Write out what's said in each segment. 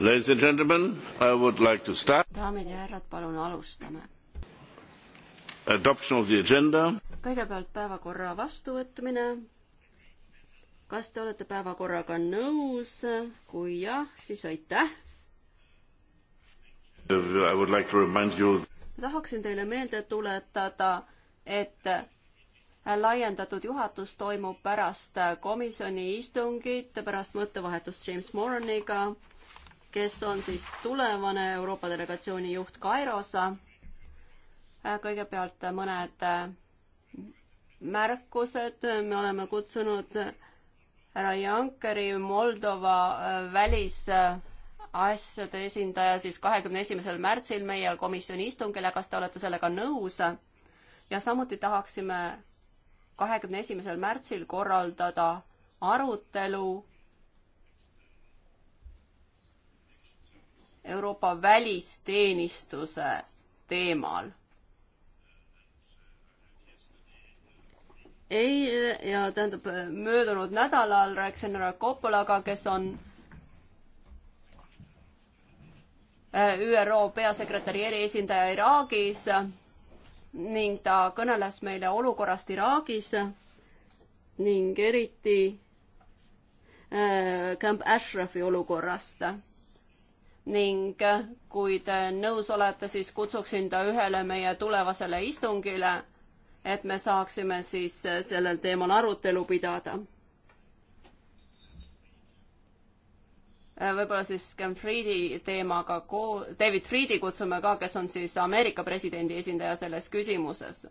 Ladies and gentlemen, I would like to start. daamid ja härrad, palun alustame. Adoption of the agenda. kõigepealt päevakorra vastuvõtmine. kas te olete päevakorraga nõus? kui jah, siis aitäh. I would like to remind you. tahaksin teile meelde tuletada, et laiendatud juhatus toimub pärast komisjoni istungit, pärast mõttevahetust James Moraniga kes on siis tulevane Euroopa delegatsiooni juht Kairos. kõigepealt mõned märkused, me oleme kutsunud härra Jankeri Moldova välisasjade esindaja siis kahekümne esimesel märtsil meie komisjoni istungile, kas te olete sellega nõus? ja samuti tahaksime kahekümne esimesel märtsil korraldada arutelu Euroopa välisteenistuse teemal. eile ja tähendab möödunud nädalal rääkisin härra Koppolaga, kes on äh, ÜRO peasekretäri eriesindaja Iraagis ning ta kõneles meile olukorrast Iraagis ning eriti äh, Camp Ashrafi olukorrast ning kui te nõus olete, siis kutsuksin ta ühele meie tulevasele istungile, et me saaksime siis sellel teemal arutelu pidada. võib-olla siis Ken Friedi teemaga koos, David Friedi kutsume ka, kes on siis Ameerika presidendi esindaja selles küsimuses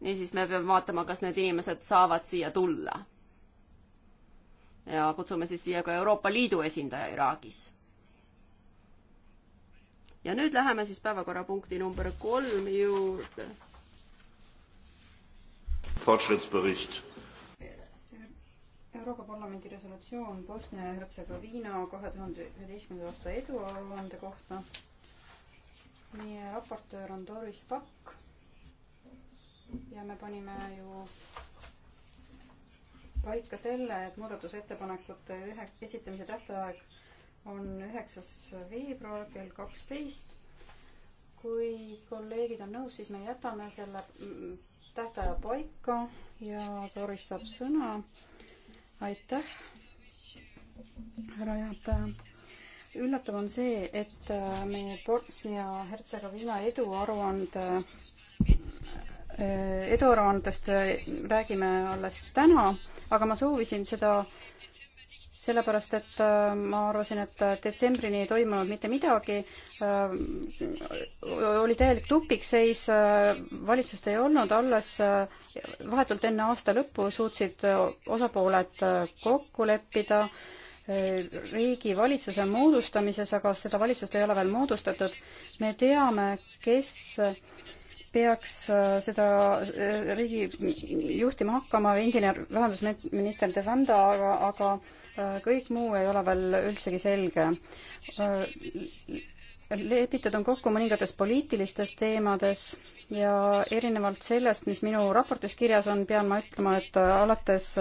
niisiis me peame vaatama, kas need inimesed saavad siia tulla. ja kutsume siis siia ka Euroopa Liidu esindaja Iraagis. ja nüüd läheme siis päevakorrapunkti number kolm juurde. Fortschrittsbericht Euroopa Parlamendi resolutsioon Bosnia ja Hertsegoviina kahe tuhande üheteistkümnenda aasta eduaruande kohta. meie raportöör on Doris Pakk ja me panime ju paika selle, et muudatusettepanekute ühe, esitamise tähtaeg on üheksas veebruar kell kaksteist. kui kolleegid on nõus, siis me jätame selle tähtaja paika ja Doris saab sõna. aitäh, härra juhataja. üllatav on see, et meie Bosnia-Hertsegoviina eduaruande eduaruandest räägime alles täna, aga ma soovisin seda sellepärast, et äh, ma arvasin, et detsembrini ei toimunud mitte midagi. Äh, oli täielik tupikseis, äh, valitsust ei olnud, alles vahetult enne aasta lõppu suutsid osapooled kokku leppida riigi valitsuse moodustamises, aga seda valitsust ei ole veel moodustatud. me teame, kes peaks äh, seda äh, riigi juhtima hakkama endine rahandusminister De Vanda, aga, aga äh, kõik muu ei ole veel üldsegi selge. lepitud on kokku mõningates poliitilistes teemades ja erinevalt sellest, mis minu raportis kirjas on, pean ma ütlema, et alates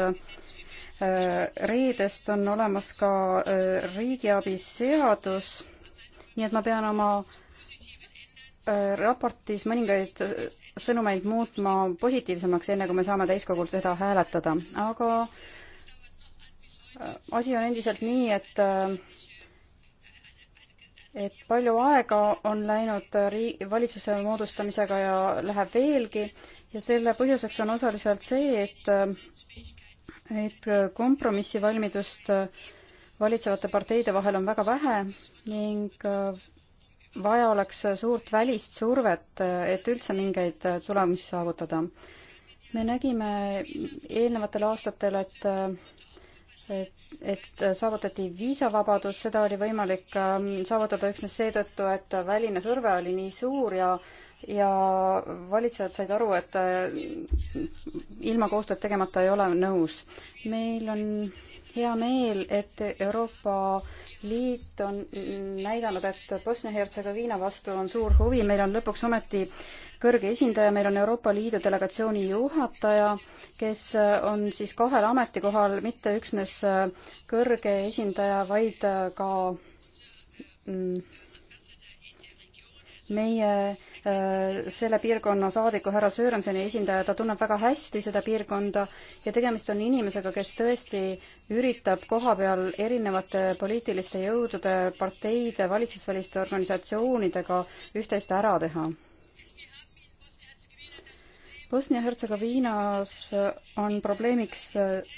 reedest on olemas ka riigiabi seadus, nii et ma pean oma äh, Äh, raportis mõningaid äh, sõnumeid muutma positiivsemaks, enne kui me saame täiskogul seda hääletada, aga äh, asi on endiselt nii, et et palju aega on läinud riik, valitsuse moodustamisega ja läheb veelgi ja selle põhjuseks on osaliselt see, et et kompromissivalmidust valitsevate parteide vahel on väga vähe ning vaja oleks suurt välist survet, et üldse mingeid tulemusi saavutada. me nägime eelnevatel aastatel, et et, et saavutati viisavabadus, seda oli võimalik ähm, saavutada üksnes seetõttu, et väline surve oli nii suur ja ja valitsejad said aru, et äh, ilma koostööd tegemata ei ole nõus. meil on hea meel, et Euroopa äh, liit on näidanud, et Bosnia-Hertsegoviina vastu on suur huvi, meil on lõpuks ometi kõrge esindaja, meil on Euroopa Liidu delegatsiooni juhataja, kes on siis kahel ametikohal mitte üksnes kõrge esindaja, vaid ka mm, meie Äh, selle piirkonna saadiku härra Sörenseni esindaja, ta tunneb väga hästi seda piirkonda ja tegemist on inimesega, kes tõesti üritab kohapeal erinevate poliitiliste jõudude, parteide, valitsusväliste organisatsioonidega üht-teist ära teha. Bosnia-Hertsegoviinas on probleemiks äh,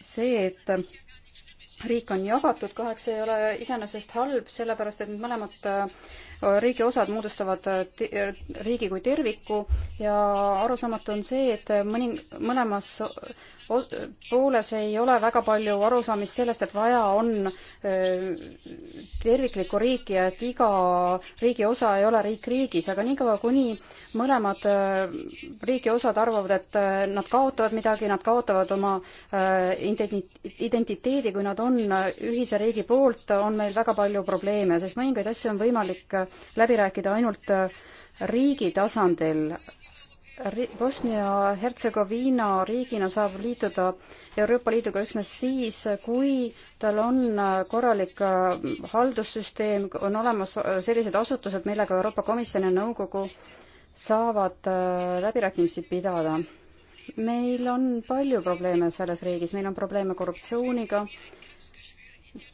see, et riik on jagatud kaheks, ei ole iseenesest halb, sellepärast et need mõlemad äh, riigi osad moodustavad eh, riigi kui terviku ja arusaamatu on see, et mõni, mõlemas pooles ei ole väga palju arusaamist sellest, et vaja on terviklikku riiki ja et iga riigi osa ei ole riik riigis, aga niikaua, kuni mõlemad riigi osad arvavad, et nad kaotavad midagi, nad kaotavad oma identiteedi, kui nad on ühise riigi poolt, on meil väga palju probleeme, sest mõningaid asju on võimalik läbi rääkida ainult riigi tasandil Bosnia-Hertsegoviina riigina saab liituda Euroopa Liiduga üksnes siis, kui tal on korralik äh, haldussüsteem, on olemas äh, sellised asutused, millega Euroopa Komisjon ja nõukogu saavad äh, läbirääkimisi pidada. meil on palju probleeme selles riigis, meil on probleeme korruptsiooniga,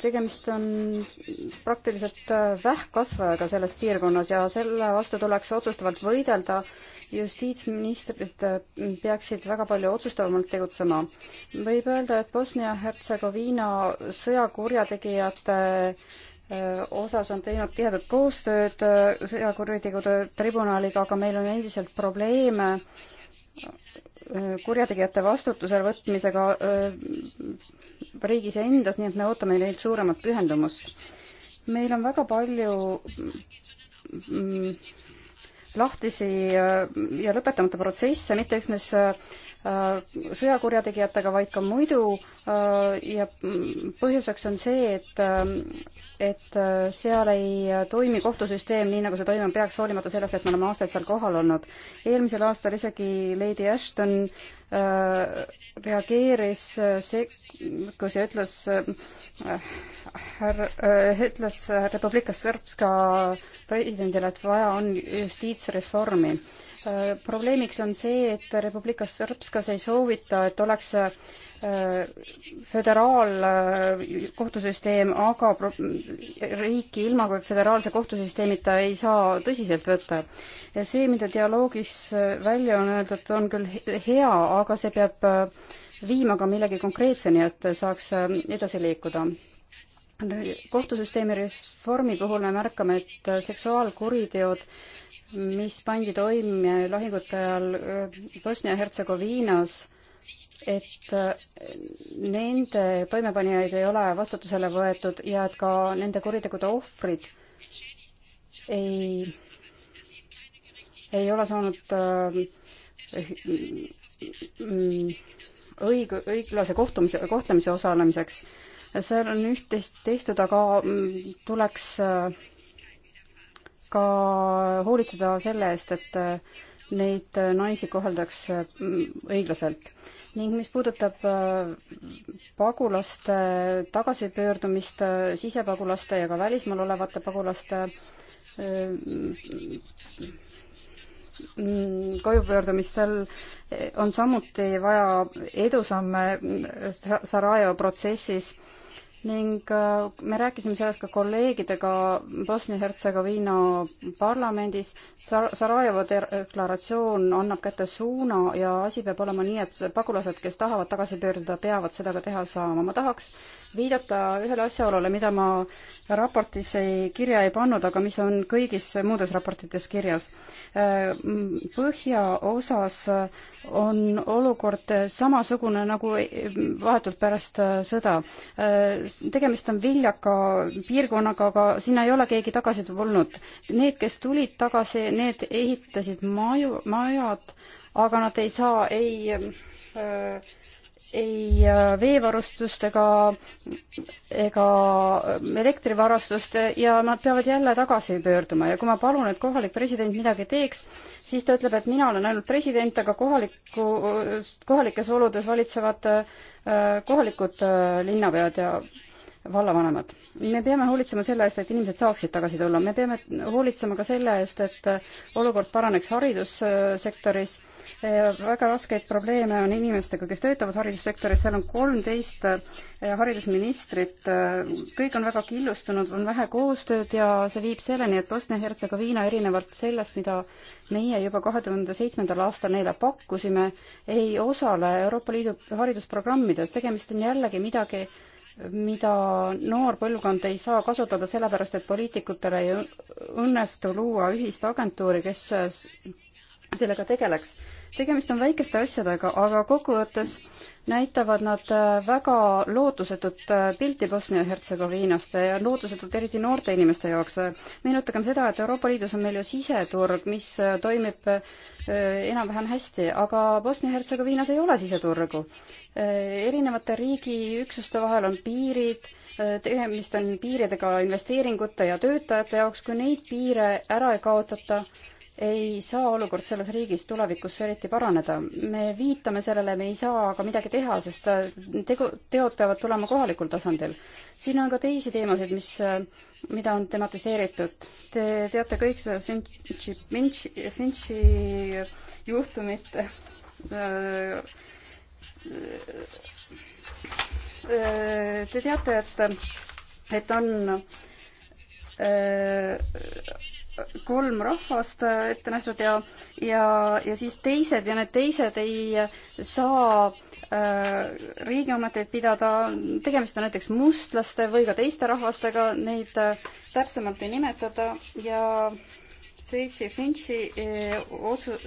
tegemist on praktiliselt vähkkasvajaga selles piirkonnas ja selle vastu tuleks otsustavalt võidelda justiitsministrid äh, peaksid väga palju otsustavamalt tegutsema. võib öelda, et Bosnia-Hertsegoviina sõjakurjategijate äh, osas on teinud tihedat koostööd äh, sõjakuritegude tribunaliga, aga meil on endiselt probleeme kurjategijate vastutusele võtmisega riigis endas, nii et me ootame neilt suuremat pühendumust. meil on väga palju mm, lahtisi äh, ja lõpetamata protsesse, mitte üksnes äh, Äh, sõjakurjategijatega, vaid ka muidu äh, ja põhjuseks on see, et äh, et seal ei toimi kohtusüsteem nii, nagu see toimima peaks, hoolimata sellest, et me oleme aastaid seal kohal olnud. eelmisel aastal isegi Lady Ashton äh, reageeris sekkus ja ütles äh,, äh, ütles Republika Srpska presidendile, et vaja on justiitsreformi äh, Äh, probleemiks on see, et Republika Srpskas ei soovita, et oleks äh, föderaalkohtusüsteem, äh, aga riiki ilma föderaalse kohtusüsteemita ei saa tõsiselt võtta. see, mida dialoogis välja on öeldud, on küll hea, aga see peab viima ka millegi konkreetseni, et saaks edasi liikuda kohtusüsteemi reformi puhul me märkame, et seksuaalkuriteod mis pandi toime lahingute ajal äh, Bosnia-Hertsegoviinas, et äh, nende toimepanijaid ei ole vastutusele võetud ja et ka nende kuritegude ohvrid ei, ei ole saanud äh, õig-, õiglase kohtumise, kohtlemise osalemiseks. seal on üht-teist tehtud, aga mm, tuleks äh, ka hoolitseda selle eest, et äh, neid äh, naisi koheldaks äh, õiglaselt. ning mis puudutab pagulaste tagasipöördumist, sisepagulaste ja ka välismaal olevate pagulaste kojupöördumist, seal on samuti vaja edusamme Sarajevo protsessis ning äh, me rääkisime sellest ka kolleegidega Bosnia-Hertsegoviina parlamendis. Sarajevo deklaratsioon annab kätte suuna ja asi peab olema nii, et pagulased, kes tahavad tagasi pöörduda, peavad seda ka teha saama. ma tahaks viidata ühele asjaolule, mida ma raportis ei, kirja ei pannud, aga mis on kõigis muudes raportites kirjas. Põhja osas on olukord samasugune nagu vahetult pärast sõda. tegemist on viljaka piirkonnaga, aga sinna ei ole keegi tagasi tulnud. Need, kes tulid tagasi, need ehitasid maju, majad, aga nad ei saa ei öö, ei äh, veevarustust ega, ega äh, elektrivarustust ja nad peavad jälle tagasi pöörduma ja kui ma palun, et kohalik president midagi teeks, siis ta ütleb, et mina olen ainult president, aga kohaliku, kohalikes oludes valitsevad äh, kohalikud linnapead ja vallavanemad. me peame hoolitsema selle eest, et inimesed saaksid tagasi tulla, me peame hoolitsema ka selle eest, et olukord paraneks haridussektoris Äh, väga raskeid probleeme on inimestega, kes töötavad haridussektoris, seal on kolmteist äh, haridusministrit, äh, kõik on väga killustunud, on vähe koostööd ja see viib selleni, et Bosnia-Hertsegoviina erinevalt sellest, mida meie juba kahe tuhande seitsmendal aastal neile pakkusime, ei osale Euroopa Liidu haridusprogrammides, tegemist on jällegi midagi, mida noor põlvkond ei saa kasutada, sellepärast et poliitikutele ei õnnestu luua ühist agentuuri, kes sellega tegeleks tegemist on väikeste asjadega, aga kokkuvõttes näitavad nad äh, väga lootusetut äh, pilti Bosnia-Hertsegoviinast ja lootusetut eriti noorte inimeste jaoks. meenutagem seda, et Euroopa Liidus on meil ju siseturg, mis äh, toimib enam-vähem hästi, aga Bosnia-Hertsegoviinas ei ole siseturgu. erinevate riigiüksuste vahel on piirid tegemist on piiridega investeeringute ja töötajate jaoks, kui neid piire ära ei kaotata, ei saa olukord selles riigis tulevikus eriti paraneda. me viitame sellele, me ei saa aga midagi teha, sest äh, tegu, teod peavad tulema kohalikul tasandil. siin on ka teisi teemasid, mis, äh, mida on tematiseeritud. Te teate kõik seda Finchi, Finchi, Finchi juhtumit äh, Te teate, et, et on Äh, kolm rahvast ette nähtud ja, ja, ja siis teised ja need teised ei saa äh, riigiameteid pidada, tegemist on näiteks mustlaste või ka teiste rahvastega, neid äh, täpsemalt ei nimetata ja Seishi Finchi eh, otsu-,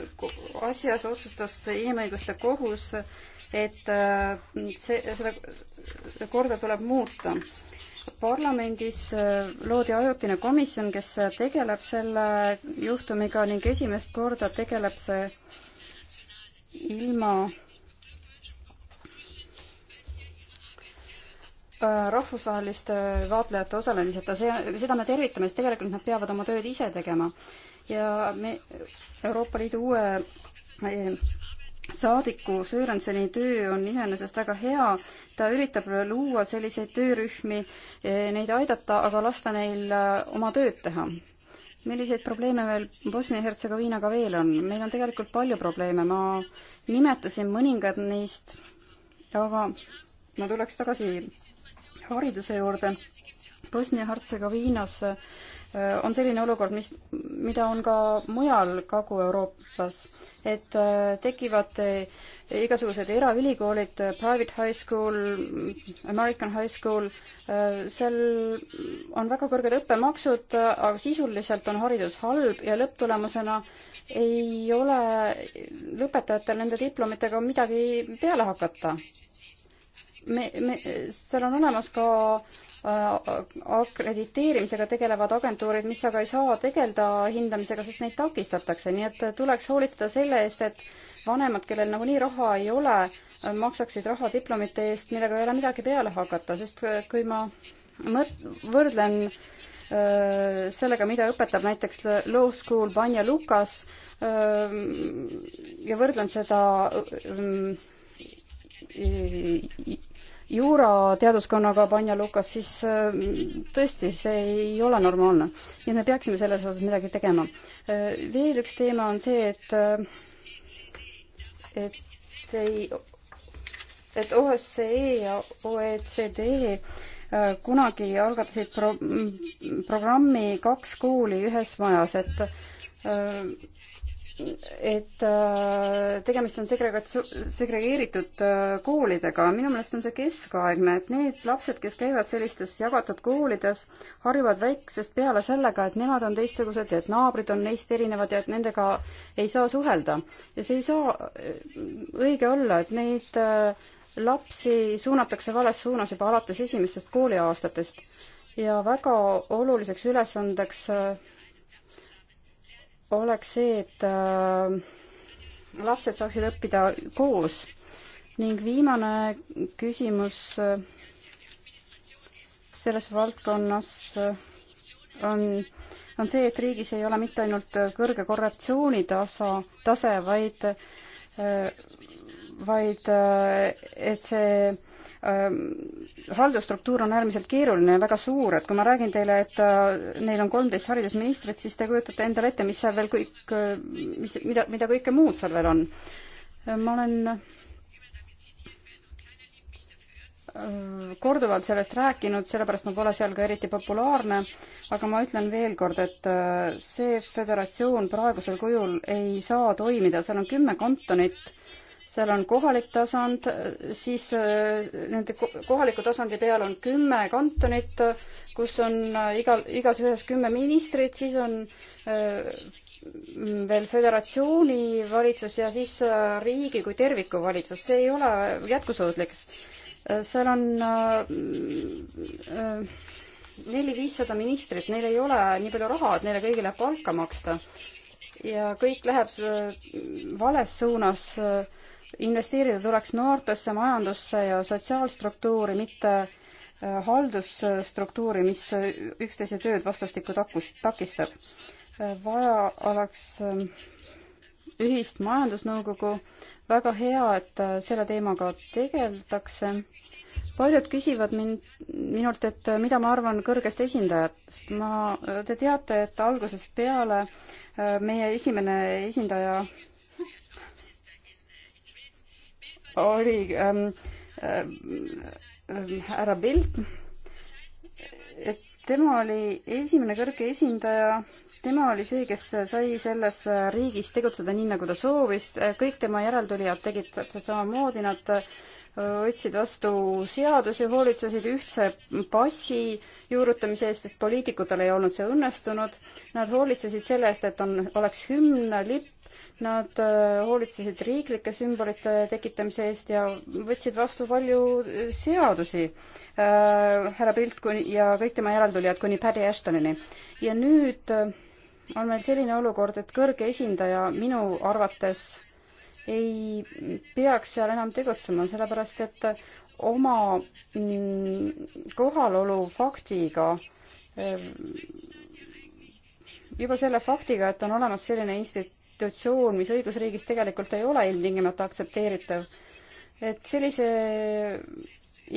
asjas otsustas Inimõiguste Kohus, et äh, see, seda korda tuleb muuta parlamendis äh, loodi ajutine komisjon, kes tegeleb selle juhtumiga ning esimest korda tegeleb see ilma äh, rahvusvaheliste vaatlejate osalemiseta, see, seda me tervitame, sest tegelikult nad peavad oma tööd ise tegema. ja me Euroopa Liidu uue saadiku Sörenseni töö on iseenesest väga hea, ta üritab luua selliseid töörühmi, eh, neid aidata, aga lasta neil eh, oma tööd teha. milliseid probleeme meil Bosnia-Hertsegoviinaga veel on? meil on tegelikult palju probleeme, ma nimetasin mõningad neist, aga ma tuleks tagasi hariduse juurde. Bosnia-Hertsegoviinas äh, Äh, on selline olukord, mis, mida on ka mujal Kagu-Euroopas, et äh, tekivad äh, igasugused eraülikoolid, private high school, American high school, seal on väga kõrged õppemaksud, aga sisuliselt on haridus halb ja lõpptulemusena ei ole lõpetajatel nende diplomitega midagi peale hakata. me, me, seal on olemas ka äh, Äh, akrediteerimisega tegelevad agentuurid, mis aga ei saa tegeleda hindamisega, sest neid takistatakse, nii et tuleks hoolitseda selle eest, et vanemad, kellel nagunii raha ei ole, maksaksid raha diplomite eest, millega ei ole midagi peale hakata, sest äh, kui ma mõt-, võrdlen äh, sellega, mida õpetab näiteks Law School Banja Lukas ja võrdlen seda juurateaduskonnaga Panja Lukas, siis äh, tõesti, see ei ole normaalne. nii et me peaksime selles osas midagi tegema. Äh, veel üks teema on see, et, äh, et ei, et OSCE ja OECD kunagi algatasid pro-, programmi Kaks kooli ühes majas, et et äh, tegemist on segregatsioon, segregeeritud äh, koolidega. minu meelest on see keskaegne, et need lapsed, kes käivad sellistes jagatud koolides, harjuvad väiksest peale sellega, et nemad on teistsugused ja et naabrid on neist erinevad ja et nendega ei saa suhelda. ja see ei saa äh, õige olla, et neid lapsi suunatakse vales suunas juba alates esimestest kooliaastatest. ja väga oluliseks ülesandeks oleks see, et äh, lapsed saaksid õppida koos ning viimane küsimus äh, selles valdkonnas äh, on, on see, et riigis ei ole mitte ainult kõrge korruptsioonitasa, tase, vaid, vaid et see Ehm, haldusstruktuur on äärmiselt keeruline ja väga suur, et kui ma räägin teile, et äh, neil on kolmteist haridusministrit, siis te kujutate endale ette, mis seal veel kõik, äh, mis, mida, mida kõike muud seal veel on. Ehm, ma olen äh, korduvalt sellest rääkinud, sellepärast ma pole seal ka eriti populaarne, aga ma ütlen veel kord, et see föderatsioon praegusel kujul ei saa toimida, seal on kümme kantonit seal on kohalik tasand, siis äh, nende kohaliku tasandi peal on kümme kantonit, kus on äh, igal, igas ühes kümme ministrit, siis on äh, veel föderatsiooni valitsus ja siis riigi kui terviku valitsus, see ei ole jätkusuutlik. seal on neli-viissada ministrit, neil ei ole nii palju raha, et neile kõigile palka maksta ja kõik läheb vales suunas äh, investeerida tuleks noortesse majandusse ja sotsiaalstruktuuri, mitte äh, haldusstruktuuri, mis äh, üksteise tööd vastastikku takus, takistab. Äh, vaja oleks ühist majandusnõukogu, väga hea, et selle teemaga tegeldakse. paljud küsivad mind, minult, et mida ma arvan kõrgest esindajast. ma, te teate, et algusest peale meie esimene esindaja oli ähm, ähm, äh, härra Pilt, et tema oli esimene kõrge esindaja, tema oli see, kes sai selles riigis tegutseda nii, nagu ta soovis, kõik tema järeltulijad tegid täpselt samamoodi, nad äh, võtsid vastu seadusi, hoolitsesid ühtse passi juurutamise eest, sest poliitikutel ei olnud see õnnestunud. Nad hoolitsesid selle eest, et on, oleks hümn, lipp, Nad äh, hoolitsesid riiklike sümbolite tekitamise eest ja võtsid vastu palju äh, seadusi äh,, härra Pilt kuni, ja kõik tema järeltulijad kuni Paddy Ashtonini. ja nüüd äh, on meil selline olukord, et kõrge esindaja minu arvates ei peaks seal enam tegutsema, sellepärast et oma mm, kohalolu faktiga juba selle faktiga, et on olemas selline instituut, institutsioon, mis õigusriigis tegelikult ei ole ilmtingimata aktsepteeritav. et sellise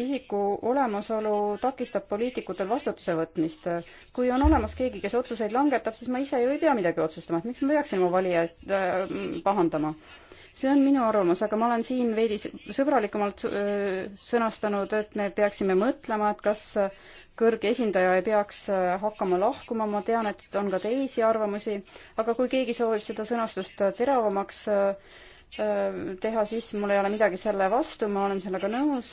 isiku olemasolu takistab poliitikutel vastutuse võtmist. kui on olemas keegi, kes otsuseid langetab, siis ma ise ju ei pea midagi otsustama, et miks ma peaksin oma valijaid äh, pahandama äh, see on minu arvamus, aga ma olen siin veidi sõbralikumalt äh, sõnastanud, et me peaksime mõtlema, et kas äh, kõrge esindaja ei peaks äh, hakkama lahkuma, ma tean, et on ka teisi arvamusi, aga kui keegi soovib seda sõnastust teravamaks teha, siis mul ei ole midagi selle vastu, ma olen sellega nõus.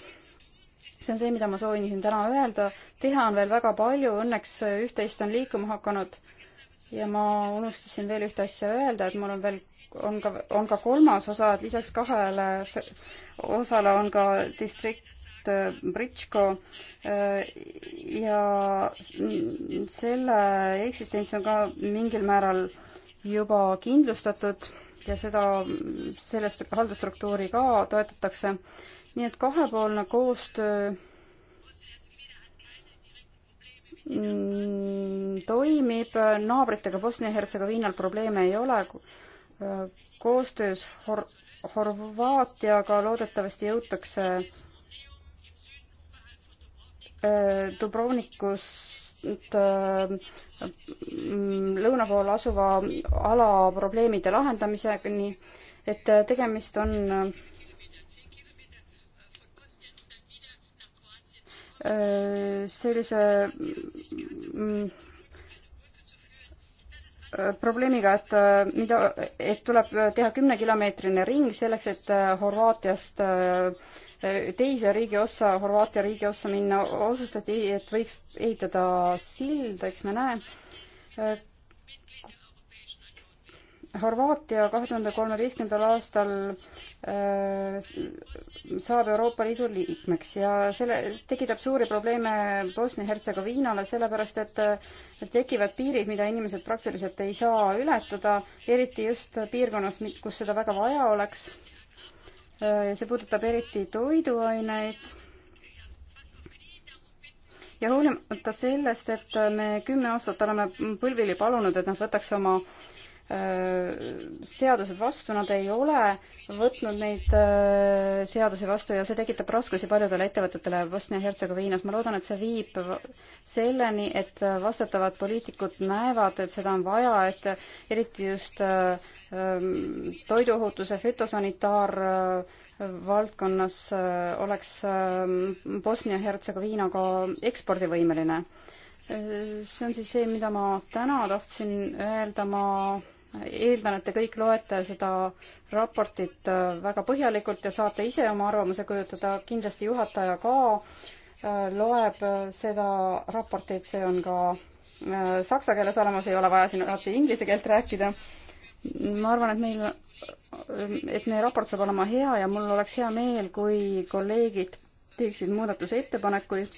see on see, mida ma soovin siin täna öelda. teha on veel väga palju, õnneks üht-teist on liikuma hakanud ja ma unustasin veel ühte asja öelda, et mul on veel on ka, on ka kolmas osa, et lisaks kahele osale on ka distrikt äh, Britško äh, ja selle eksistents on ka mingil määral juba kindlustatud ja seda, sellest haldusstruktuuri ka toetatakse. nii et kahepoolne koostöö mm, toimib, naabritega Bosnia-Hertsegoviinal probleeme ei ole, koostöös Hor-, Horvaatiaga loodetavasti jõutakse äh, Dubrovnikust äh, lõuna pool asuva ala probleemide lahendamiseni, et äh, tegemist on sellise mm, probleemiga, et äh, mida, et tuleb teha kümnekilomeetrine ring selleks, et äh, Horvaatiast äh, teise riigi ossa, Horvaatia riigi ossa minna, otsustati, et võiks ehitada sild, eks me näe. Horvaatia kahe tuhande kolmeteistkümnendal aastal äh, saab Euroopa Liidu liikmeks ja selle, tekitab suuri probleeme Bosnia-Hertsegoviinale, sellepärast et äh, tekivad piirid, mida inimesed praktiliselt ei saa ületada, eriti just piirkonnas, kus seda väga vaja oleks. Äh, see puudutab eriti toiduaineid ja hoolimata sellest, et me kümme aastat oleme põlvili palunud, et nad võtaks oma äh, Äh, seadused vastu, nad ei ole võtnud neid äh, seadusi vastu ja see tekitab raskusi paljudele ettevõtetele Bosnia-Hertsegoviinas. ma loodan, et see viib selleni, et vastutavad poliitikud näevad, et seda on vaja, et eriti just äh, ähm, toiduohutuse fütosanitaar valdkonnas oleks ähm, Bosnia-Hertsegoviina ka ekspordivõimeline see on siis see, mida ma täna tahtsin öelda, ma eeldan, et te kõik loete seda raportit äh, väga põhjalikult ja saate ise oma arvamuse kujutada, kindlasti juhataja ka äh, loeb äh, seda raportit, see on ka saksa keeles olemas, ei ole vaja siin alati inglise keelt rääkida. ma arvan, et meil, et meie raport saab olema hea ja mul oleks hea meel, kui kolleegid teeksid muudatusettepanekuid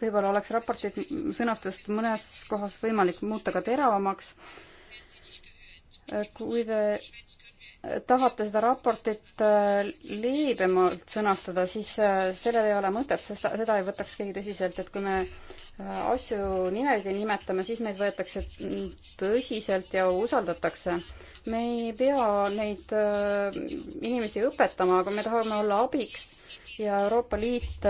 võib-olla oleks raportit sõnastust mõnes kohas võimalik muuta ka teravamaks. kui te tahate seda raportit äh, leebemalt sõnastada, siis äh, sellel ei ole mõtet, sest seda ei võtaks keegi tõsiselt, et kui me äh, asju nimepidi nimetame, siis meid võetakse tõsiselt ja usaldatakse. me ei pea neid inimesi õpetama, aga me tahame olla abiks ja Euroopa Liit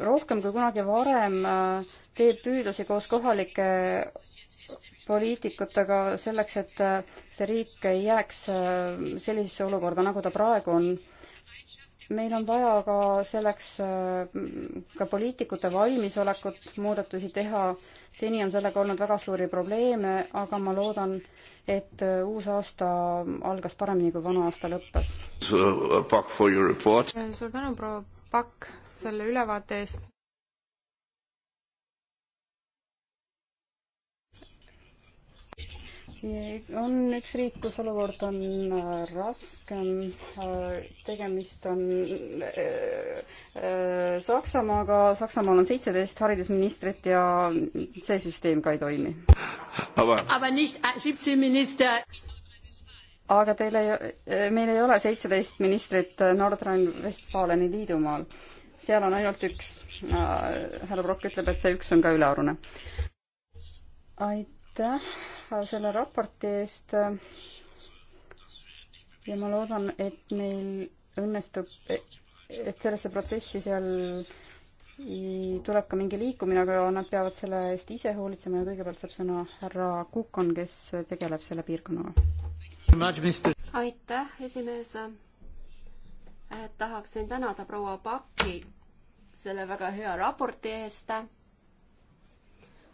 rohkem kui kunagi varem äh, teeb püüdlusi koos kohalike poliitikutega selleks, et äh, see riik ei jääks äh, sellisesse olukorda, nagu ta praegu on. meil on vaja ka selleks ka poliitikute valmisolekut muudatusi teha. seni on sellega olnud väga suuri probleeme, aga ma loodan, et uus aasta algas paremini, kui vana aasta lõppes. Uh, suur tänu, proua Pakk selle ülevaate eest. on üks riik, kus olukord on äh, raskem. Äh, tegemist on äh, Saksamaaga. Saksamaal on seitseteist haridusministrit ja see süsteem ka ei toimi aga teil ei, meil ei ole seitseteist ministrit Nordrhein-Westfaleni liidumaal. seal on ainult üks. härra Brock ütleb, et see üks on ka ülearune. aitäh selle raporti eest. ja ma loodan, et meil õnnestub, et sellesse protsessi seal tuleb ka mingi liikumine, aga nad peavad selle eest ise hoolitsema ja kõigepealt saab sõna härra Kukon, kes tegeleb selle piirkonnaga aitäh, esimees. Eh, tahaksin tänada proua Pakki selle väga hea raporti eest.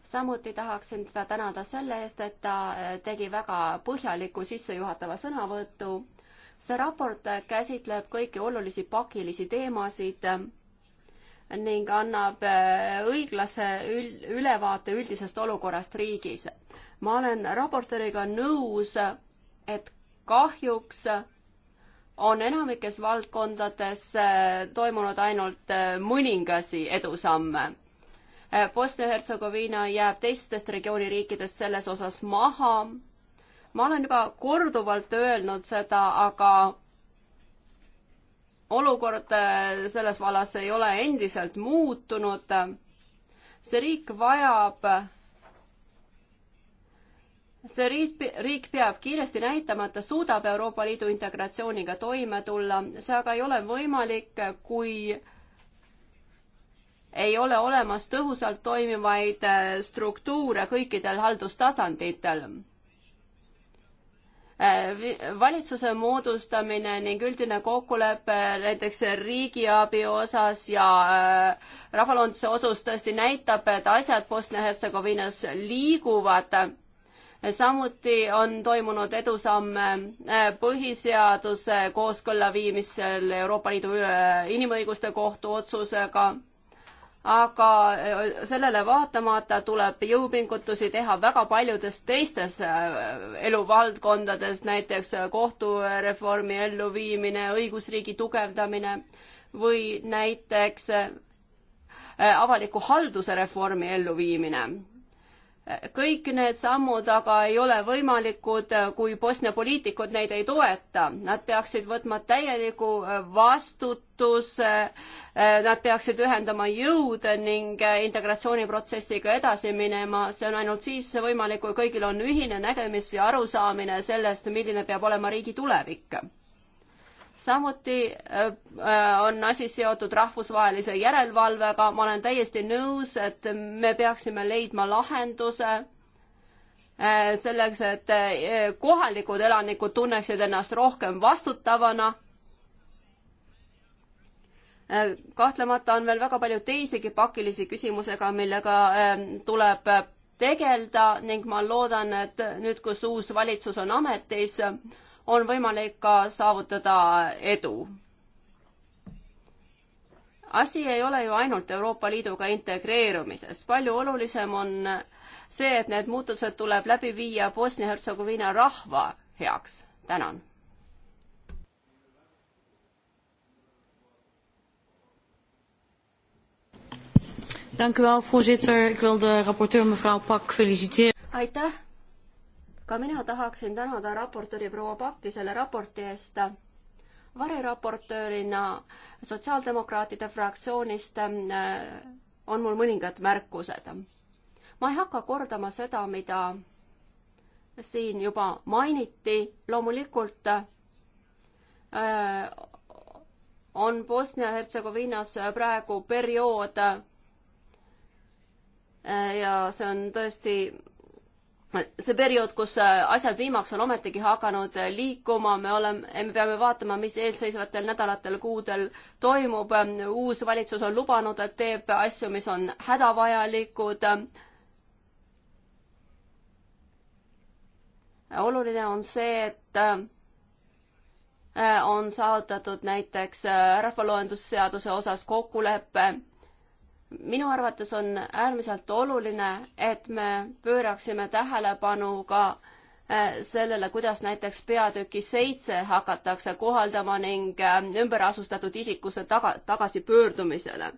samuti tahaksin teda tänada selle eest, et ta eh, tegi väga põhjaliku sissejuhatava sõnavõtu. see raport käsitleb kõiki olulisi pakilisi teemasid eh, ning annab õiglase ülevaate üldisest olukorrast riigis. ma olen raportööriga nõus et kahjuks on enamikes valdkondades äh, toimunud ainult äh, mõningasi edusamme. Äh, Bosnia-Hertsegoviina jääb teistest regiooni riikidest selles osas maha. ma olen juba korduvalt öelnud seda, aga olukord selles vallas ei ole endiselt muutunud. see riik vajab see riik, riik peab kiiresti näitama, et ta suudab Euroopa Liidu integratsiooniga toime tulla, see aga ei ole võimalik, kui ei ole olemas tõhusalt toimivaid äh, struktuure kõikidel haldustasanditel. Äh, valitsuse moodustamine ning üldine kokkulepe näiteks riigiabi osas ja äh, rahvaloenduse osas tõesti näitab, et asjad Bosnia-Hertsegoviinas liiguvad samuti on toimunud edusamme äh, põhiseaduse kooskõlla viimisel Euroopa Liidu äh, Inimõiguste Kohtu otsusega, aga äh, sellele vaatamata tuleb jõupingutusi teha väga paljudes teistes eluvaldkondades, näiteks kohtureformi elluviimine, õigusriigi tugevdamine või näiteks avaliku halduse reformi elluviimine kõik need sammud aga ei ole võimalikud, kui Bosnia poliitikud neid ei toeta. Nad peaksid võtma täieliku äh, vastutuse, äh, nad peaksid ühendama jõud ning äh, integratsiooniprotsessiga edasi minema. see on ainult siis võimalik, kui kõigil on ühine nägemis ja arusaamine sellest, milline peab olema riigi tulevik samuti äh, äh, on asi seotud rahvusvahelise järelevalvega, ma olen täiesti nõus, et me peaksime leidma lahenduse äh, selleks, et kohalikud elanikud tunneksid ennast rohkem vastutavana. kahtlemata on veel väga palju teisigi pakilisi küsimusega, millega tuleb tegeleda ning ma loodan, et nüüd, kus uus valitsus on ametis, on võimalik ka saavutada edu. asi ei ole ju ainult Euroopa Liiduga integreerumises, palju olulisem on see, et need muutused tuleb läbi viia Bosnia-Hertsegoviina rahva heaks. tänan. Dank u wel, voorzitter. Ik wil de rapporteur mevrouw Pak feliciteren. Aitäh, ka mina tahaksin tänada raportööri proua Pakki selle raporti eest. variraportöörina Sotsiaaldemokraatide fraktsioonist äh, on mul mõningad märkused. ma ei hakka kordama seda, mida siin juba mainiti, loomulikult äh, on Bosnia-Hertsegoviinas praegu periood äh, ja see on tõesti see periood, kus äh, asjad viimaks on ometigi hakanud äh, liikuma, me oleme, eh, me peame vaatama, mis eelseisvatel nädalatel, kuudel toimub. Ähm, uus valitsus on lubanud, et teeb asju, mis on hädavajalikud. Ähm. oluline on see, et ähm, äh, on saavutatud näiteks rahvaloendusseaduse osas kokkulepe minu arvates on äärmiselt oluline, et me pööraksime tähelepanu ka äh, sellele, kuidas näiteks peatüki seitse hakatakse kohaldama ning äh, ümberasustatud isikuse taga, tagasipöördumisele.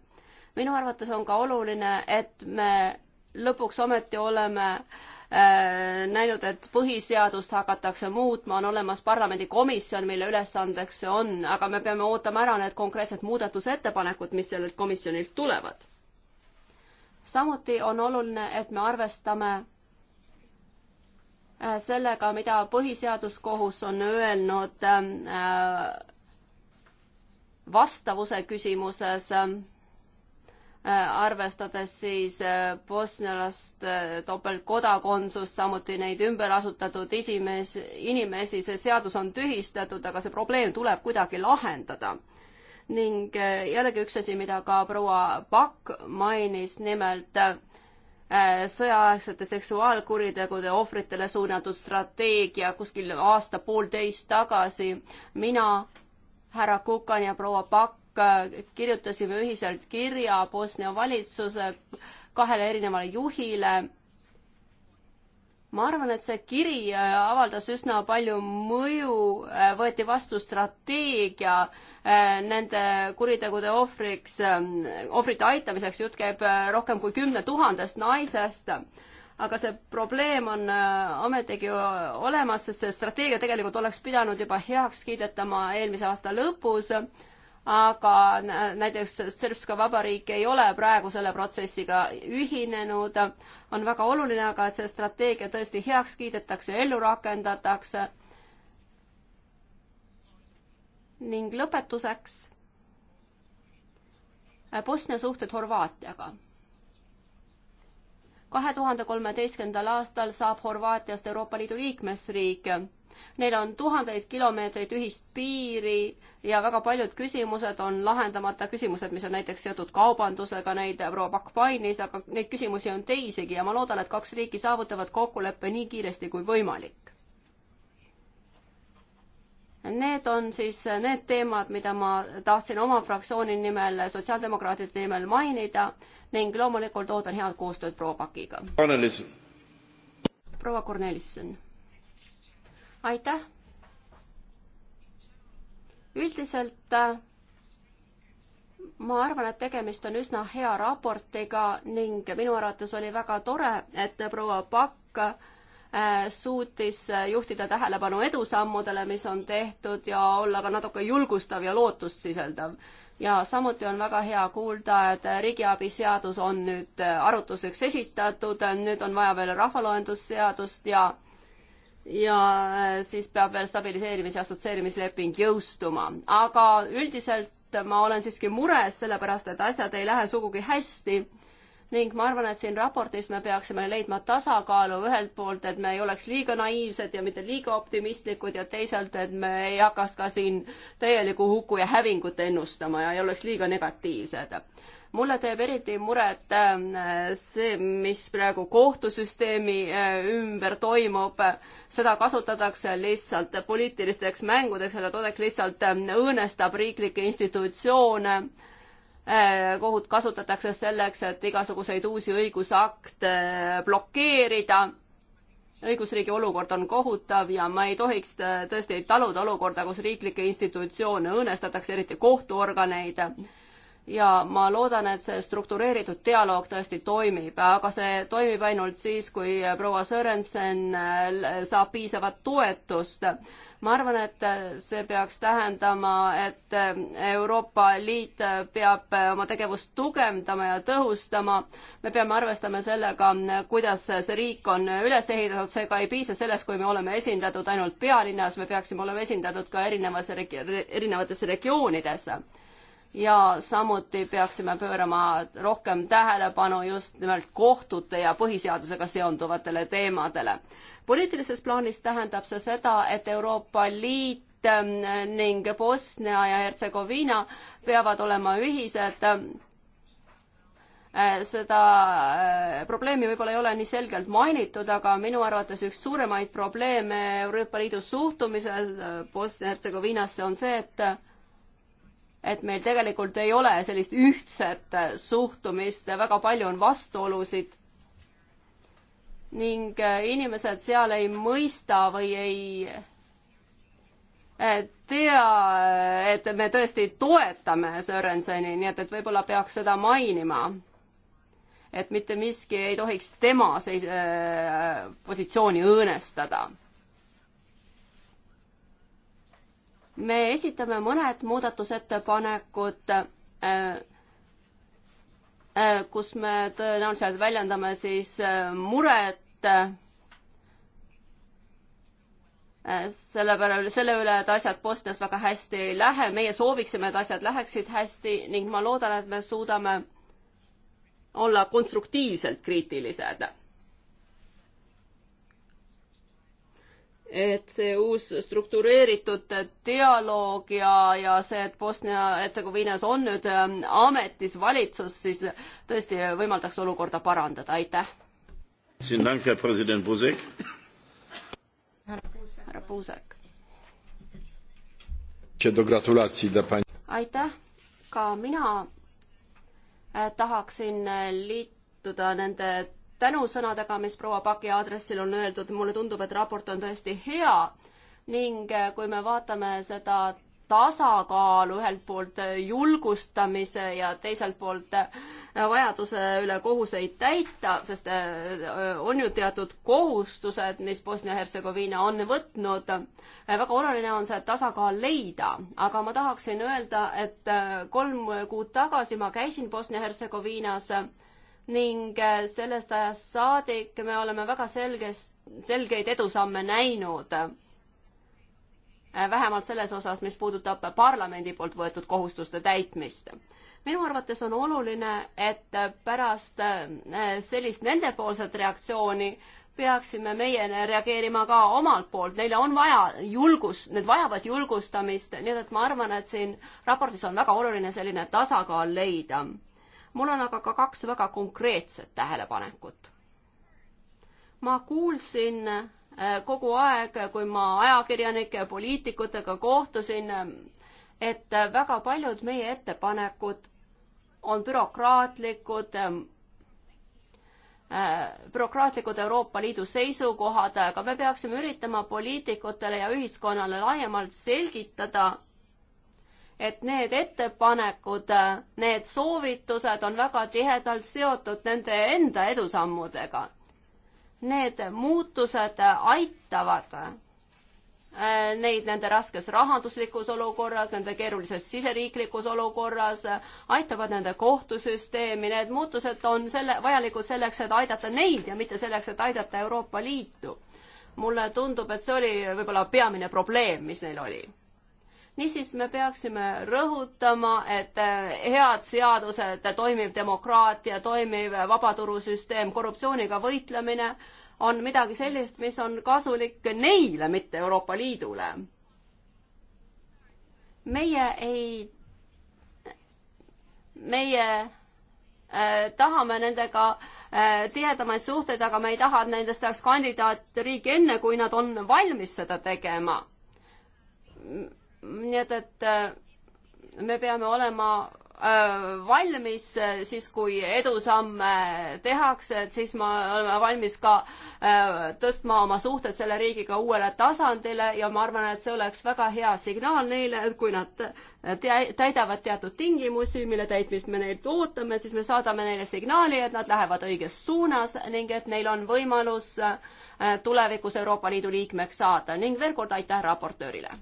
minu arvates on ka oluline, et me lõpuks ometi oleme äh, näinud, et põhiseadust hakatakse muutma, on olemas parlamendikomisjon, mille ülesandeks see on, aga me peame ootama ära need konkreetsed muudatusettepanekud, mis sellelt komisjonilt tulevad samuti on oluline, et me arvestame äh, sellega, mida põhiseaduskohus on öelnud äh, vastavuse küsimuses, äh, arvestades siis bosnialast topeltkodakondsust, samuti neid ümberasutatud esimees, inimesi, see seadus on tühistatud, aga see probleem tuleb kuidagi lahendada ning äh, jällegi üks asi, mida ka proua Pakk mainis, nimelt äh, sõjaaegsete seksuaalkuritegude ohvritele suunatud strateegia kuskil aasta-poolteist tagasi. mina, härra Kukan ja proua Pakk äh, kirjutasime ühiselt kirja Bosnia valitsuse kahele erinevale juhile ma arvan, et see kiri äh, avaldas üsna palju mõju, äh, võeti vastu strateegia äh, nende kuritegude ohvriks, ähm, ohvrite aitamiseks, jutt käib rohkem kui kümne tuhandest naisest, aga see probleem on ometigi olemas, sest see strateegia tegelikult oleks pidanud juba heaks kiidetama eelmise aasta lõpus aga näiteks Srpska Vabariik ei ole praegu selle protsessiga ühinenud. on väga oluline aga, et see strateegia tõesti heaks kiidetakse, ellu rakendatakse. ning lõpetuseks äh, Bosnia suhted Horvaatiaga kahe tuhande kolmeteistkümnendal aastal saab Horvaatiast Euroopa Liidu liikmesriik Neil on tuhandeid kilomeetreid ühist piiri ja väga paljud küsimused on lahendamata, küsimused, mis on näiteks seotud kaubandusega, neid proua Pakk mainis, aga neid küsimusi on teisigi ja ma loodan, et kaks riiki saavutavad kokkuleppe nii kiiresti kui võimalik. Need on siis need teemad, mida ma tahtsin oma fraktsiooni nimel, sotsiaaldemokraatide nimel mainida ning loomulikult ootan head koostööd proua Pakiga. proua Kornelisson aitäh! üldiselt äh, ma arvan, et tegemist on üsna hea raportiga ning minu arvates oli väga tore, et proua Pakk äh, suutis äh, juhtida tähelepanu edusammudele, mis on tehtud ja olla ka natuke julgustav ja lootust sisaldav. ja samuti on väga hea kuulda, et riigiabi seadus on nüüd arutuseks esitatud, nüüd on vaja veel rahvaloendusseadust ja ja äh, siis peab veel stabiliseerimis- ja assotsieerimisleping jõustuma. aga üldiselt ma olen siiski mures, sellepärast et asjad ei lähe sugugi hästi ning ma arvan, et siin raportis me peaksime leidma tasakaalu ühelt poolt, et me ei oleks liiga naiivsed ja mitte liiga optimistlikud ja teisalt, et me ei hakkaks ka siin täielikku hukku ja hävingut ennustama ja ei oleks liiga negatiivsed mulle teeb eriti muret ähm, see, mis praegu kohtusüsteemi äh, ümber toimub. seda kasutatakse lihtsalt poliitilisteks mängudeks, seda toodetakse lihtsalt ähm, õõnestab riiklikke institutsioone. Äh, kohut kasutatakse selleks, et igasuguseid uusi õigusakte äh, blokeerida õigusriigi olukord on kohutav ja ma ei tohiks tõesti taluda olukorda, kus riiklikke institutsioone õõnestatakse, eriti kohtuorganeid ja ma loodan, et see struktureeritud dialoog tõesti toimib, aga see toimib ainult siis, kui proua Sörensen äh, saab piisavat toetust. ma arvan, et äh, see peaks tähendama, et äh, Euroopa Liit peab oma tegevust tugevdama ja tõhustama. me peame arvestama sellega, kuidas see riik on üles ehitatud, seega ei piisa sellest, kui me oleme esindatud ainult pealinnas, me peaksime olema esindatud ka erinevas, erinevates regioonides ja samuti peaksime pöörama rohkem tähelepanu just nimelt kohtute ja põhiseadusega seonduvatele teemadele. poliitilises plaanis tähendab see seda, et Euroopa Liit ähm, ning Bosnia ja Hertsegoviina peavad olema ühised äh, seda äh, probleemi võib-olla ei ole nii selgelt mainitud, aga minu arvates üks suuremaid probleeme Euroopa Liidu suhtumises äh, Bosnia-Hertsegoviinasse on see, et et meil tegelikult ei ole sellist ühtset suhtumist, väga palju on vastuolusid ning äh, inimesed seal ei mõista või ei äh, tea, äh, et me tõesti toetame Sörenseni, nii et, et võib-olla peaks seda mainima. et mitte miski ei tohiks tema seis-, positsiooni õõnestada me esitame mõned muudatusettepanekud, äh, äh, kus me tõenäoliselt väljendame siis äh, muret selle peale, selle üle, et asjad Bosnias väga hästi ei lähe, meie sooviksime, et asjad läheksid hästi ning ma loodan, et me suudame olla konstruktiivselt kriitilised et see uus struktureeritud dialoog ja, ja see, et Bosnia-Hertsegoviinas on nüüd ähm, ametis valitsus, siis tõesti võimaldaks olukorda parandada, aitäh. härra Puusek. aitäh, ka mina äh, tahaksin äh, liituda nende tänusõnadega, mis proua Paki aadressil on öeldud, mulle tundub, et raport on tõesti hea ning eh, kui me vaatame seda tasakaalu ühelt poolt eh, julgustamise ja teiselt poolt eh, vajaduse üle kohuseid täita, sest on ju teatud kohustused, mis Bosnia-Hertsegoviina on võtnud. väga oluline on see tasakaal leida, aga ma tahaksin öelda, et kolm kuud tagasi ma käisin Bosnia-Hertsegoviinas ning äh, sellest ajast saadik me oleme väga selges, selgeid edusamme näinud. Äh, vähemalt selles osas, mis puudutab parlamendi poolt võetud kohustuste täitmist. minu arvates on oluline, et pärast äh, sellist nendepoolset reaktsiooni peaksime meie reageerima ka omalt poolt, neile on vaja julgus, need vajavad julgustamist, nii et ma arvan, et siin raportis on väga oluline selline tasakaal leida mul on aga ka kaks väga konkreetset tähelepanekut. ma kuulsin äh, kogu aeg, kui ma ajakirjanike ja poliitikutega kohtusin, et äh, väga paljud meie ettepanekud on bürokraatlikud, äh, bürokraatlikud Euroopa Liidu seisukohad, aga me peaksime üritama poliitikutele ja ühiskonnale laiemalt selgitada, et need ettepanekud, need soovitused on väga tihedalt seotud nende enda edusammudega. Need muutused aitavad äh, neid nende raskes rahanduslikus olukorras, nende keerulises siseriiklikus olukorras, aitavad nende kohtusüsteemi, need muutused on selle, vajalikud selleks, et aidata neid ja mitte selleks, et aidata Euroopa Liitu. mulle tundub, et see oli võib-olla peamine probleem, mis neil oli niisiis me peaksime rõhutama, et eh, head seadused, toimiv demokraatia, toimiv vabaturusüsteem, korruptsiooniga võitlemine on midagi sellist, mis on kasulik neile, mitte Euroopa Liidule. meie ei, meie eh, tahame nendega eh, tihedamaid suhteid, aga me ei taha, et nendest tehakse kandidaatriigi enne, kui nad on valmis seda tegema nii et, et äh, me peame olema äh, valmis äh, siis, kui edusamme tehakse, et siis me oleme valmis ka tõstma oma suhted selle riigiga uuele tasandile ja ma arvan, et see oleks väga hea signaal neile, et kui nad täidavad teatud tingimusi, mille täitmist me neilt ootame, siis me saadame neile signaali, et nad lähevad õiges suunas ning et neil on võimalus tulevikus Euroopa Liidu liikmeks saada ning veel kord aitäh raportöörile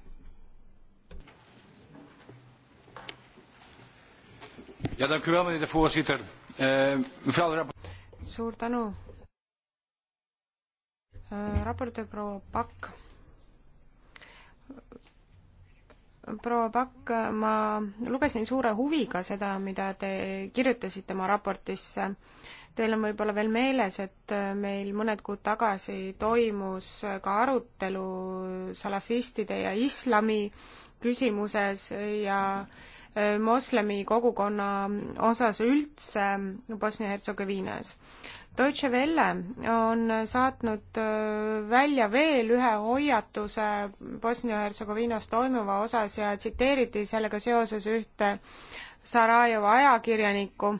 Eh, suur tänu äh,. raportöör proua Pakk. proua Pakk, ma lugesin suure huviga seda, mida te kirjutasite oma raportisse. Teil on võib-olla veel meeles, et meil mõned kuud tagasi toimus ka arutelu salafistide ja islami küsimuses ja mm -hmm moslemi kogukonna osas üldse Bosnia-Hertsegoviinas. Deutsche Welle on saatnud äh, välja veel ühe hoiatuse Bosnia-Hertsegoviinas toimuva osas ja tsiteeriti sellega seoses ühte Sarajeva ajakirjanikku,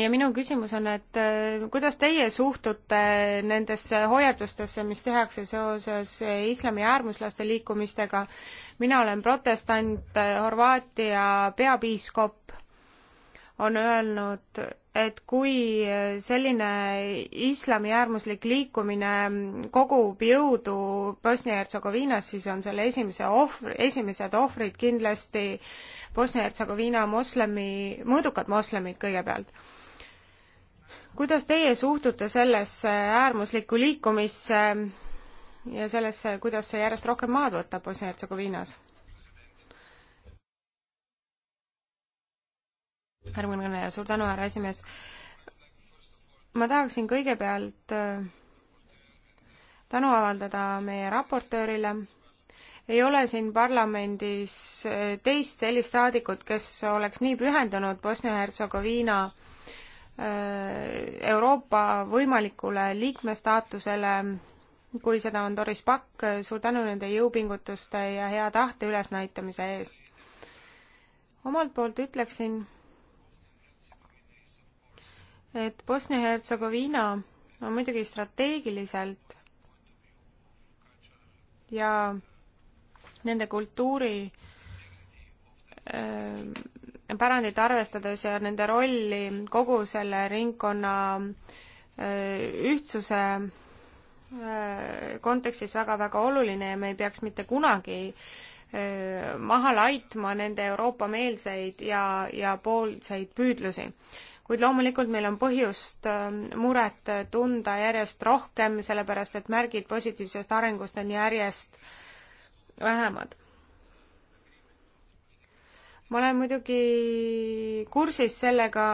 ja minu küsimus on, et äh, kuidas teie suhtute nendesse hoiatustesse, mis tehakse seoses äh, islami äärmuslaste liikumistega? mina olen protestant, äh, Horvaatia peapiiskop on öelnud, et kui selline islami äärmuslik liikumine kogub jõudu Bosnia-Hertsegoviinas, siis on selle esimese ohvri, esimesed ohvrid kindlasti Bosnia-Hertsegoviina moslemi, mõõdukad moslemid kõigepealt kuidas teie suhtute sellesse äärmuslikku liikumisse ja sellesse, kuidas see järjest rohkem maad võtab Bosnia-Hertsegoviinas? järgmine kõneleja, suur tänu, härra esimees. ma tahaksin kõigepealt äh, tänu avaldada meie raportöörile. ei ole siin parlamendis äh, teist sellist saadikut, kes oleks nii pühendunud Bosnia-Hertsegoviina Äh, Euroopa võimalikule liikmestaatusele, kui seda on Doris Pakk, suur tänu nende jõupingutuste ja hea tahte ülesnäitamise eest. omalt poolt ütleksin, et Bosnia-Hertsegoviina on muidugi strateegiliselt ja nende kultuuri öö, äh, pärandit arvestades ja nende rolli kogu selle ringkonna äh, ühtsuse äh, kontekstis väga-väga oluline ja me ei peaks mitte kunagi äh, maha laitma nende Euroopa-meelseid ja, ja poolseid püüdlusi. kuid loomulikult meil on põhjust muret tunda järjest rohkem, sellepärast et märgid positiivsest arengust on järjest vähemad ma olen muidugi kursis sellega,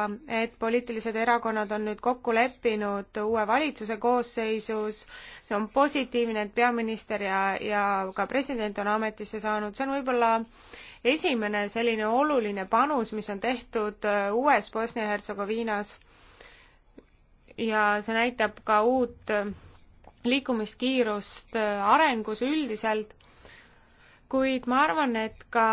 et poliitilised erakonnad on nüüd kokku leppinud uue valitsuse koosseisus, see on positiivne, et peaminister ja, ja ka president on ametisse saanud, see on võib-olla esimene selline oluline panus, mis on tehtud äh, uues Bosnia-Hertsegoviinas. ja see näitab ka uut äh, liikumiskiirust äh, arengus üldiselt, kuid ma arvan, et ka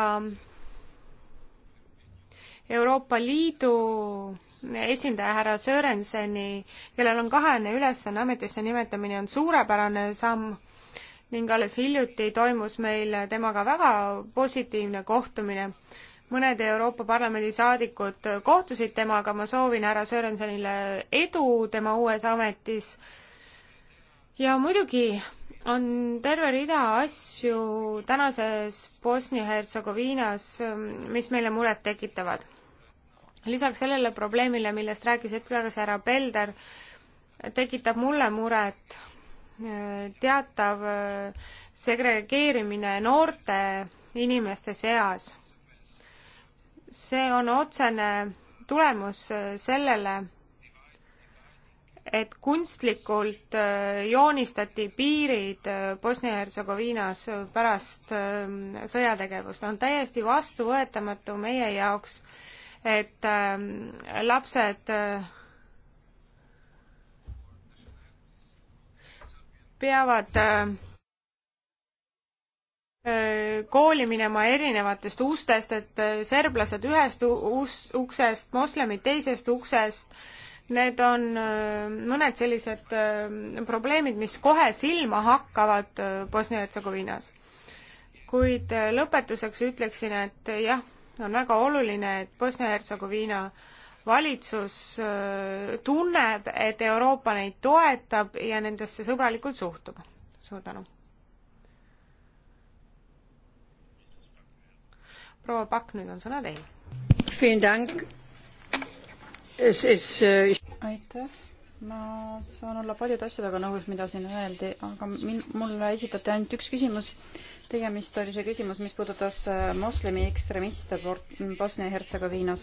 Euroopa Liidu esindaja härra Sörenseni, kellel on kahene ülesanne, ametisse nimetamine on suurepärane samm ning alles hiljuti toimus meil temaga väga positiivne kohtumine. mõned Euroopa Parlamendi saadikud kohtusid temaga, ma soovin härra Sörensenile edu tema uues ametis. ja muidugi on terve rida asju tänases Bosnia-Hertsegoviinas, mis meile muret tekitavad lisaks sellele probleemile, millest rääkis hetk tagasi härra Pelder, tekitab mulle muret äh, teatav äh, segregeerimine noorte inimeste seas. see on otsene tulemus äh, sellele, et kunstlikult joonistati piirid Bosnia-Hertsegoviinas pärast sõjategevust, on täiesti vastuvõetamatu meie jaoks äh, et ähm, lapsed äh, peavad äh, äh, kooli minema erinevatest ustest, et serblased ühest uksest, moslemid teisest uksest. Need on mõned sellised probleemid, mis kohe silma hakkavad Bosnia-Hertsegoviinas. kuid lõpetuseks ütleksin, et jah on väga oluline, et Bosnia-Hertsegoviina valitsus äh, tunneb, et Euroopa neid toetab ja nendesse sõbralikult suhtub. suur tänu. proua Pakk, nüüd on sõna teil. Äh, aitäh, ma saan olla paljude asjadega nõus, mida siin öeldi, aga min-, mulle esitati ainult üks küsimus tegemist oli see küsimus, mis puudutas äh, moslemi ekstremiste poolt Bosnia-Hertsegoviinas.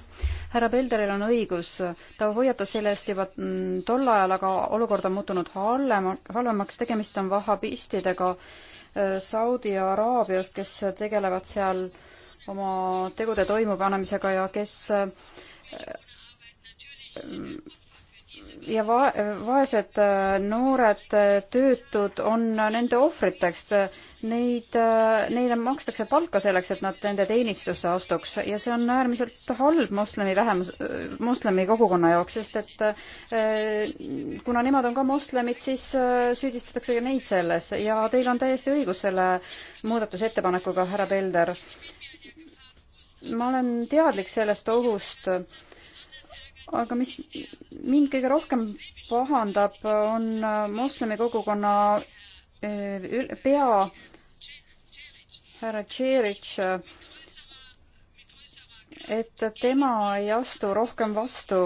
härra Pelderil on õigus, ta hoiatas selle eest juba mm, tol ajal, aga olukord on muutunud hallem, halvemaks, tegemist on vahhabistidega äh, Saudi Araabiast, kes tegelevad seal oma tegude toimupanemisega ja kes äh, ja va-, vaesed noored töötud on nende ohvriteks neid, äh, neile makstakse palka selleks, et nad nende teenistusse astuks ja see on äärmiselt halb moslemi vähemus, moslemi kogukonna jaoks, sest et äh, kuna nemad on ka moslemid, siis äh, süüdistatakse ka neid selles ja teil on täiesti õigus selle muudatusettepanekuga, härra Pelder. ma olen teadlik sellest ohust aga mis mind kõige rohkem pahandab, on moslemi kogukonna pea härra Tšeritš et tema ei astu rohkem vastu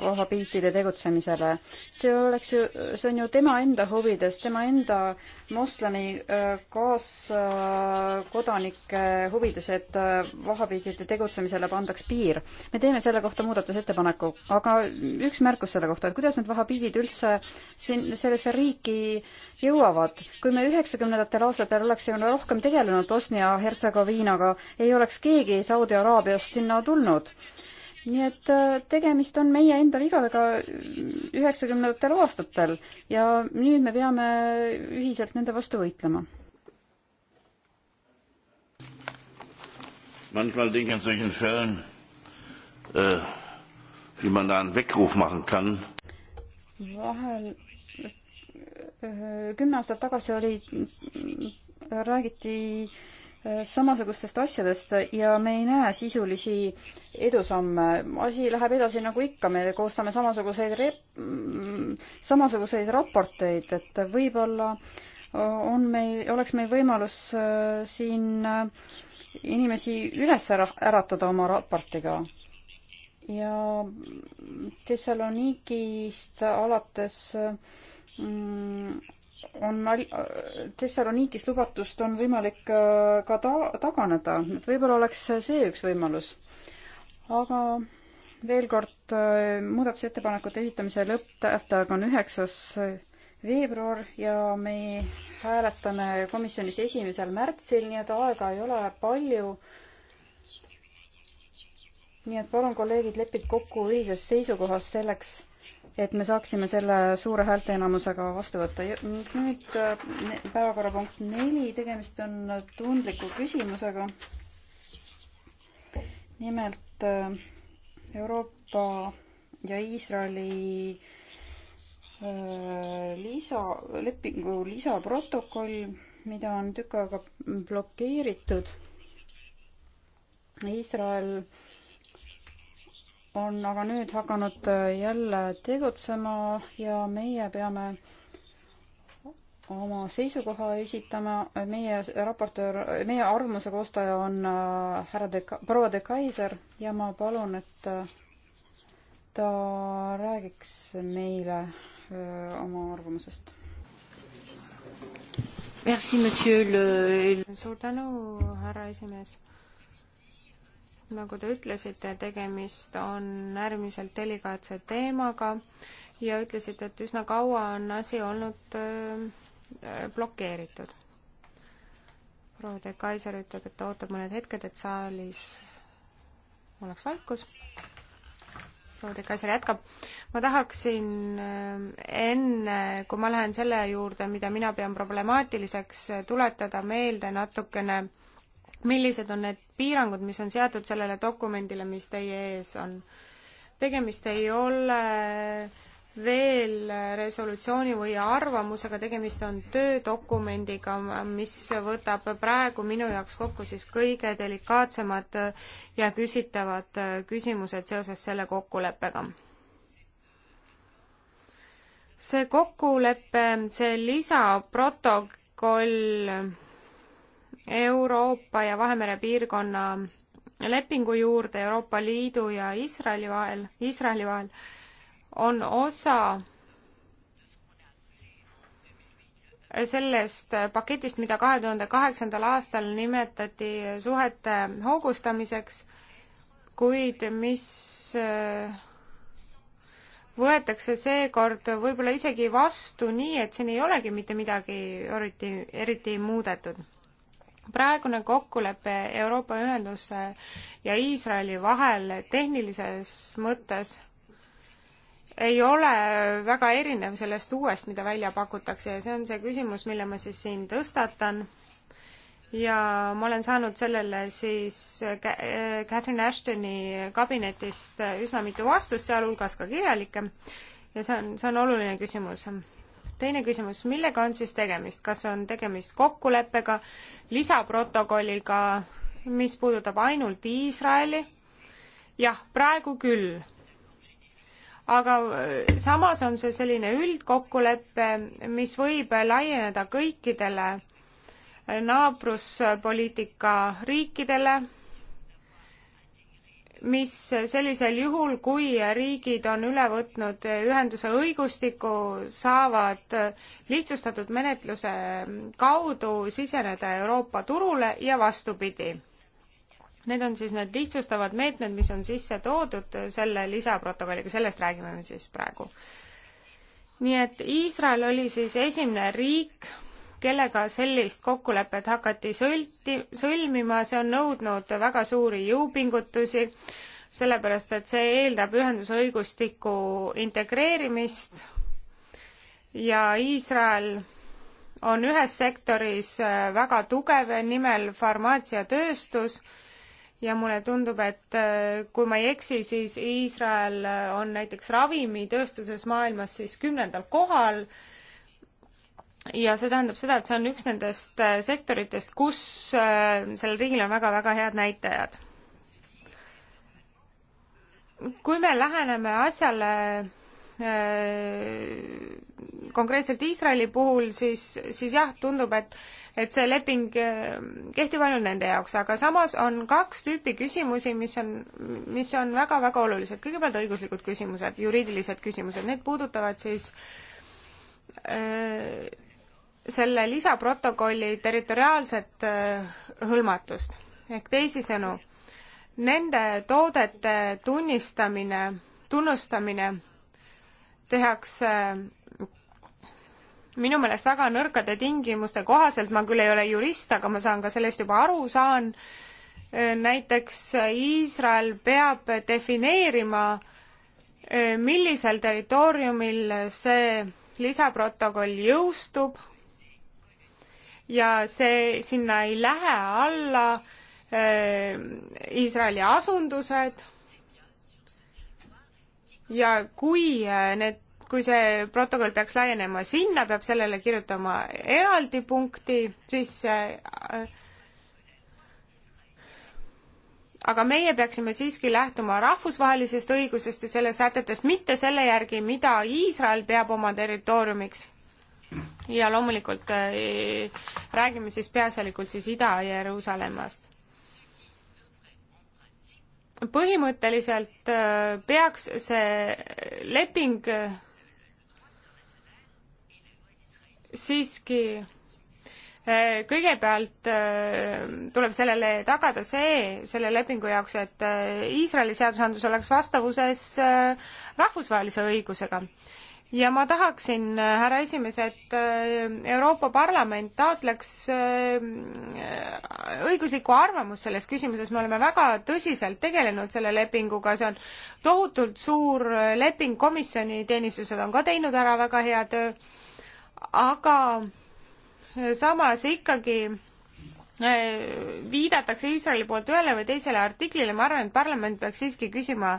vahabiitide tegutsemisele. see oleks ju, see on ju tema enda huvides, tema enda moslemi äh, kaaskodanike huvides, et äh, vahabiitide tegutsemisele pandaks piir. me teeme selle kohta muudatusettepaneku, aga üks märkus selle kohta, et kuidas need vahabiidid üldse siin sellesse riiki jõuavad. kui me üheksakümnendatel aastatel oleksime rohkem tegelenud Bosnia-Hertsegoviinaga, ei oleks keegi Saudi Araabiast sinna sinna tulnud. nii et äh, tegemist on meie enda vigadega üheksakümnendatel aastatel ja nüüd me peame ühiselt nende vastu võitlema. Manchmal denke ich in solchen Fällen, äh, wie man da einen Weckruf machen kann. Vahel äh, kümme aastat tagasi oli, äh, räägiti samasugustest asjadest ja me ei näe sisulisi edusamme. asi läheb edasi nagu ikka, me koostame samasuguseid rep-, samasuguseid raporteid, et võib-olla on meil, oleks meil võimalus äh, siin äh, inimesi üles ära, äratada oma raportiga. ja Thessalonikist alates mm, on Thessalonikis lubatust on võimalik äh, ka ta-, taganeda, et võib-olla oleks see üks võimalus. aga veel kord, äh, muudatusettepanekute esitamise lõpptähtaeg on üheksas veebruar ja me hääletame komisjonis esimesel märtsil, nii et aega ei ole palju. nii et palun, kolleegid, leppige kokku ühises seisukohas selleks et me saaksime selle suure häälteenamusega vastu võtta. nüüd äh, päevakorrapunkt neli, tegemist on tundliku küsimusega. nimelt äh, Euroopa ja Iisraeli äh, lisa, lepingu lisaprotokoll, mida on tükk aega blokeeritud. Iisrael äh, on aga nüüd hakanud äh, jälle tegutsema ja meie peame oma seisukoha esitama. meie raportöör, meie arvamuse koostaja on äh, härra de, proua de Kaiser ja ma palun, et äh, ta räägiks meile oma arvamusest. suur tänu, härra esimees nagu te ütlesite, tegemist on äärmiselt delikaatse teemaga ja ütlesite, et üsna kaua on asi olnud äh, blokeeritud. proua de Kaiser ütleb, et ta ootab mõned hetked, et saalis oleks vaikus. proua de Kaiser jätkab. ma tahaksin äh, enne, kui ma lähen selle juurde, mida mina pean problemaatiliseks, tuletada meelde natukene äh, millised on need piirangud, mis on seatud sellele dokumendile, mis teie ees on. tegemist ei ole veel resolutsiooni või arvamusega, tegemist on töödokumendiga, mis võtab praegu minu jaoks kokku siis kõige delikaatsemad ja küsitavad küsimused seoses selle kokkuleppega see kokkulepe, see lisaprotokoll Euroopa ja Vahemere piirkonna lepingu juurde Euroopa Liidu ja Iisraeli vahel, Iisraeli vahel, on osa sellest paketist, mida kahe tuhande kaheksandal aastal nimetati suhete hoogustamiseks, kuid mis äh, võetakse seekord võib-olla isegi vastu nii, et siin ei olegi mitte midagi eriti, eriti muudetud praegune kokkulepe Euroopa Ühenduse ja Iisraeli vahel tehnilises mõttes ei ole väga erinev sellest uuest, mida välja pakutakse ja see on see küsimus, mille ma siis siin tõstatan. ja ma olen saanud sellele siis Catherine Ashtoni kabinetist üsna mitu vastust, sealhulgas ka kirjalikke. ja see on, see on oluline küsimus teine küsimus, millega on siis tegemist, kas on tegemist kokkuleppega, lisaprotokolliga, mis puudutab ainult Iisraeli? jah, praegu küll. aga äh, samas on see selline üldkokkulepe, mis võib laieneda kõikidele äh, naabruspoliitika riikidele mis sellisel juhul, kui riigid on üle võtnud ühenduse õigustiku, saavad lihtsustatud menetluse kaudu siseneda Euroopa turule ja vastupidi. Need on siis need lihtsustavad meetmed, mis on sisse toodud selle lisaprotokolliga, sellest räägime me siis praegu. nii et Iisrael oli siis esimene riik, kellega sellist kokkulepet hakati sõlti, sõlmima, see on nõudnud väga suuri jõupingutusi, sellepärast et see eeldab ühenduse õigustiku integreerimist ja Iisrael on ühes sektoris äh, väga tugev, nimel farmaatsiatööstus ja mulle tundub, et äh, kui ma ei eksi, siis Iisrael äh, on näiteks ravimitööstuses maailmas siis kümnendal kohal ja see tähendab seda, et see on üks nendest äh, sektoritest, kus äh, sellel riigil on väga-väga head näitajad. kui me läheneme asjale äh, konkreetselt Iisraeli puhul, siis, siis jah, tundub, et, et see leping kehtib ainult nende jaoks, aga samas on kaks tüüpi küsimusi, mis on, mis on väga-väga olulised. kõigepealt õiguslikud küsimused, juriidilised küsimused, need puudutavad siis öö, selle lisaprotokolli territoriaalset äh, hõlmatust ehk teisisõnu, nende toodete tunnistamine, tunnustamine tehakse äh, minu meelest väga nõrkade tingimuste kohaselt, ma küll ei ole jurist, aga ma saan ka sellest juba aru, saan, äh, näiteks Iisrael peab defineerima, millisel territooriumil see lisaprotokoll jõustub ja see, sinna ei lähe alla eh, Iisraeli äh, asundused. ja kui eh, need, kui see protokoll peaks laienema sinna, peab sellele kirjutama eraldi punkti sisse äh, aga meie peaksime siiski lähtuma rahvusvahelisest õigusest ja selle sätetest, mitte selle järgi, mida Iisrael peab oma territooriumiks ja loomulikult äh, räägime siis peaasjalikult siis Ida-Jeruusalemmast. põhimõtteliselt äh, peaks see leping äh, siiski kõigepealt tuleb sellele tagada see, selle lepingu jaoks, et Iisraeli seadusandlus oleks vastavuses rahvusvahelise õigusega ja ma tahaksin, äh, härra esimees, et äh, Euroopa Parlament taotleks äh, õiguslikku arvamust selles küsimuses, me oleme väga tõsiselt tegelenud selle lepinguga, see on tohutult suur leping, komisjoni teenistused on ka teinud ära väga hea töö, aga samas ikkagi viidatakse Iisraeli poolt ühele või teisele artiklile, ma arvan, et parlament peaks siiski küsima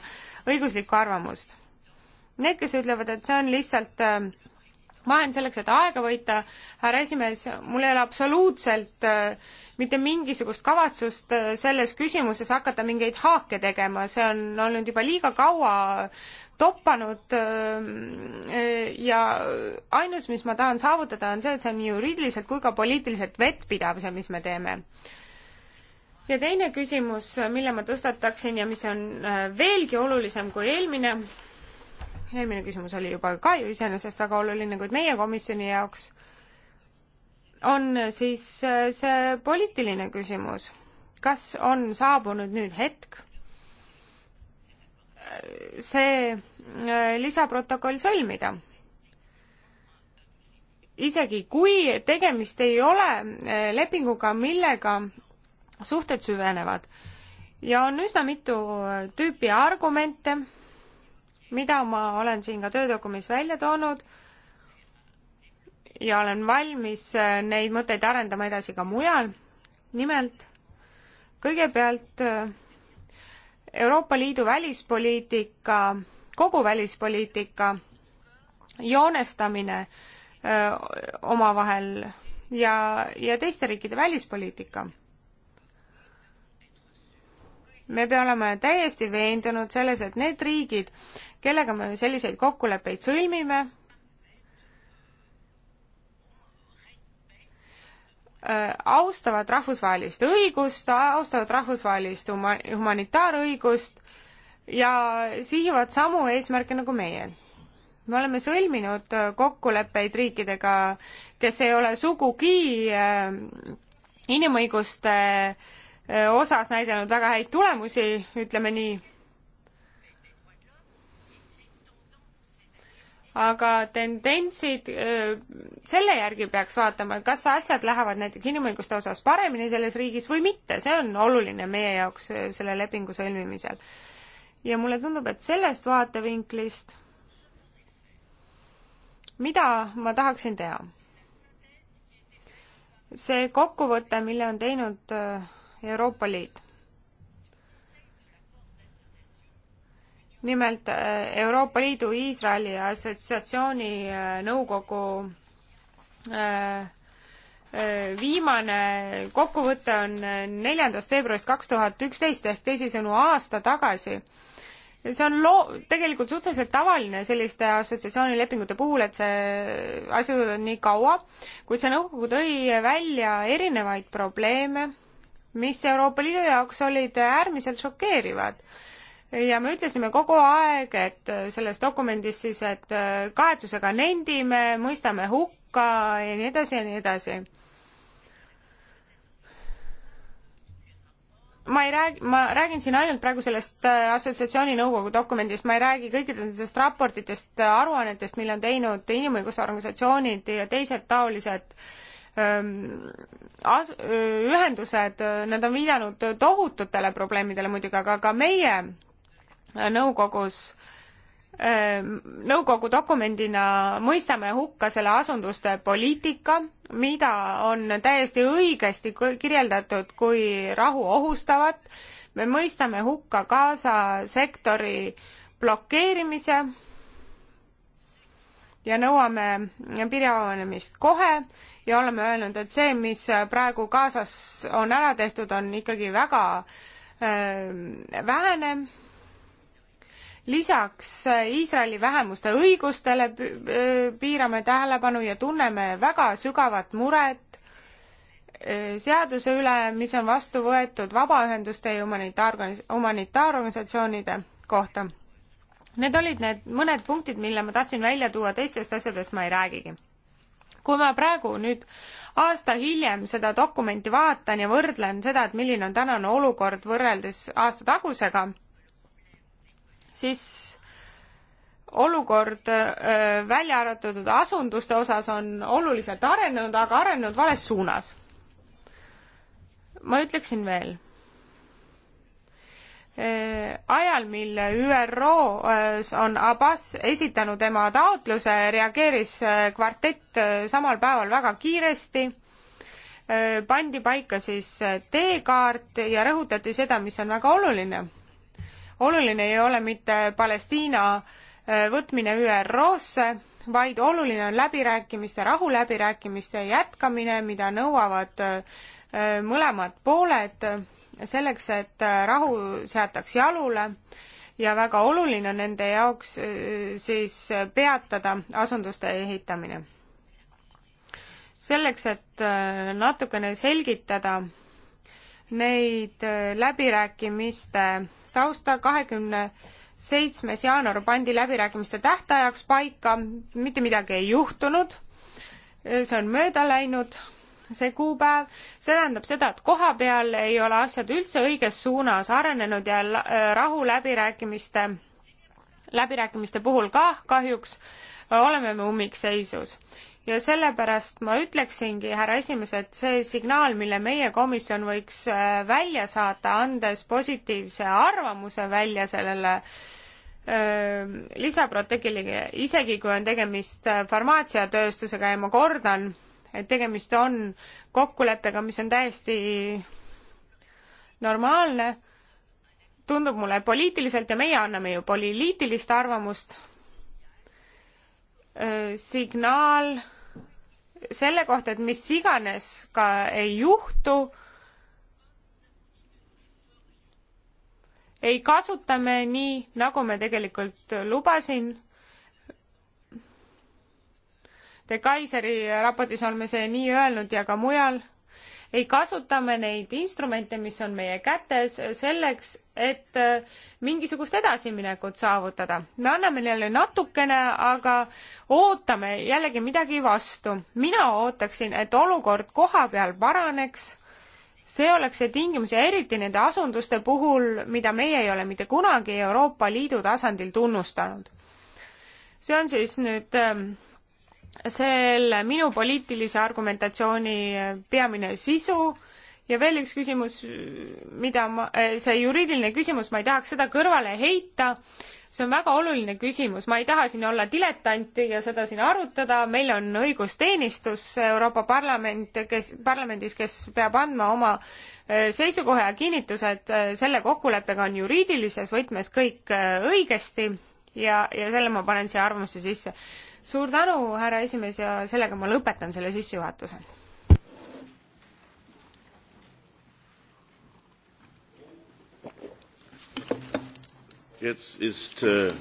õiguslikku arvamust Need, kes ütlevad, et see on lihtsalt ähm, vahend selleks, et aega võita, härra esimees, mul ei ole absoluutselt äh, mitte mingisugust kavatsust äh, selles küsimuses hakata mingeid haake tegema, see on olnud juba liiga kaua toppanud ähm, äh, ja ainus, mis ma tahan saavutada, on see, et see on nii juriidiliselt kui ka poliitiliselt vettpidav, see, mis me teeme ja teine küsimus, mille ma tõstataksin ja mis on veelgi olulisem kui eelmine, eelmine küsimus oli juba ka ju iseenesest väga oluline, kuid meie komisjoni jaoks on siis äh, see poliitiline küsimus. kas on saabunud nüüd hetk äh, see äh, lisaprotokoll sõlmida? isegi kui tegemist ei ole lepinguga, millega suhted süvenevad ja on üsna mitu tüüpi argumente mida ma olen siin ka töödokumendis välja toonud ja olen valmis äh, neid mõtteid arendama edasi ka mujal. nimelt kõigepealt äh, Euroopa Liidu välispoliitika, kogu välispoliitika joonestamine äh, omavahel ja, ja teiste riikide välispoliitika me peame olema täiesti veendunud selles, et need riigid, kellega me selliseid kokkuleppeid sõlmime, äh, austavad rahvusvahelist õigust, austavad rahvusvahelist huma-, humanitaarõigust ja sihivad samu eesmärke nagu meie. me oleme sõlminud äh, kokkuleppeid riikidega, kes ei ole sugugi äh, inimõiguste äh, osas näidanud väga häid tulemusi, ütleme nii. aga tendentsid, selle järgi peaks vaatama, kas asjad lähevad näiteks inimõiguste osas paremini selles riigis või mitte, see on oluline meie jaoks selle lepingu sõlmimisel. ja mulle tundub, et sellest vaatevinklist, mida ma tahaksin teha? see kokkuvõte, mille on teinud äh, Euroopa Liit. nimelt äh, Euroopa Liidu Iisraeli assotsiatsiooni äh, nõukogu äh, viimane kokkuvõte on neljandast veebruarist kaks tuhat üksteist ehk teisisõnu aasta tagasi. see on loo-, tegelikult suhteliselt tavaline selliste assotsiatsioonilepingute puhul, et see, asjad on nii kaua, kuid see nõukogu tõi välja erinevaid probleeme mis Euroopa Liidu jaoks olid äärmiselt šokeerivad. ja me ütlesime kogu aeg, et selles dokumendis siis, et äh, kahetsusega nendime, mõistame hukka ja nii edasi ja nii edasi ma ei räägi, ma räägin siin ainult praegu sellest äh, assotsiatsiooni nõukogu dokumendist, ma ei räägi kõikidest nendest raportitest, äh, aruannetest, mille on teinud inimõigusorganisatsioonid ja teised taolised äh, as-, ühendused, nad on viidanud tohututele probleemidele muidugi, aga ka meie nõukogus, nõukogu dokumendina mõistame hukka selle asunduste poliitika, mida on täiesti õigesti kirjeldatud kui rahu ohustavat. me mõistame hukka Gaza sektori blokeerimise ja nõuame piiri avanemist kohe ja oleme öelnud, et see, mis praegu Gazas on ära tehtud, on ikkagi väga äh, vähene. lisaks Iisraeli vähemuste õigustele äh, piirame tähelepanu ja tunneme väga sügavat muret äh, seaduse üle, mis on vastu võetud vabaühenduste ja humanitaarorganis-, humanitaarorganisatsioonide kohta. Need olid need mõned punktid, mille ma tahtsin välja tuua, teistest asjadest ma ei räägigi kui ma praegu nüüd aasta hiljem seda dokumenti vaatan ja võrdlen seda, et milline on tänane olukord võrreldes aasta tagusega, siis olukord öö, välja arvatud asunduste osas on oluliselt arenenud, aga arenenud vales suunas. ma ütleksin veel Äh, ajal, mil ÜRO-s äh, on Abbas esitanud oma taotluse, reageeris äh, kvartett samal päeval väga kiiresti, pandi paika siis teekaart ja rõhutati seda, mis on väga oluline. oluline ei ole mitte Palestiina võtmine ÜRO-sse, vaid oluline on läbirääkimiste, rahuläbirääkimiste jätkamine, mida nõuavad mõlemad pooled selleks, et äh, rahu seataks jalule ja väga oluline on nende jaoks äh, siis peatada asunduste ehitamine. selleks, et äh, natukene selgitada neid läbirääkimiste tausta kahekümne seitsmes jaanuar pandi läbirääkimiste tähtajaks paika, mitte midagi ei juhtunud, see on mööda läinud see kuupäev, see tähendab seda, et koha peal ei ole asjad üldse õiges suunas arenenud ja rahuläbirääkimiste, läbirääkimiste puhul ka kahjuks oleme me ummikseisus ja sellepärast ma ütleksingi, härra esimees, et see signaal, mille meie komisjon võiks äh, välja saata, andes positiivse arvamuse välja sellele äh, lisaprotokollile, isegi kui on tegemist äh, farmaatsiatööstusega ja ma kordan, et tegemist on kokkuleppega, mis on täiesti normaalne, tundub mulle poliitiliselt ja meie anname ju poliitilist arvamust, signaal selle kohta, et mis iganes ka ei juhtu, ei kasuta me nii, nagu me tegelikult lubasin De Kaiseri raportis oleme see nii öelnud ja ka mujal, ei kasuta me neid instrumente, mis on meie kätes, selleks, et äh, mingisugust edasiminekut saavutada. me anname neile natukene, aga ootame jällegi midagi vastu. mina ootaksin, et olukord koha peal paraneks, see oleks see tingimus ja eriti nende asunduste puhul, mida meie ei ole mitte kunagi Euroopa Liidu tasandil tunnustanud. see on siis nüüd äh, selle minu poliitilise argumentatsiooni äh, peamine sisu ja veel üks küsimus, mida ma, äh, see juriidiline küsimus, ma ei tahaks seda kõrvale heita, see on väga oluline küsimus, ma ei taha siin olla diletant ja seda siin arutada, meil on õigusteenistus äh, Euroopa Parlament, kes, parlamendis, kes peab andma oma seisukoha ja kinnitused, selle kokkuleppega on juriidilises võtmes kõik õigesti ja, ja selle ma panen siia arvamusse sisse suur tänu, härra esimees, ja sellega ma lõpetan selle sissejuhatuse. jetzt ist äh,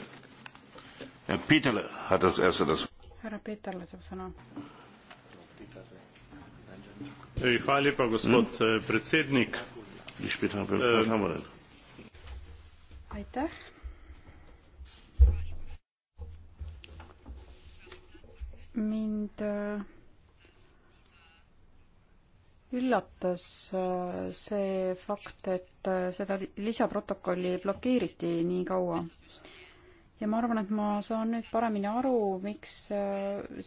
Herr Peterle hat das erste das Herr Peterle saab sõna. Hvala lepa, gospod hmm? predsednik. Ähm, aitäh mind äh, üllatas äh, see fakt, et äh, seda lisaprotokolli blokeeriti nii kaua. ja ma arvan, et ma saan nüüd paremini aru, miks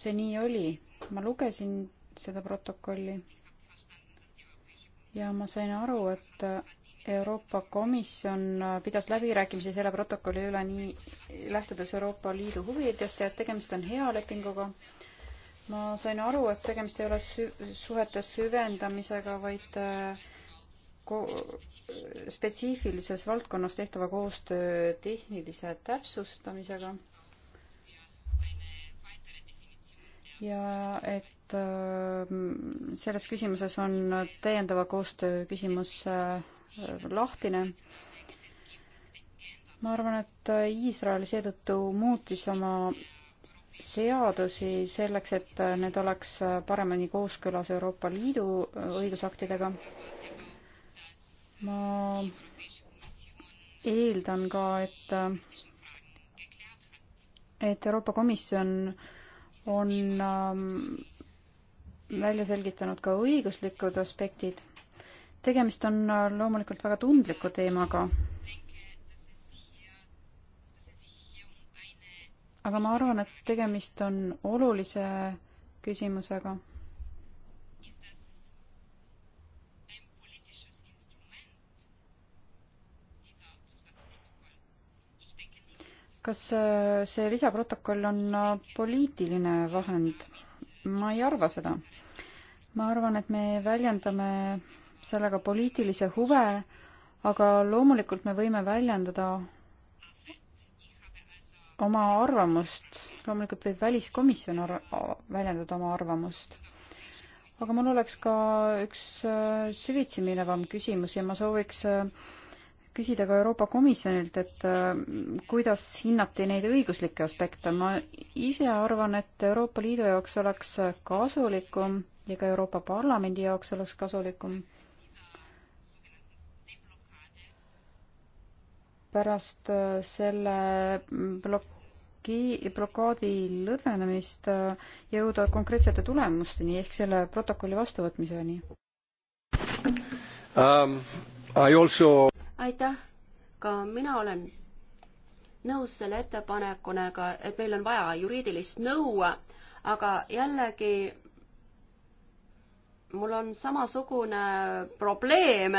see nii oli. ma lugesin seda protokolli ja ma sain aru, et Euroopa Komisjon pidas läbirääkimisi selle protokolli üle nii lähtudes Euroopa Liidu huvidest ja et tegemist on hea lepinguga. ma sain aru, et tegemist ei ole sü-, suhete süvendamisega, vaid äh, ko-, spetsiifilises valdkonnas tehtava koostöö tehnilise täpsustamisega. ja et äh, selles küsimuses on täiendava koostöö küsimus äh, lahtine. ma arvan, et Iisrael seetõttu muutis oma seadusi selleks, et need oleks paremini kooskõlas Euroopa Liidu õigusaktidega. ma eeldan ka, et, et Euroopa Komisjon on ähm, välja selgitanud ka õiguslikud aspektid tegemist on loomulikult väga tundliku teemaga. aga ma arvan, et tegemist on olulise küsimusega kas see lisaprotokoll on poliitiline vahend? ma ei arva seda. ma arvan, et me väljendame sellega poliitilise huve, aga loomulikult me võime väljendada oma arvamust, loomulikult võib väliskomisjon ar-, väljendada oma arvamust. aga mul oleks ka üks äh, süvitsi minevam küsimus ja ma sooviks äh, küsida ka Euroopa Komisjonilt, et äh, kuidas hinnati neid õiguslikke aspekte. ma ise arvan, et Euroopa Liidu jaoks oleks kasulikum ja ka Euroopa Parlamendi jaoks oleks kasulikum, pärast äh, selle mm, bloki, blokaadi lõdvenemist äh, jõuda konkreetsete tulemusteni ehk selle protokolli vastuvõtmiseni um,? Also... aitäh, ka mina olen nõus selle ettepanekunega, et meil on vaja juriidilist nõu, aga jällegi mul on samasugune probleem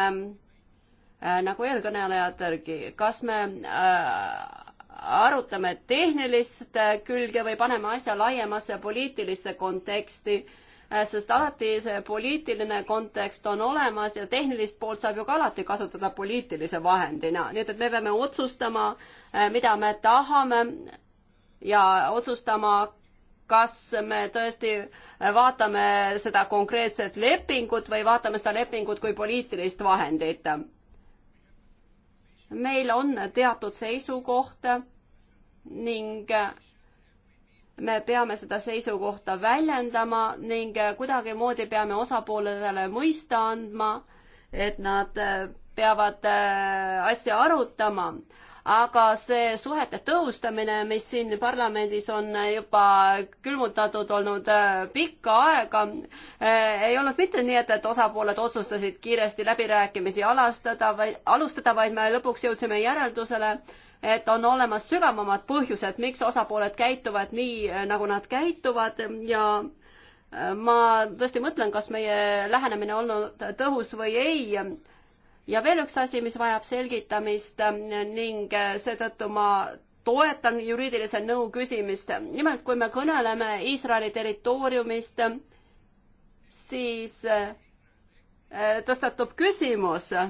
Äh, nagu eelkõnelejatelgi, kas me äh, arutame tehnilist äh, külge või paneme asja laiemasse poliitilisse konteksti, sest alati see poliitiline kontekst on olemas ja tehnilist poolt saab ju ka alati kasutada poliitilise vahendina, nii et, et me peame otsustama, mida me tahame ja otsustama, kas me tõesti vaatame seda konkreetset lepingut või vaatame seda lepingut kui poliitilist vahendit meil on teatud seisukoht ning me peame seda seisukohta väljendama ning kuidagimoodi peame osapoolele mõista andma, et nad peavad äh, asja arutama aga see suhete tõhustamine, mis siin parlamendis on juba külmutatud olnud äh, pikka aega, äh, ei olnud mitte nii, et, et osapooled otsustasid kiiresti läbirääkimisi alastada või alustada, vaid me lõpuks jõudsime järeldusele, et on olemas sügavamad põhjused, miks osapooled käituvad nii, äh, nagu nad käituvad ja ma tõesti mõtlen, kas meie lähenemine olnud tõhus või ei ja veel üks asi, mis vajab selgitamist äh, ning äh, seetõttu ma toetan juriidilise nõu küsimist. nimelt, kui me kõneleme Iisraeli territooriumist, siis äh, tõstatub küsimus ja,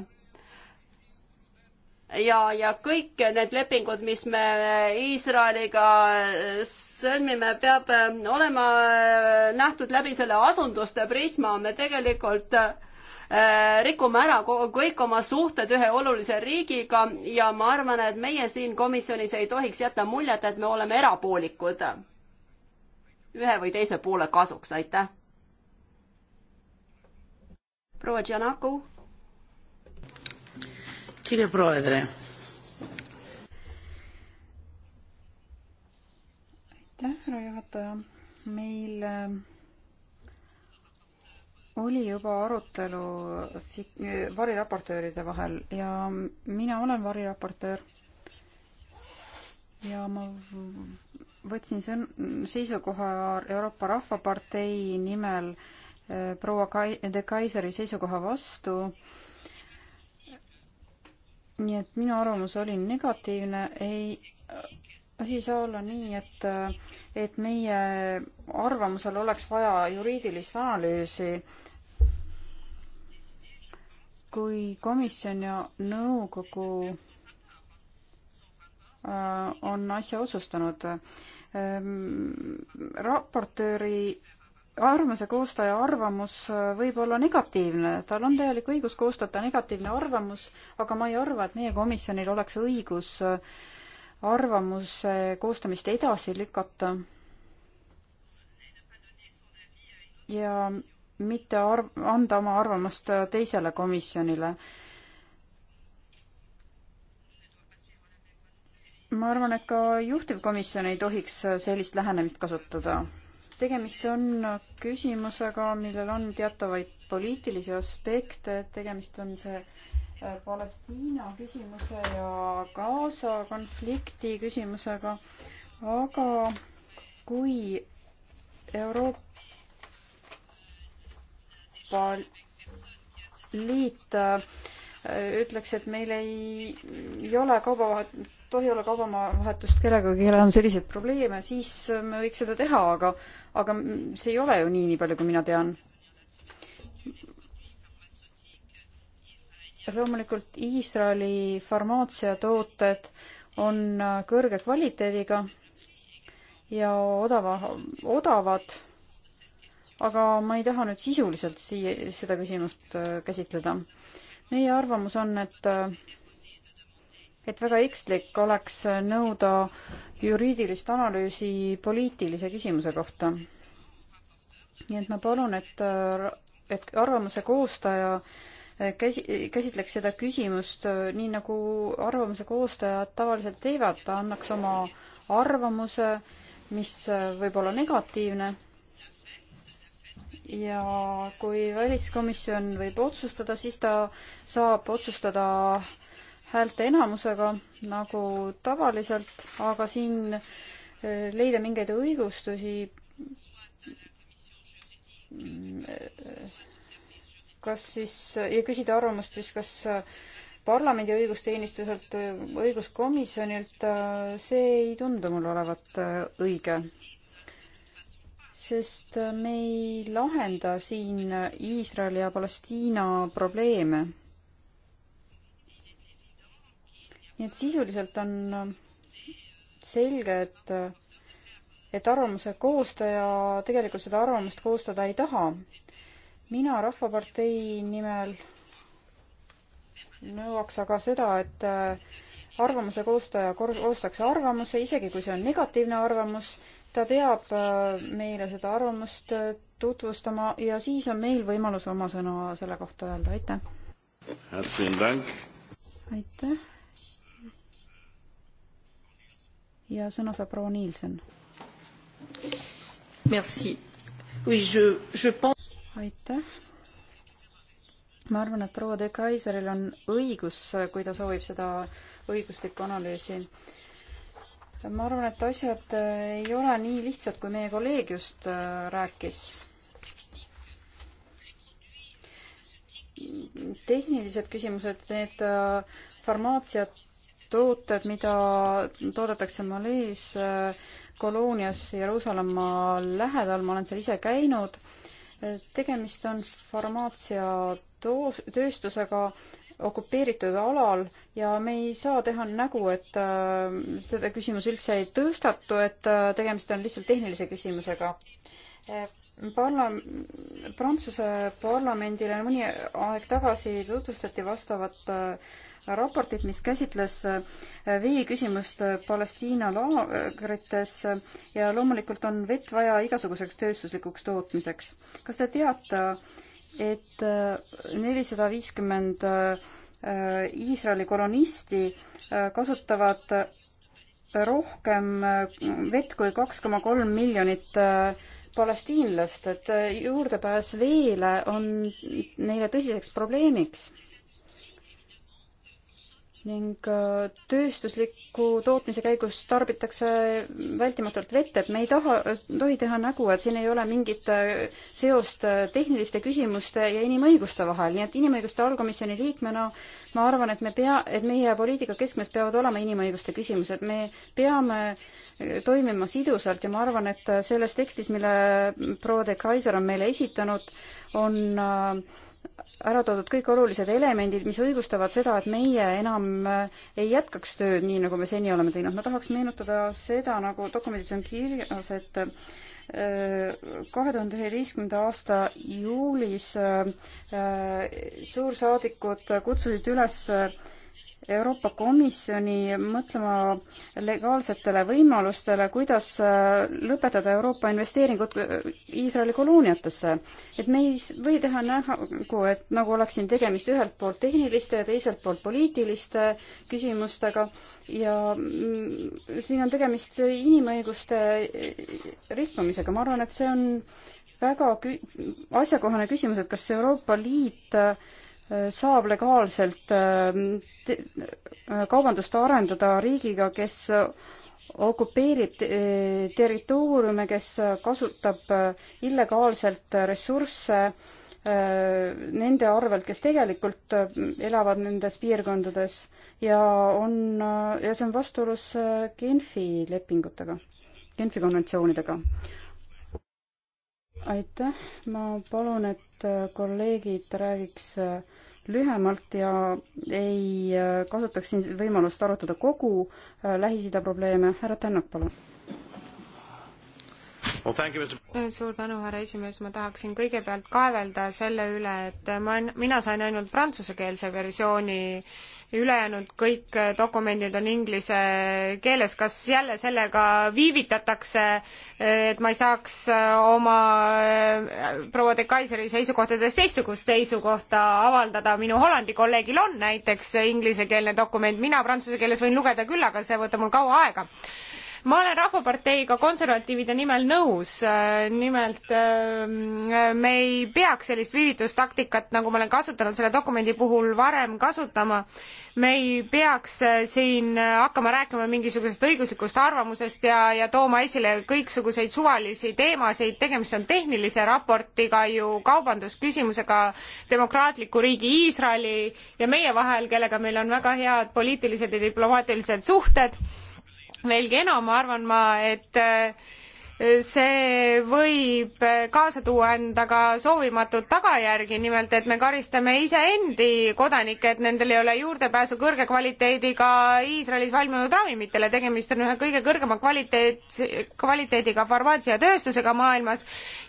ja kõik need lepingud, mis me Iisraeliga sõlmime, peab olema nähtud läbi selle asunduste prisma. me tegelikult äh, Äh, rikume ära kõik oma suhted ühe olulise riigiga ja ma arvan, et meie siin komisjonis ei tohiks jätta muljet, et me oleme erapoolikud ühe või teise poole kasuks, aitäh. proua Tšanaku. kirja proovida. aitäh, härra juhataja. meil äh, oli juba arutelu variraportööride vahel ja mina olen variraportöör ja ma võtsin sõn-, seisukoha Euroopa Rahvapartei nimel äh, proua Kai-, de Kaiseri seisukoha vastu. nii et minu arvamus oli negatiivne, ei asi ei saa olla nii, et, et meie arvamusel oleks vaja juriidilist analüüsi. kui komisjon ja nõukogu äh, on asja otsustanud, ähm, raportööri arvamuse koostaja arvamus äh, võib olla negatiivne, tal on täielik õigus koostada negatiivne arvamus, aga ma ei arva, et meie komisjonil oleks õigus äh, arvamuse koostamist edasi lükata ja mitte arv-, anda oma arvamust teisele komisjonile. ma arvan, et ka juhtivkomisjon ei tohiks sellist lähenemist kasutada. tegemist on küsimusega, millel on teatavaid poliitilisi aspekte, tegemist on see äh, Äh, Palestiina küsimuse ja Gaza konflikti küsimusega, aga kui Euroopa Liit äh, ütleks, et meil ei, ei ole kaubavahet, tohi olla kaubavahetust kellegagi, kellel on selliseid probleeme, siis me võiks seda teha, aga, aga see ei ole ju nii, nii palju kui mina tean loomulikult Iisraeli farmaatsiatooted on äh, kõrge kvaliteediga ja odava, odavad, aga ma ei taha nüüd sisuliselt siia, seda küsimust äh, käsitleda. meie arvamus on, et, äh, et väga ekslik oleks nõuda juriidilist analüüsi poliitilise küsimuse kohta. nii et ma palun, et, et arvamuse koostaja äh, käsi, käsitleks seda küsimust äh, nii, nagu arvamuse koostajad tavaliselt teevad, ta annaks oma arvamuse, mis äh, võib olla negatiivne. ja kui väliskomisjon võib otsustada, siis ta saab otsustada häälte enamusega, nagu tavaliselt, aga siin äh, leida mingeid õigustusi mm, kas siis ja küsida arvamust siis, kas äh, parlamendi õigusteenistuselt, äh, õiguskomisjonilt, äh, see ei tundu mul olevat õige. sest me ei lahenda siin Iisraeli ja Palestiina probleeme. nii et sisuliselt on selge, et, et arvamuse koostaja tegelikult seda arvamust koostada ei taha mina Rahvapartei nimel nõuaks aga seda, et äh, arvamuse koostaja koostaks arvamuse, isegi kui see on negatiivne arvamus, ta peab äh, meile seda arvamust äh, tutvustama ja siis on meil võimalus oma sõna selle kohta öelda, aitäh! aitäh! ja sõna saab proua Nielsen. Merci. Oui, je, je pense aitäh. ma arvan, et proua de Kaiseril on õigus, kui ta soovib seda õiguslikku analüüsi. ma arvan, et asjad ei ole nii lihtsad, kui meie kolleeg just äh, rääkis. tehnilised küsimused, need äh, farmaatsiatooted, mida toodetakse Malees, äh, Koloonias Jeruusalemma lähedal, ma olen seal ise käinud tegemist on farmaatsiatööstusega okupeeritud alal ja me ei saa teha nägu, et äh, seda küsimus üldse ei tõstatu, et äh, tegemist on lihtsalt tehnilise küsimusega e äh, parla-, Prantsuse parlamendile mõni aeg tagasi tutvustati vastavat äh, raportit, mis käsitles äh, veeküsimust äh, Palestiina laagrites äh, ja loomulikult on vett vaja igasuguseks tööstuslikuks tootmiseks. kas te teate, et nelisada viiskümmend Iisraeli kolonisti kasutavad rohkem vett kui kaks koma kolm miljonit palestiinlast, et juurdepääs veele on neile tõsiseks probleemiks ning äh, tööstusliku tootmise käigus tarbitakse vältimatult vett, et me ei taha, tohi teha nägu, et siin ei ole mingit äh, seost äh, tehniliste küsimuste ja inimõiguste vahel, nii et inimõiguste allkomisjoni liikmena ma arvan, et me pea, et meie poliitika keskmes peavad olema inimõiguste küsimused, me peame toimima sidusalt ja ma arvan, et selles tekstis, mille proua de Kaiser on meile esitanud, on äh, ära toodud kõik olulised elemendid, mis õigustavad seda, et meie enam äh, ei jätkaks tööd nii, nagu me seni oleme teinud. ma tahaks meenutada seda, nagu dokumendis on kirjas, et äh, kahe tuhande üheteistkümnenda aasta juulis äh, suursaadikud kutsusid üles Euroopa Komisjoni mõtlema legaalsetele võimalustele, kuidas äh, lõpetada Euroopa investeeringud äh, Iisraeli kolooniatesse. et me ei või teha nägu, nagu, et nagu oleks siin tegemist ühelt poolt tehniliste ja teiselt poolt poliitiliste küsimustega ja mm, siin on tegemist inimõiguste äh, rikkumisega. ma arvan, et see on väga kü asjakohane küsimus, et kas Euroopa Liit äh, saab legaalselt äh, kaubandust arendada riigiga, kes okupeerib territooriume, kes kasutab äh, illegaalselt ressursse äh, nende arvelt, kes tegelikult elavad nendes piirkondades ja on, ja see on vastuolus Genfi lepingutega, Genfi konventsioonidega aitäh, ma palun, et äh, kolleegid räägiks äh, lühemalt ja ei äh, kasutaks siin võimalust arutada kogu Lähis-Ida probleeme. härra Tännak, palun well,. suur tänu, härra esimees, ma tahaksin kõigepealt kaevelda selle üle, et ma, mina sain ainult prantsusekeelse versiooni äh, ülejäänud kõik dokumendid on inglise keeles, kas jälle sellega viivitatakse, et ma ei saaks oma äh, proua de Kaiseri seisukohtades teistsugust seisukohta avaldada, minu Hollandi kolleegil on näiteks inglisekeelne dokument, mina prantsuse keeles võin lugeda küll, aga see võtab mul kaua aega ma olen Rahvaparteiga konservatiivide nimel nõus, äh, nimelt äh, me ei peaks sellist viivitustaktikat, nagu ma olen kasutanud selle dokumendi puhul varem kasutama, me ei peaks äh, siin hakkama rääkima mingisugusest õiguslikust arvamusest ja, ja tooma esile kõiksuguseid suvalisi teemasid, tegemist on tehnilise raportiga ju kaubandusküsimusega demokraatliku riigi Iisraeli ja meie vahel, kellega meil on väga head poliitilised ja diplomaatilised suhted veelgi enam, arvan ma, et äh, see võib kaasa tuua endaga soovimatut tagajärgi, nimelt et me karistame iseendi kodanikke, et nendel ei ole juurdepääsu kõrge kvaliteediga Iisraelis valminud ravimitele, tegemist on ühe kõige kõrgema kvaliteet, kvaliteediga farmaatsiatööstusega maailmas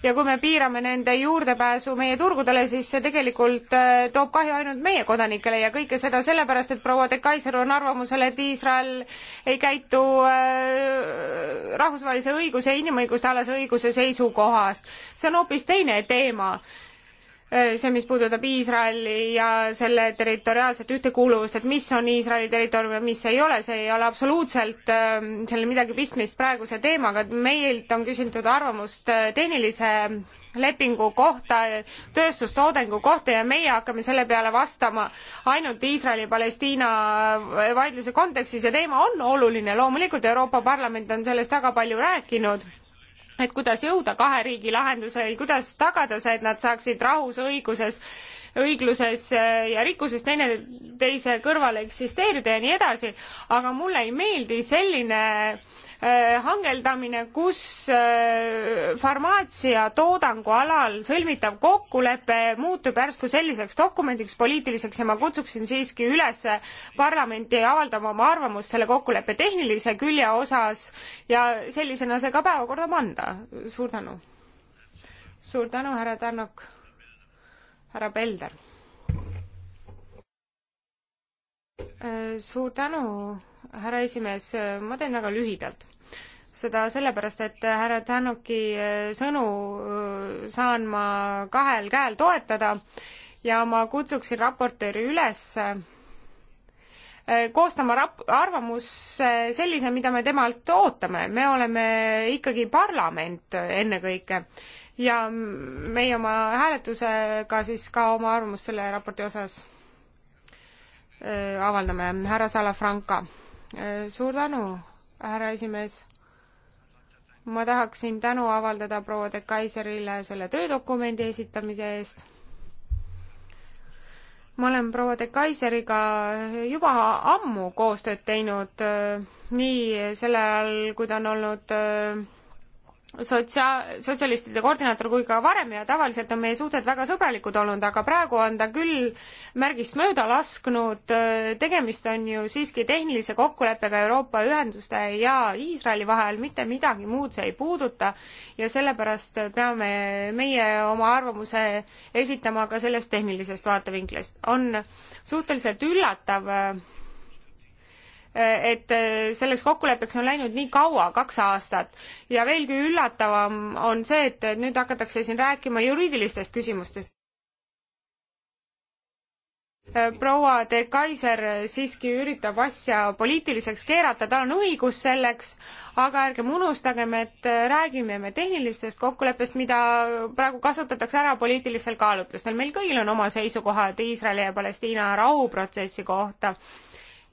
ja kui me piirame nende juurdepääsu meie turgudele, siis see tegelikult äh, toob kahju ainult meie kodanikele ja kõike seda sellepärast, et proua de Kaiser on arvamusel, et Iisrael ei käitu äh, rahvusvahelise õiguse ja inimõiguste inimõiguste alase õiguse seisukohast. see on hoopis teine teema see, mis puudutab Iisraeli ja selle territoriaalset ühtekuuluvust, et mis on Iisraeli territoorium ja mis ei ole, see ei ole absoluutselt ähm, sellel midagi pistmist praeguse teemaga, et meilt on küsitud arvamust äh, tehnilise lepingu kohta, tööstustoodangu kohta ja meie hakkame selle peale vastama ainult Iisraeli-Palestiina äh, vaidluse kontekstis ja teema on oluline, loomulikult Euroopa Parlament on sellest väga palju rääkinud et kuidas jõuda kahe riigi lahenduseni, kuidas tagada see, et nad saaksid rahus õiguses, õigluses äh, ja rikkuses teineteise kõrval eksisteerida ja nii edasi, aga mulle ei meeldi selline äh, Äh, hangeldamine, kus äh, farmaatsiatoodangu alal sõlmitav kokkulepe muutub järsku selliseks dokumendiks poliitiliseks ja ma kutsuksin siiski üles parlamenti avaldama oma arvamust selle kokkuleppe tehnilise külje osas ja sellisena see ka päevakorda panna. suur tänu. suur tänu, härra Tarnok. härra Pelder. Äh, suur tänu härra esimees, ma teen väga lühidalt seda sellepärast, et härra Tänuki äh, sõnu äh, saan ma kahel käel toetada ja ma kutsuksin raportööri üles äh, koostama rap-, arvamus sellise, mida me temalt ootame, me oleme ikkagi parlament ennekõike ja meie oma hääletusega siis ka oma arvamust selle raporti osas avaldame, härra Salafranca. suur tänu, härra esimees ma tahaksin tänu avaldada proua de Kaiserile selle töödokumendi esitamise eest. ma olen proua de Kaiseriga juba ammu koostööd teinud, äh, nii sel ajal, kui ta on olnud äh, sotsia-, sotsialistide koordinaator kui ka varem ja tavaliselt on meie suhted väga sõbralikud olnud, aga praegu on ta küll märgist mööda lasknud, äh, tegemist on ju siiski tehnilise kokkuleppega Euroopa ühenduste ja Iisraeli vahel, mitte midagi muud see ei puuduta ja sellepärast peame meie oma arvamuse esitama ka sellest tehnilisest vaatevinklist. on suhteliselt üllatav äh, et äh, selleks kokkuleppeks on läinud nii kaua, kaks aastat. ja veelgi üllatavam on see, et nüüd hakatakse siin rääkima juriidilistest küsimustest. Äh, proua de Kaiser siiski üritab asja poliitiliseks keerata, tal on õigus selleks, aga ärgem unustagem, et äh, räägime me tehnilistest kokkuleppest, mida praegu kasutatakse ära poliitilistel kaalutlustel. meil kõigil on oma seisukohad Iisraeli ja Palestiina rahuprotsessi kohta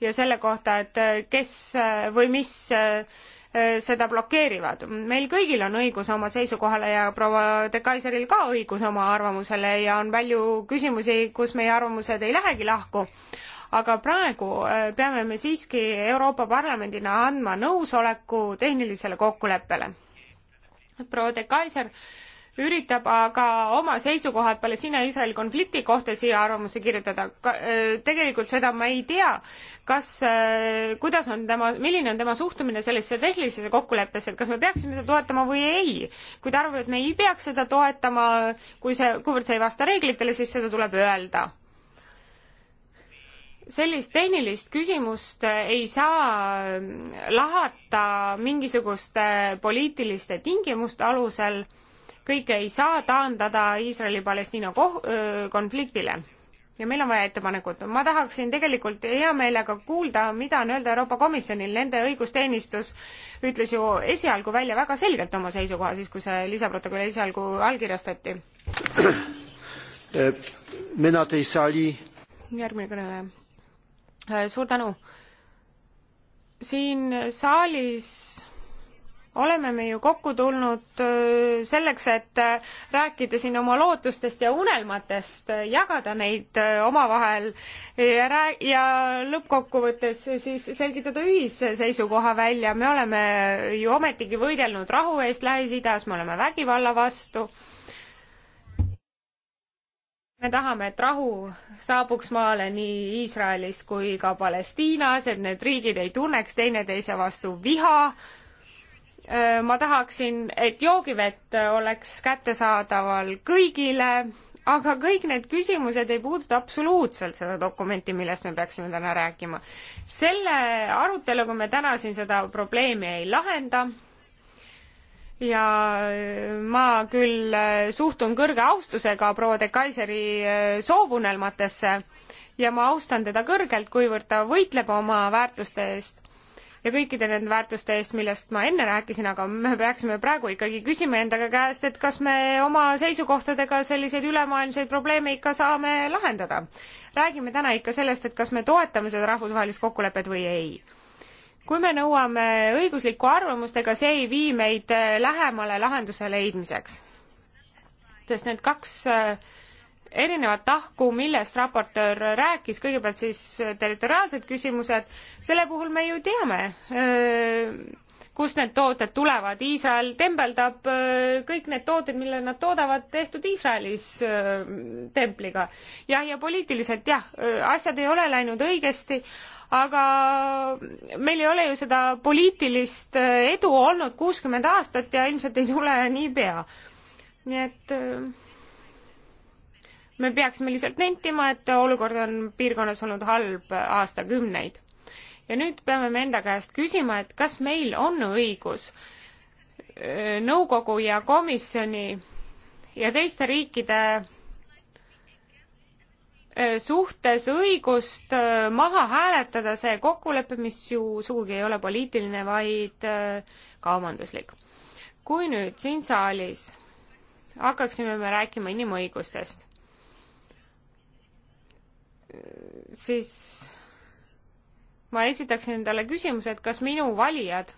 ja selle kohta, et äh, kes äh, või mis äh, seda blokeerivad. meil kõigil on õigus oma seisukohale ja proua de Kaiseril ka õigus oma arvamusele ja on palju küsimusi, kus meie arvamused ei lähegi lahku. aga praegu peame me siiski Euroopa Parlamendina andma nõusoleku tehnilisele kokkuleppele. proua de Kaiser üritab aga oma seisukohad Palestiina-Iisraeli konflikti kohta siia arvamusse kirjutada. Äh, tegelikult seda ma ei tea, kas, äh, kuidas on tema, milline on tema suhtumine sellesse tehnilisesse kokkuleppesse, et kas me peaksime seda toetama või ei. kui ta arvab, et me ei peaks seda toetama, kui see, kuivõrd see ei vasta reeglitele, siis seda tuleb öelda sellist tehnilist küsimust ei saa äh, lahata mingisuguste poliitiliste tingimuste alusel kõike ei saa taandada Iisraeli-Palestiina konfliktile ja meil on vaja ettepanekut. ma tahaksin tegelikult hea meelega kuulda, mida on öelda Euroopa Komisjonil, nende õigusteenistus ütles ju esialgu välja väga selgelt oma seisukoha, siis kui see lisaprotokoll esialgu allkirjastati. Eh, mina tõi saali. järgmine kõneleja. Eh, suur tänu. siin saalis oleme me ju kokku tulnud selleks, et äh, rääkida siin oma lootustest ja unelmatest, äh, jagada neid äh, omavahel ja, ja lõppkokkuvõttes siis selgitada ühisseisukoha välja. me oleme ju ometigi võidelnud rahu eest Lähis-Idas, me oleme vägivalla vastu. me tahame, et rahu saabuks maale nii Iisraelis kui ka Palestiinas, et need riigid ei tunneks teineteise vastu viha Äh, ma tahaksin, et joogivett oleks kättesaadaval kõigile, aga kõik need küsimused ei puuduta absoluutselt seda dokumenti, millest me peaksime täna rääkima. selle aruteluga me täna siin seda probleemi ei lahenda ja äh, ma küll äh, suhtun kõrge austusega proua de Kaiseri soovunelmatesse ja ma austan teda kõrgelt, kuivõrd ta võitleb oma väärtuste eest ja kõikide nende väärtuste eest, millest ma enne rääkisin, aga me peaksime praegu ikkagi küsima endaga käest, et kas me oma seisukohtadega selliseid ülemaailmseid probleeme ikka saame lahendada. räägime täna ikka sellest, et kas me toetame seda rahvusvahelist kokkulepet või ei kui me nõuame õiguslikku arvamust, ega see ei vii meid lähemale lahenduse leidmiseks. sest need kaks äh, erinevat tahku, millest raportöör rääkis, kõigepealt siis territoriaalsed küsimused, selle puhul me ju teame, äh, kust need tooted tulevad, Iisrael tembeldab äh, kõik need tooted, mille nad toodavad, tehtud Iisraelis äh, templiga. jah, ja poliitiliselt jah, asjad ei ole läinud õigesti, aga meil ei ole ju seda poliitilist edu olnud kuuskümmend aastat ja ilmselt ei tule niipea. nii et äh, me peaksime lihtsalt nentima, et olukord on piirkonnas olnud halb aastakümneid. ja nüüd peame me enda käest küsima, et kas meil on õigus nõukogu ja komisjoni ja teiste riikide suhtes õigust maha hääletada see kokkulepe, mis ju sugugi ei ole poliitiline, vaid kaubanduslik. kui nüüd siin saalis hakkaksime me rääkima inimõigustest, siis ma esitaksin endale küsimuse, et kas minu valijad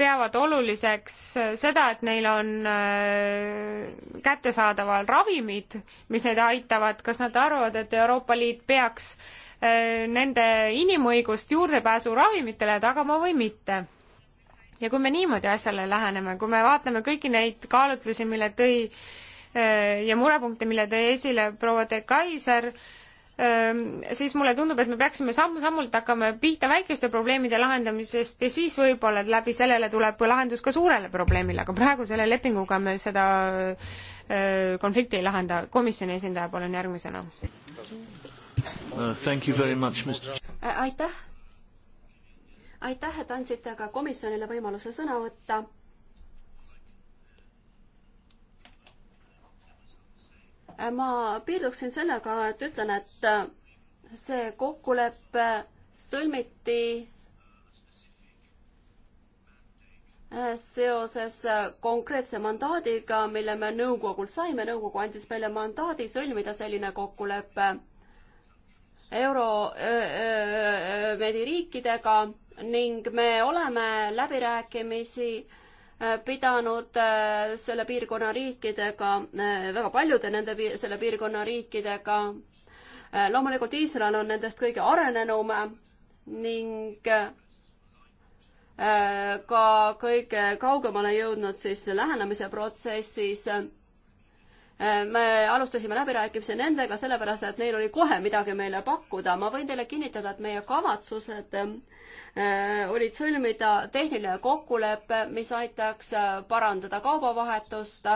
peavad oluliseks seda, et neil on äh, kättesaadaval ravimid, mis neid aitavad, kas nad arvavad, et Euroopa Liit peaks äh, nende inimõigust juurdepääsu ravimitele tagama või mitte? ja kui me niimoodi asjale läheneme, kui me vaatame kõiki neid kaalutlusi, mille tõi Äh, ja murepunkte, mille tõi esile proua de Kaiser, ähm, siis mulle tundub, et me peaksime samm-sammult hakkama pihta väikeste probleemide lahendamisest ja siis võib-olla läbi sellele tuleb lahendus ka suurele probleemile, aga praegu selle lepinguga me seda äh, konflikti ei lahenda. komisjoni esindaja, palun järgmisena. Uh, äh, aitäh, aitäh, et andsite ka komisjonile võimaluse sõna võtta ma piirduksin sellega, et ütlen, et see kokkulepe sõlmiti seoses konkreetse mandaadiga, mille me nõukogult saime, nõukogu andis meile mandaadi sõlmida selline kokkulepe euro öö, öö, öö, riikidega ning me oleme läbirääkimisi Äh, pidanud äh, selle piirkonna riikidega, äh, väga paljude nende, selle piirkonna riikidega. loomulikult Iisrael on nendest kõige arenenum ning ka kõige kaugemale jõudnud siis lähenemise protsessis. me alustasime läbirääkimisi nendega sellepärast, et neil oli kohe midagi meile pakkuda. ma võin teile kinnitada, et meie kavatsused Äh, olid sõlmida tehniline kokkulepe, mis aitaks äh, parandada kaubavahetust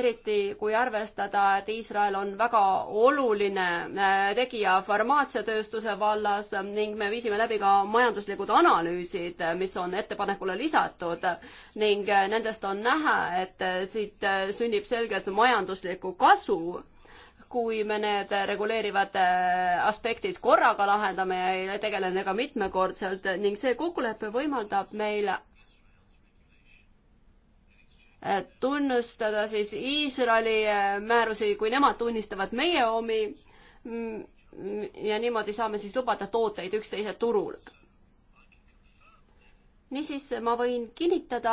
eriti kui arvestada, et Iisrael on väga oluline äh, tegija farmaatsiatööstuse vallas ning me viisime läbi ka majanduslikud analüüsid, mis on ettepanekule lisatud ning nendest on näha, et siit sünnib selgelt majanduslikku kasu kui me need reguleerivad äh, aspektid korraga lahendame ja tegele nendega mitmekordselt ning see kokkulepe võimaldab meil äh, tunnustada siis Iisraeli äh, määrusi, kui nemad tunnistavad meie omi mm, ja niimoodi saame siis lubada tooteid üksteise turul. niisiis, ma võin kinnitada,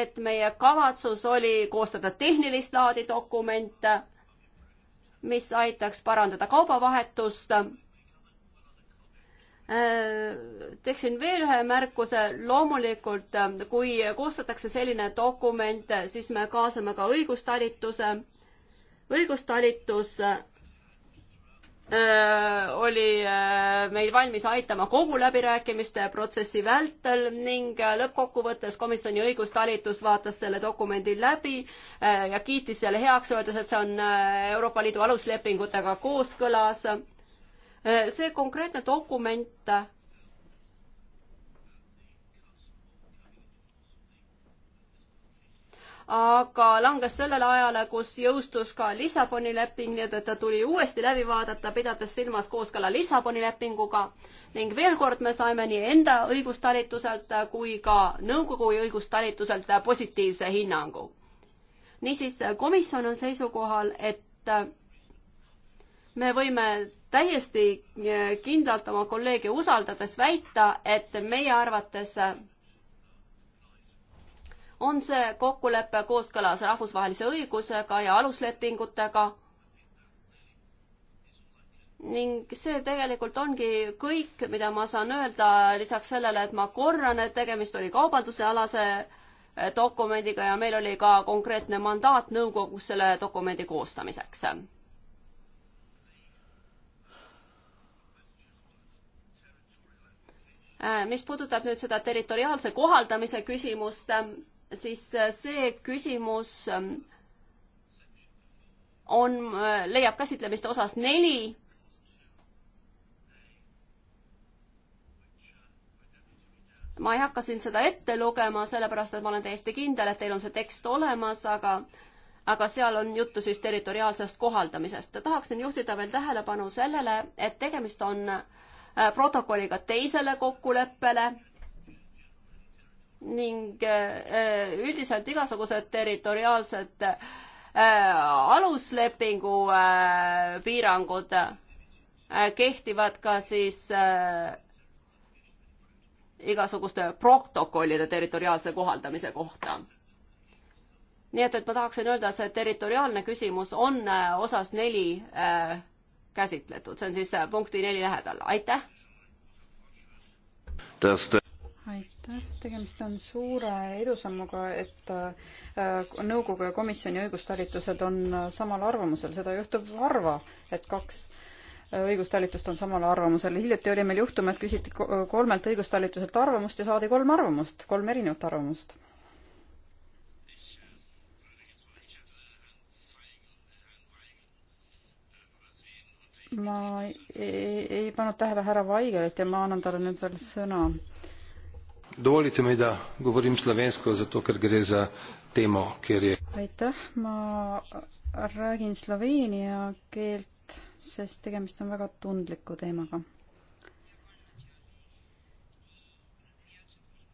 et meie kavatsus oli koostada tehnilist laadi dokumente mis aitaks parandada kaubavahetust. Teeksin veel ühe märkuse, loomulikult kui koostatakse selline dokument, siis me kaasame ka õigustalituse. õigustalitus Äh, oli äh, meil valmis aitama kogu läbirääkimiste protsessi vältel ning äh, lõppkokkuvõttes komisjoni õigustalitus vaatas selle dokumendi läbi ja kiitis selle heaks, öeldes, et see on Euroopa Liidu aluslepingutega kooskõlas. see konkreetne dokument aga langes sellele ajale, kus jõustus ka Lissaboni leping, nii et ta tuli uuesti läbi vaadata, pidades silmas kooskõla Lissaboni lepinguga. ning veel kord me saime nii enda õigustalituselt kui ka nõukogu õigustalituselt positiivse hinnangu. niisiis, komisjon on seisukohal, et me võime täiesti kindlalt oma kolleege usaldades väita, et meie arvates on see kokkulepe kooskõlas rahvusvahelise õigusega ja aluslepingutega. ning see tegelikult ongi kõik, mida ma saan öelda, lisaks sellele, et ma korran, et tegemist oli kaubandusealase eh, dokumendiga ja meil oli ka konkreetne mandaat nõukogus selle dokumendi koostamiseks. Eh, mis puudutab nüüd seda territoriaalse kohaldamise küsimust, siis äh, see küsimus ähm, on, äh, leiab käsitlemist osas neli. ma ei hakka siin seda ette lugema, sellepärast et ma olen täiesti kindel, et teil on see tekst olemas, aga aga seal on juttu siis territoriaalsest kohaldamisest. tahaksin juhtida veel tähelepanu sellele, et tegemist on äh, protokolliga teisele kokkuleppele ning äh, üldiselt igasugused territoriaalsed äh, aluslepingu äh, piirangud kehtivad ka siis igasuguste protokollide territoriaalse kohaldamise kohta nii et, et ma tahaksin öelda, see territoriaalne küsimus on osas neli äh, käsitletud, see on siis punkti neli lähedal, aitäh aitäh, tegemist on suure edusammuga, et äh, nõukogu ja komisjoni õigustalitused on äh, samal arvamusel, seda juhtub harva, et kaks äh, õigustalitust on samal arvamusel. hiljuti oli meil juhtum, et küsiti kolmelt õigustalituselt arvamust ja saadi kolm arvamust, kolm erinevat arvamust. ma ei, ei pannud tähele härra Vaigelit ja ma annan talle nüüd veel sõna dovolite mi, da govorim slovensko, zato ker gre za temo, kjer je. aitäh, ma räägin sloveenia keelt, sest tegemist on väga tundliku teemaga.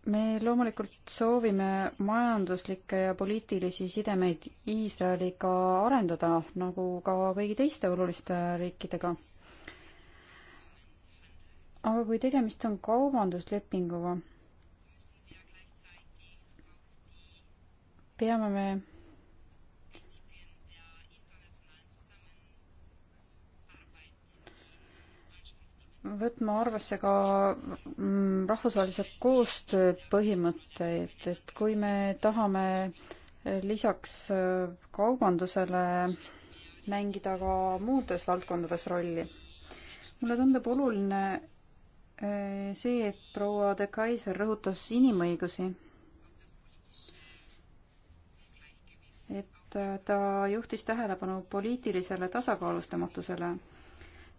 me loomulikult soovime majanduslikke ja poliitilisi sidemeid Iisraeliga arendada, nagu ka kõigi teiste oluliste riikidega. aga kui tegemist on kaubanduslepinguga, peame me võtma arvesse ka mm, rahvusvahelise koostöö põhimõtteid, et kui me tahame lisaks äh, kaubandusele mängida ka muudes valdkondades rolli. mulle tundub oluline äh, see, et proua de Kaiser rõhutas inimõigusi ta juhtis tähelepanu poliitilisele tasakaalustamatusele.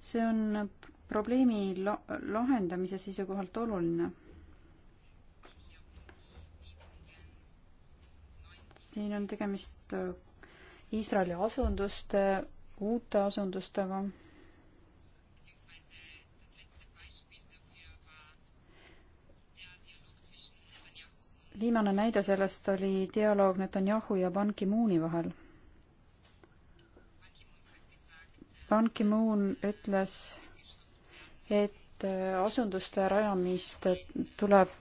see on probleemi lahendamise seisukohalt oluline. siin on tegemist Iisraeli asunduste, uute asundustega viimane näide sellest oli dialoog Netanyahu ja Ban Ki-mooni vahel. Ban Ki-moon ütles, et äh, asunduste rajamist tuleb,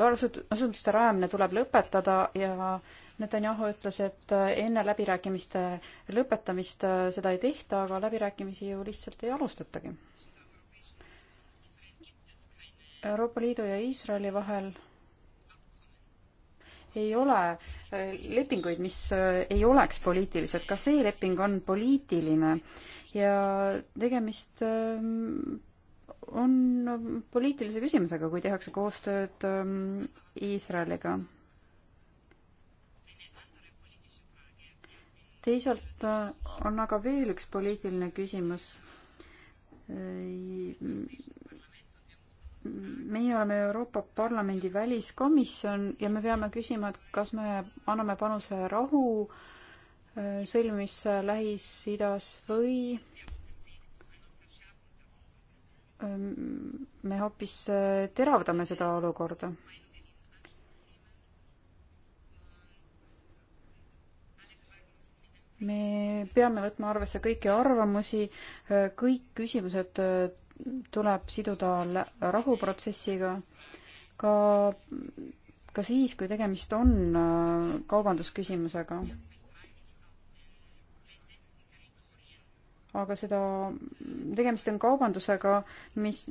asunduste rajamine tuleb lõpetada ja Netanyahu ütles, et äh, enne läbirääkimiste lõpetamist äh, seda ei tehta, aga läbirääkimisi ju lihtsalt ei alustatagi. Euroopa Liidu ja Iisraeli vahel ei ole äh, lepinguid, mis äh, ei oleks poliitilised, ka see leping on poliitiline ja tegemist ähm, on poliitilise küsimusega, kui tehakse koostööd ähm, Iisraeliga. teisalt äh, on aga veel üks poliitiline küsimus meie oleme Euroopa Parlamendi väliskomisjon ja me peame küsima, et kas me anname panuse rahu äh, sõlmimisse Lähis-Idas või ähm, me hoopis äh, teravdame seda olukorda. me peame võtma arvesse kõiki arvamusi, äh, kõik küsimused tuleb siduda rahuprotsessiga ka, ka siis, kui tegemist on äh, kaubandusküsimusega. aga seda, tegemist on kaubandusega, mis,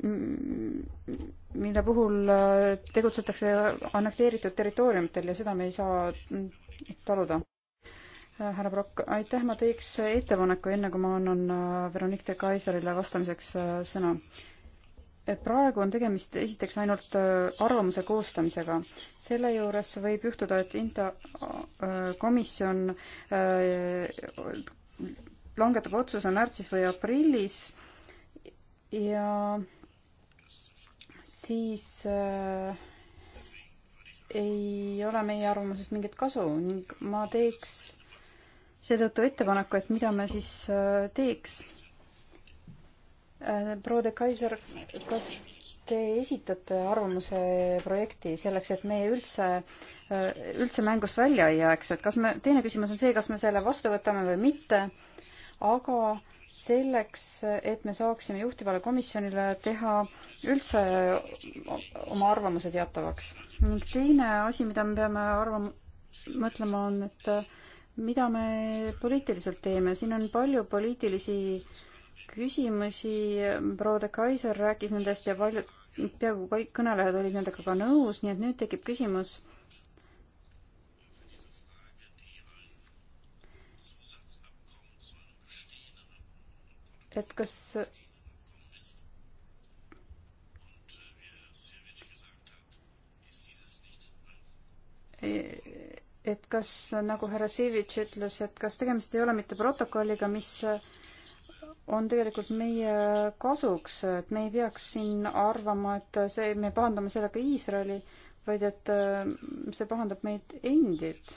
mille puhul äh, tegutsetakse annekteeritud territooriumitel ja seda me ei saa mm, taluda härra Prokk, aitäh, ma teeks ettepaneku, enne kui ma annan äh, Veronique de Kaiserile vastamiseks äh, sõna. praegu on tegemist esiteks ainult äh, arvamuse koostamisega. selle juures võib juhtuda, et INTA komisjon langetab otsuse märtsis või aprillis ja siis äh, ei ole meie arvamusest mingit kasu ning ma teeks seetõttu ettepaneku, et mida me siis äh, teeks. Äh, proua de Kaiser, kas te esitate arvamuse projekti selleks, et me üldse, äh, üldse mängust välja ei jääks, et kas me, teine küsimus on see, kas me selle vastu võtame või mitte, aga selleks, et me saaksime juhtivale komisjonile teha üldse oma arvamuse teatavaks. ning teine asi, mida me peame arvama, mõtlema, on, et mida me poliitiliselt teeme, siin on palju poliitilisi küsimusi, proua de Kaiser rääkis nendest ja paljud, peaaegu kõik kõnelejad olid nendega ka nõus, nii et nüüd tekib küsimus, et kas et kas, nagu härra Sivitš ütles, et kas tegemist ei ole mitte protokolliga, mis äh, on tegelikult meie kasuks, et me ei peaks siin arvama, et see, me pahandame sellega Iisraeli, vaid et äh, see pahandab meid endid.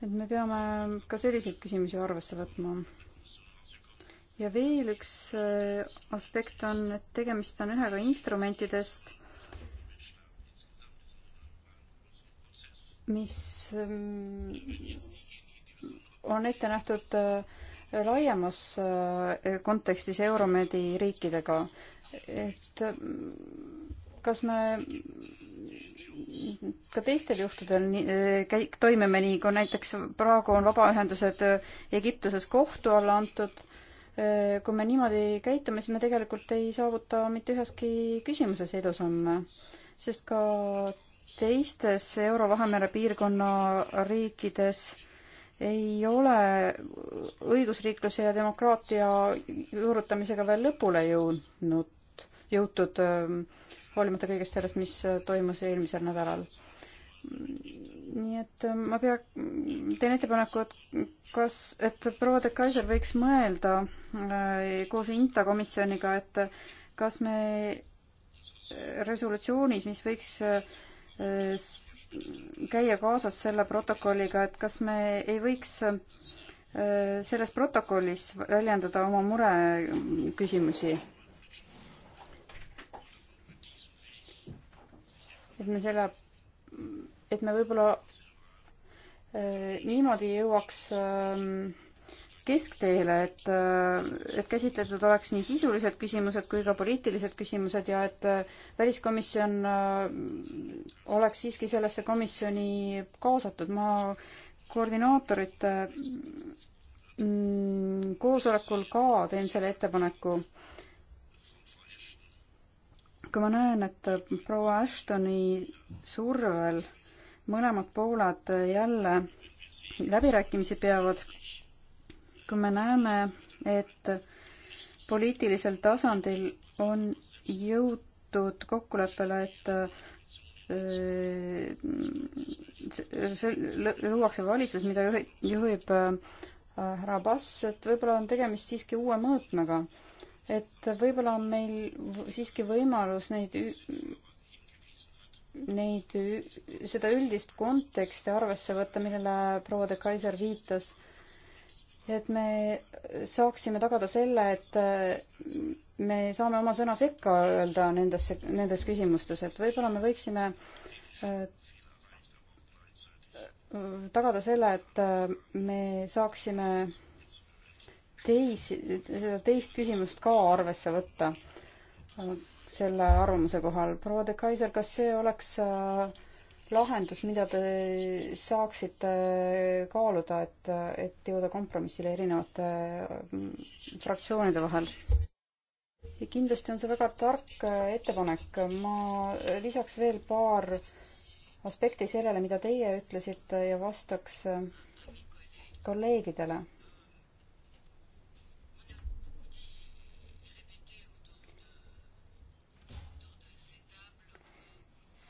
et me peame ka selliseid küsimusi arvesse võtma. ja veel üks äh, aspekt on, et tegemist on ühega instrumentidest mis mm, on ette nähtud äh, laiemas äh, kontekstis Euromedi riikidega, et mm, kas me mm, ka teistel juhtudel äh, käi-, toimime nii, kui näiteks praegu on vabaühendused Egiptuses kohtu alla antud, kui me niimoodi käitume, siis me tegelikult ei saavuta mitte üheski küsimuses edusamme, sest ka teistes Euro-Vahemere piirkonna riikides ei ole õigusriikluse ja demokraatia juurutamisega veel lõpule jõudnud, jõutud ähm, hoolimata kõigest sellest, mis toimus eelmisel nädalal. nii et ähm, ma pea, teen ettepaneku, et kas, et proua de Kaiser võiks mõelda äh, koos INTA komisjoniga, et kas me resolutsioonis, mis võiks äh, käia kaasas selle protokolliga, et kas me ei võiks äh, selles protokollis väljendada oma mureküsimusi? et me selle, et me võib-olla äh, niimoodi jõuaks äh, keskteele, et, äh, et käsitletud oleks nii sisulised küsimused kui ka poliitilised küsimused ja et äh, väliskomisjon äh, oleks siiski sellesse komisjoni kaasatud. ma koordinaatorite mm, koosolekul ka teen selle ettepaneku. kui ma näen, et proua Ashtoni survel mõlemad pooled jälle läbirääkimisi peavad, kui me näeme, et poliitilisel tasandil on jõutud kokkuleppele, et äh, luuakse valitsus, mida juhib äh, härra Abbas, et võib-olla on tegemist siiski uue mõõtmega. et võib-olla on meil siiski võimalus neid neid, seda üldist konteksti arvesse võtta, millele proua de Kaiser viitas et me saaksime tagada selle, et äh, me saame oma sõna sekka öelda nendesse, nendes küsimustes, et võib-olla me võiksime äh, tagada selle, et äh, me saaksime teisi, seda teist küsimust ka arvesse võtta selle arvamuse kohal. proua de Kaiser, kas see oleks äh, lahendus, mida te saaksite kaaluda, et, et jõuda kompromissile erinevate mm, fraktsioonide vahel? ja kindlasti on see väga tark äh, ettepanek. ma lisaks veel paar aspekti sellele, mida teie ütlesite ja vastaks äh, kolleegidele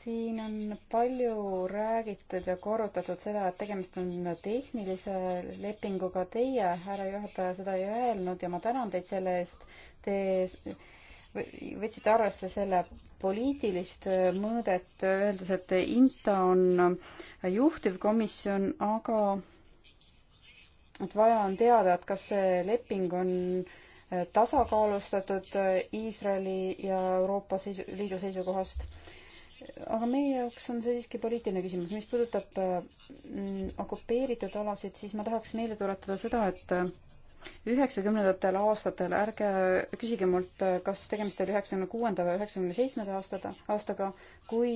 siin on palju räägitud ja korrutatud seda, et tegemist on tehnilise lepinguga. Teie, härra juhataja, seda ei öelnud ja ma tänan teid selle eest. Te võtsite arvesse selle poliitilist mõõdet, öeldes, et INTA on juhtivkomisjon, aga et vaja on teada, et kas see leping on tasakaalustatud Iisraeli ja Euroopa seisu, Liidu seisukohast aga meie jaoks on see siiski poliitiline küsimus, mis puudutab mm, okupeeritud alasid, siis ma tahaks meelde tuletada seda, et üheksakümnendatel aastatel, ärge küsige mult, kas tegemist oli üheksakümne kuuenda või üheksakümne seitsmenda aastada, aastaga, kui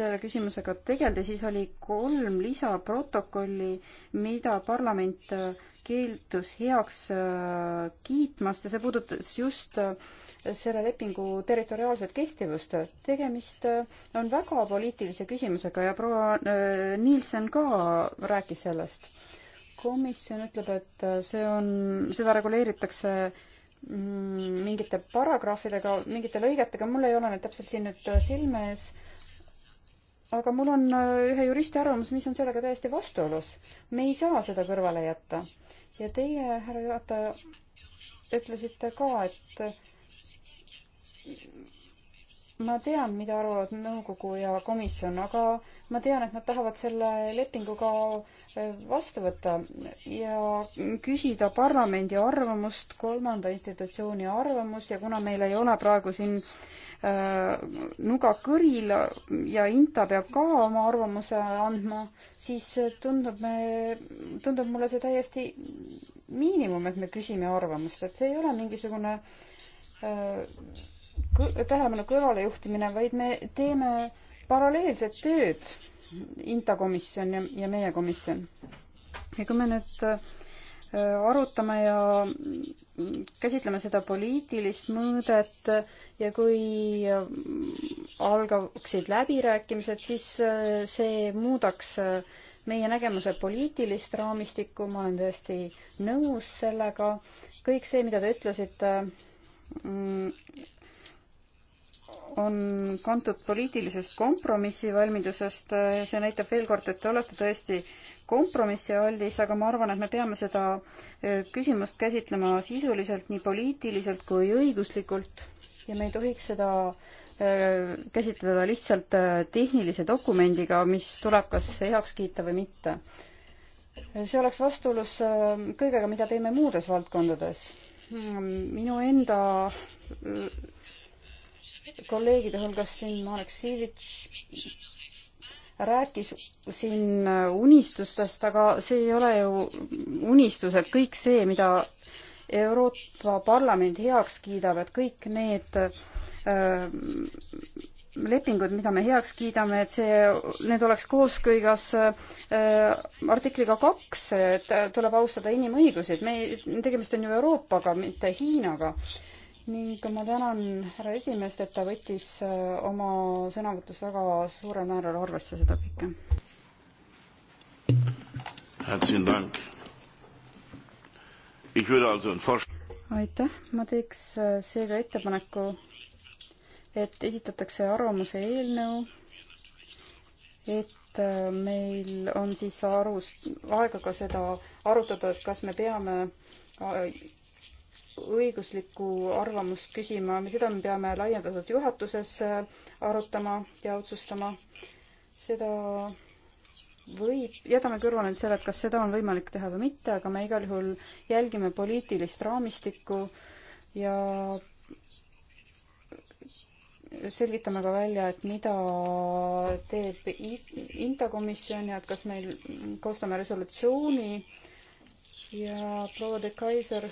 selle küsimusega tegeldi, siis oli kolm lisaprotokolli, mida parlament keeldus heaks äh, kiitmast ja see puudutas just äh, selle lepingu territoriaalset kehtivust. tegemist äh, on väga poliitilise küsimusega ja proua Nielsen ka rääkis sellest. komisjon ütleb, et see on, seda reguleeritakse mm, mingite paragrahvidega, mingite lõigetega, mul ei ole need täpselt siin nüüd silme ees, aga mul on äh, ühe juristi arvamus, mis on sellega täiesti vastuolus. me ei saa seda kõrvale jätta. ja teie, härra juhataja, ütlesite ka, et ma tean, mida arvavad nõukogu ja komisjon, aga ma tean, et nad tahavad selle lepingu ka äh, vastu võtta ja küsida parlamendi arvamust, kolmanda institutsiooni arvamust ja kuna meil ei ole praegu siin äh, Äh, nuga kõril ja Inta peab ka oma arvamuse andma, siis tundub me, tundub mulle see täiesti miinimum, et me küsime arvamust, et see ei ole mingisugune äh, tähelepanu kõrvalejuhtimine, vaid me teeme paralleelset tööd, Inta komisjon ja, ja meie komisjon. ja kui me nüüd äh, arutame ja käsitleme seda poliitilist mõõdet ja kui mm, algaksid läbirääkimised, siis äh, see muudaks äh, meie nägemuse poliitilist raamistikku, ma olen täiesti nõus sellega. kõik see, mida te ütlesite, mm, on kantud poliitilisest kompromissivalmidusest. see näitab veel kord, et te olete tõesti äh, kompromissialdis, aga ma arvan, et me peame seda eh, küsimust käsitlema sisuliselt, nii poliitiliselt kui õiguslikult ja me ei tohiks seda eh, käsitleda lihtsalt eh, tehnilise dokumendiga, mis tuleb kas heaks kiita või mitte. see oleks vastuolus kõigega, mida teeme muudes valdkondades. minu enda kolleegide hulgas siin Marek Siivits rääkis siin unistustest, aga see ei ole ju unistused, kõik see, mida Euroopa Parlament heaks kiidab, et kõik need öö, ähm, lepingud, mida me heaks kiidame, et see, need oleks kooskõigas äh, artikliga kaks, et tuleb austada inimõigusi, et me, tegemist on ju Euroopaga, mitte Hiinaga ning ma tänan härra esimeest, et ta võttis äh, oma sõnavõtus väga suurel määral arvesse seda kõike. aitäh, ma teeks äh, seega ettepaneku, et esitatakse arvamuse eelnõu, et äh, meil on siis arus, aega ka seda arutada, et kas me peame õiguslikku arvamust küsima, seda me peame laiendatud juhatuses äh, arutama ja otsustama. seda võib, jätame kõrvale nüüd selle, et kas seda on võimalik teha või mitte, aga me igal juhul jälgime poliitilist raamistikku ja selgitame ka välja, et mida teeb INTA komisjon ja et kas meil koostame resolutsiooni äh, ja proua de Kaiser,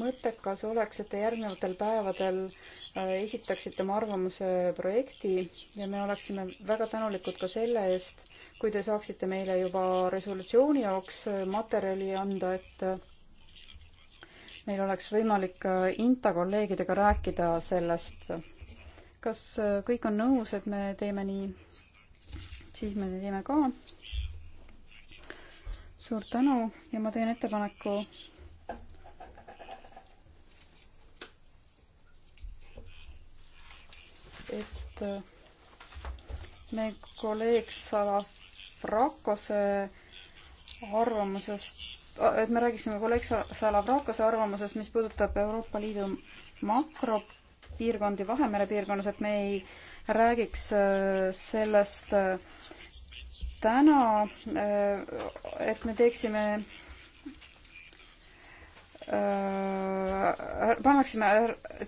mõttekas oleks, et te järgnevatel päevadel äh, esitaksite oma arvamuse projekti ja me oleksime väga tänulikud ka selle eest, kui te saaksite meile juba resolutsiooni jaoks äh, materjali anda, et äh, meil oleks võimalik INTA kolleegidega rääkida sellest. kas kõik on nõus, et me teeme nii? siis me teeme ka suur tänu ja ma teen ettepaneku et äh, me kolleeg Salafrakose arvamusest, äh, et me räägiksime kolleeg Salafrakose arvamusest, mis puudutab Euroopa Liidu makropiirkondi Vahemere piirkonnas, et me ei räägiks äh, sellest äh, täna, äh, et me teeksime äh, pannaksime,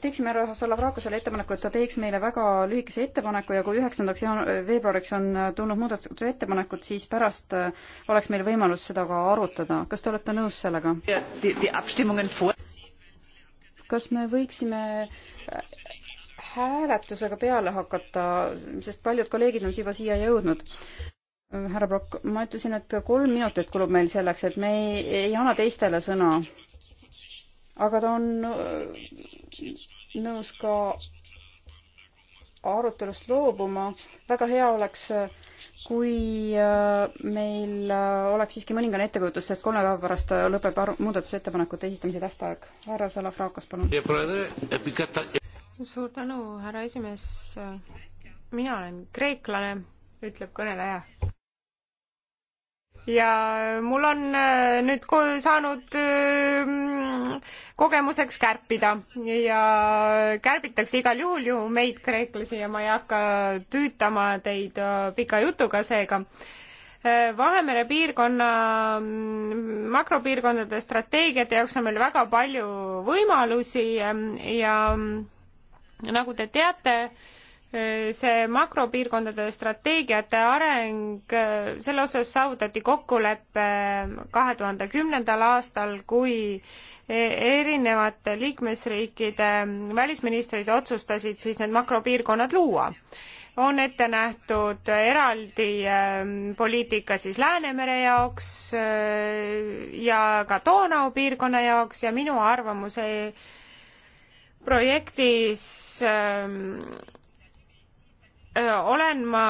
teeksime härra Salavrakosele ettepaneku, et ta teeks meile väga lühikese ettepaneku ja kui üheksandaks veebruariks on tulnud muudatuse ettepanekud, siis pärast äh, oleks meil võimalus seda ka arutada. kas te olete nõus sellega? kas me võiksime hääletusega peale hakata, sest paljud kolleegid on juba siia jõudnud? härra Prokk, ma ütlesin, et kolm minutit kulub meil selleks, et me ei, ei anna teistele sõna. aga ta on äh, nõus ka arutelust loobuma. väga hea oleks, kui äh, meil äh, oleks siiski mõningane ettekujutus, sest kolme päeva pärast lõpeb muudatusettepanekute esitamise tähtaeg. härra Salafrakos, palun. suur tänu, härra esimees. mina olen kreeklane, ütleb kõneleja ja mul on äh, nüüd ko-, saanud äh, kogemuseks kärpida ja kärbitakse igal juhul ju meid, kreeklasi, ja ma ei hakka tüütama teid äh, pika jutuga seega. Vahemere piirkonna, mm, makropiirkondade strateegiate jaoks on meil väga palju võimalusi ähm, ja mm, nagu te teate, see makropiirkondade strateegiate areng, selle osas saavutati kokkulepe kahe tuhande kümnendal aastal, kui e-, erinevate liikmesriikide välisministrid otsustasid siis need makropiirkonnad luua. on ette nähtud eraldi ähm, poliitika siis Läänemere jaoks äh, ja ka Donau piirkonna jaoks ja minu arvamuse projektis ähm, olen ma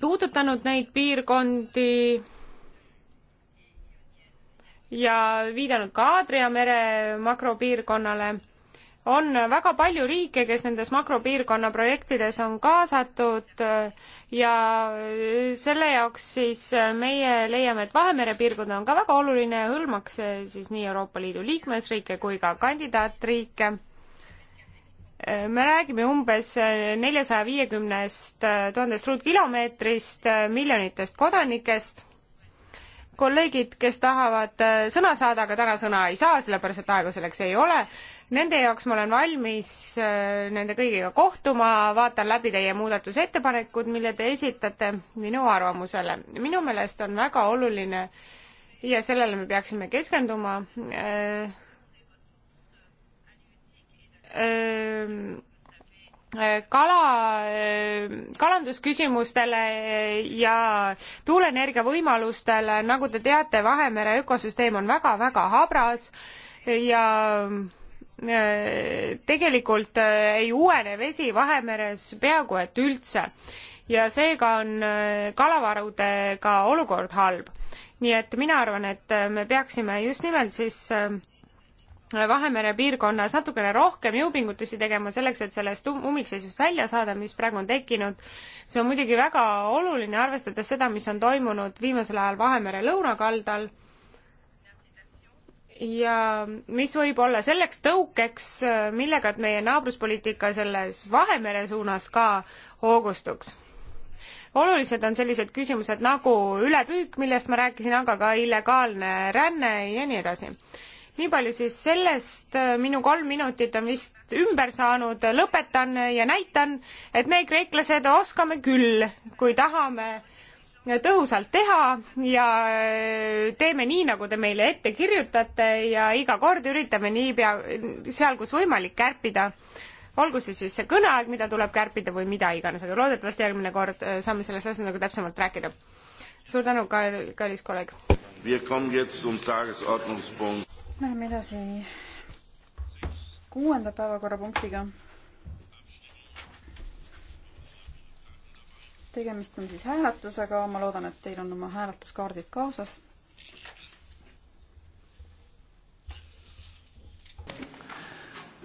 puudutanud neid piirkondi ja viidanud ka Aadria mere makropiirkonnale. on väga palju riike, kes nendes makropiirkonna projektides on kaasatud ja selle jaoks siis meie leiame, et Vahemere piirkond on ka väga oluline ja hõlmaks siis nii Euroopa Liidu liikmesriike kui ka kandidaatriike me räägime umbes neljasaja viiekümnest äh, tuhandest ruutkilomeetrist, äh, miljonitest kodanikest. kolleegid, kes tahavad äh, sõna saada, aga täna sõna ei saa, sellepärast et aega selleks ei ole, nende jaoks ma olen valmis nende kõigiga kohtuma, vaatan läbi teie muudatusettepanekud, mille te esitate minu arvamusele. minu meelest on väga oluline ja sellele me peaksime keskenduma äh, kala, kalandusküsimustele ja tuuleenergia võimalustele, nagu te teate, Vahemere ökosüsteem on väga-väga habras ja tegelikult ei uuene vesi Vahemeres peaaegu et üldse ja seega on kalavarudega olukord halb. nii et mina arvan, et me peaksime just nimelt siis Vahemere piirkonnas natukene rohkem jõupingutusi tegema selleks, et sellest ummikseisust välja saada, mis praegu on tekkinud. see on muidugi väga oluline, arvestades seda, mis on toimunud viimasel ajal Vahemere lõunakaldal ja mis võib olla selleks tõukeks, millega meie naabruspoliitika selles Vahemere suunas ka hoogustuks. olulised on sellised küsimused nagu ülepüük, millest ma rääkisin, aga ka illegaalne ränne ja nii edasi nii palju siis sellest, minu kolm minutit on vist ümber saanud, lõpetan ja näitan, et me, kreeklased, oskame küll, kui tahame tõhusalt teha ja äh, teeme nii, nagu te meile ette kirjutate ja iga kord üritame niipea seal, kus võimalik, kärpida. olgu see siis see kõneaeg, mida tuleb kärpida või mida iganes, aga loodetavasti järgmine kord äh, saame sellest asjast nagu täpsemalt rääkida. suur tänu, kallis kolleeg. Wir kommen jetzt zum Tagesordnungspunkt Läheme edasi kuuenda päevakorrapunktiga. tegemist on siis hääletusega, ma loodan, et teil on oma hääletuskaardid kaasas.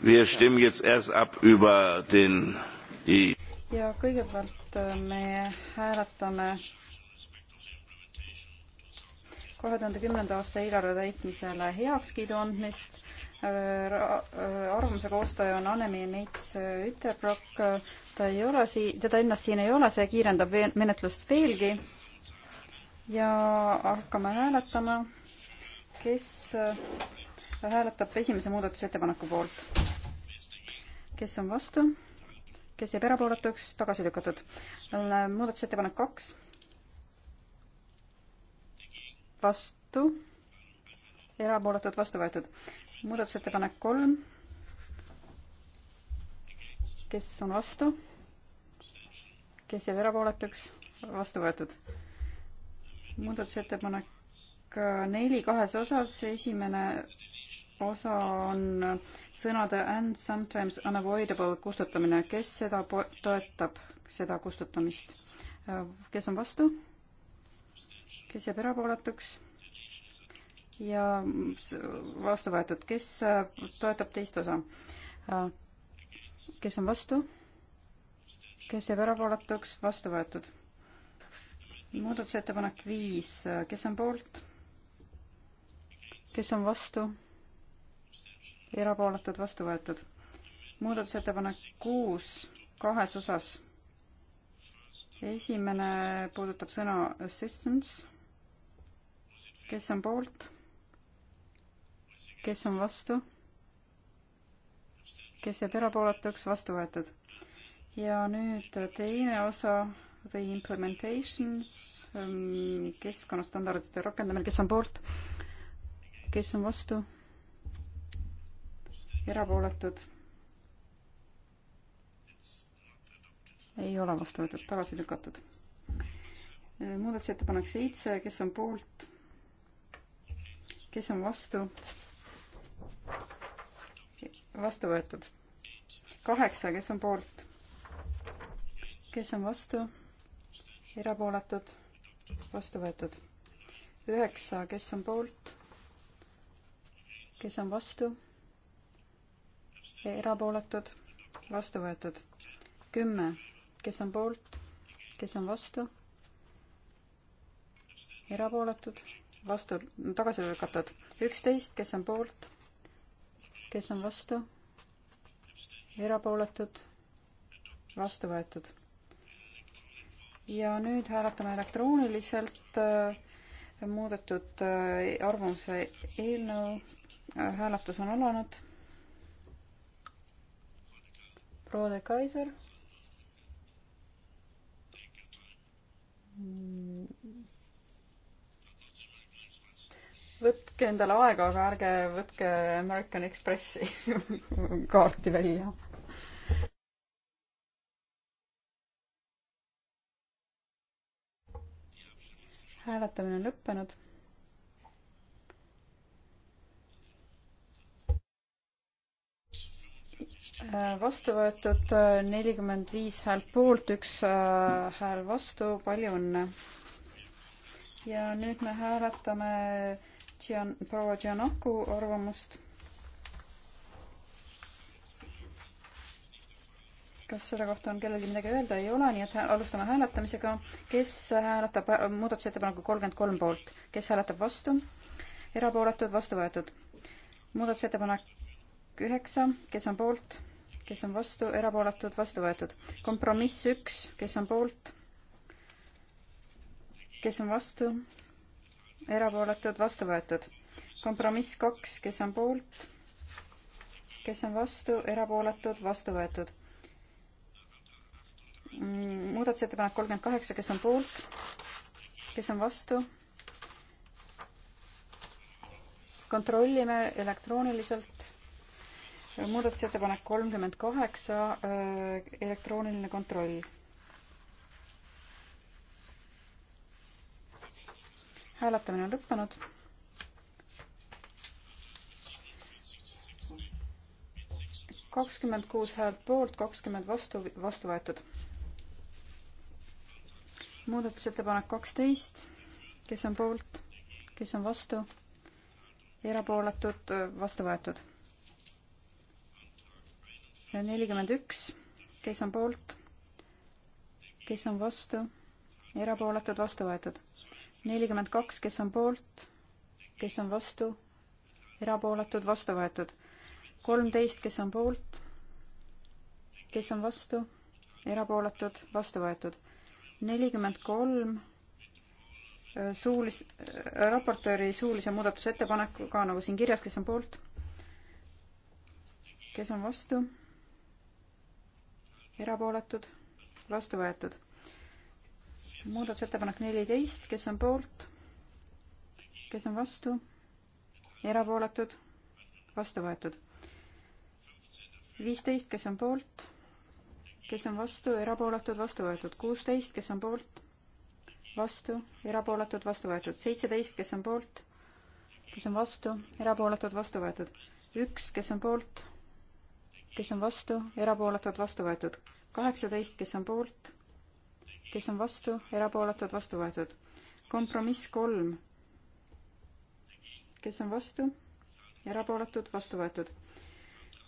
Wir stimmen jetzt erst ab über den ja kõigepealt äh, me hääletame kahe tuhande kümnenda aasta eelarve täitmisele heakskiidu andmist. Äh, äh, arvamuse koostaja on Anemi Neits äh, Üterbrock. ta ei ole siin, teda ennast siin ei ole, see kiirendab menetlust veelgi. ja hakkame hääletama. kes hääletab esimese muudatusettepaneku poolt? kes on vastu? kes jääb erapooletuks? tagasi lükatud. muudatusettepanek kaks vastu, erapooletud, vastu võetud. muudatusettepanek kolm. kes on vastu? kes jääb erapooletuks? vastu võetud. muudatusettepanek äh, neli kahes osas, esimene osa on äh, sõnade and sometimes unavoidable kustutamine, kes seda toetab, seda kustutamist? Äh, kes on vastu? kes jääb erapooletuks ja vastu võetud, kes äh, toetab teist osa? Äh, kes on vastu? kes jääb erapooletuks, vastu võetud. muudatusettepanek viis, äh, kes on poolt? kes on vastu? erapooletud, vastu võetud. muudatusettepanek kuus, kahes osas. esimene puudutab sõna assistance kes on poolt? kes on vastu? kes jääb erapooletuks, vastu võetud. ja nüüd teine osa, the implementations, ähm, keskkonnastandardite rakendamine, kes on poolt? kes on vastu? erapooletud? ei ole vastu võetud, tagasi lükatud. Äh, muudatusettepanek seitse, kes on poolt? kes on vastu? vastu võetud. kaheksa, kes on poolt? kes on vastu? erapooletud? vastu võetud. üheksa, kes on poolt? kes on vastu? erapooletud? vastu võetud. kümme, kes on poolt? kes on vastu? erapooletud? vastu, tagasi lükatud. üksteist, kes on poolt, kes on vastu, erapooletud, vastu võetud. ja nüüd hääletame elektrooniliselt äh, muudetud äh, arvamuse eelnõu. Äh, hääletus on alanud. proua de Kaiser mm, võtke endale aega, aga ärge võtke American Expressi kaarti välja. hääletamine on lõppenud. vastu võetud äh, nelikümmend viis häält poolt, üks äh, hääl vastu, palju õnne. ja nüüd me hääletame Gian-, proua Gianaku arvamust. kas selle kohta on kellelgi midagi öelda? ei ole, nii et alustame hääletamisega. kes hääletab muudatusettepaneku kolmkümmend kolm poolt, kes hääletab vastu? erapooletud, vastu võetud. muudatusettepanek üheksa, kes on poolt, kes on vastu, erapooletud, vastu võetud. kompromiss üks, kes on poolt, kes on vastu, erapooletud, vastu võetud. kompromiss kaks, kes on poolt, kes on vastu, erapooletud, vastu võetud. Mm, muudatusettepanek kolmkümmend kaheksa, kes on poolt, kes on vastu. kontrollime elektrooniliselt. muudatusettepanek kolmkümmend kaheksa, äh, elektrooniline kontroll hääletamine on lõppenud. kakskümmend kuus häält poolt, kakskümmend vastu, vastu võetud. muudatusettepanek kaksteist, kes on poolt, kes on vastu, erapooletud, vastu võetud. nelikümmend üks, kes on poolt, kes on vastu, erapooletud, vastu võetud nelikümmend kaks, kes on poolt, kes on vastu, erapooletud, vastu võetud. kolmteist, kes on poolt, kes on vastu, erapooletud, vastu võetud. nelikümmend kolm äh, suulis-, äh, raportööri suulise muudatusettepanekuga, nagu siin kirjas, kes on poolt, kes on vastu, erapooletud, vastu võetud muudatusettepanek neliteist, kes on poolt, kes on vastu, erapooletud, vastu võetud. viisteist, kes on poolt, kes on vastu, erapooletud, vastu võetud. kuusteist, kes on poolt, vastu, erapooletud, vastu võetud. seitseteist, kes on poolt, kes on vastu, erapooletud, vastu võetud. üks, kes on poolt, kes on vastu, erapooletud, vastu võetud. kaheksateist, kes on poolt kes on vastu, erapooletud, vastu võetud. kompromiss kolm, kes on vastu, erapooletud, vastu võetud.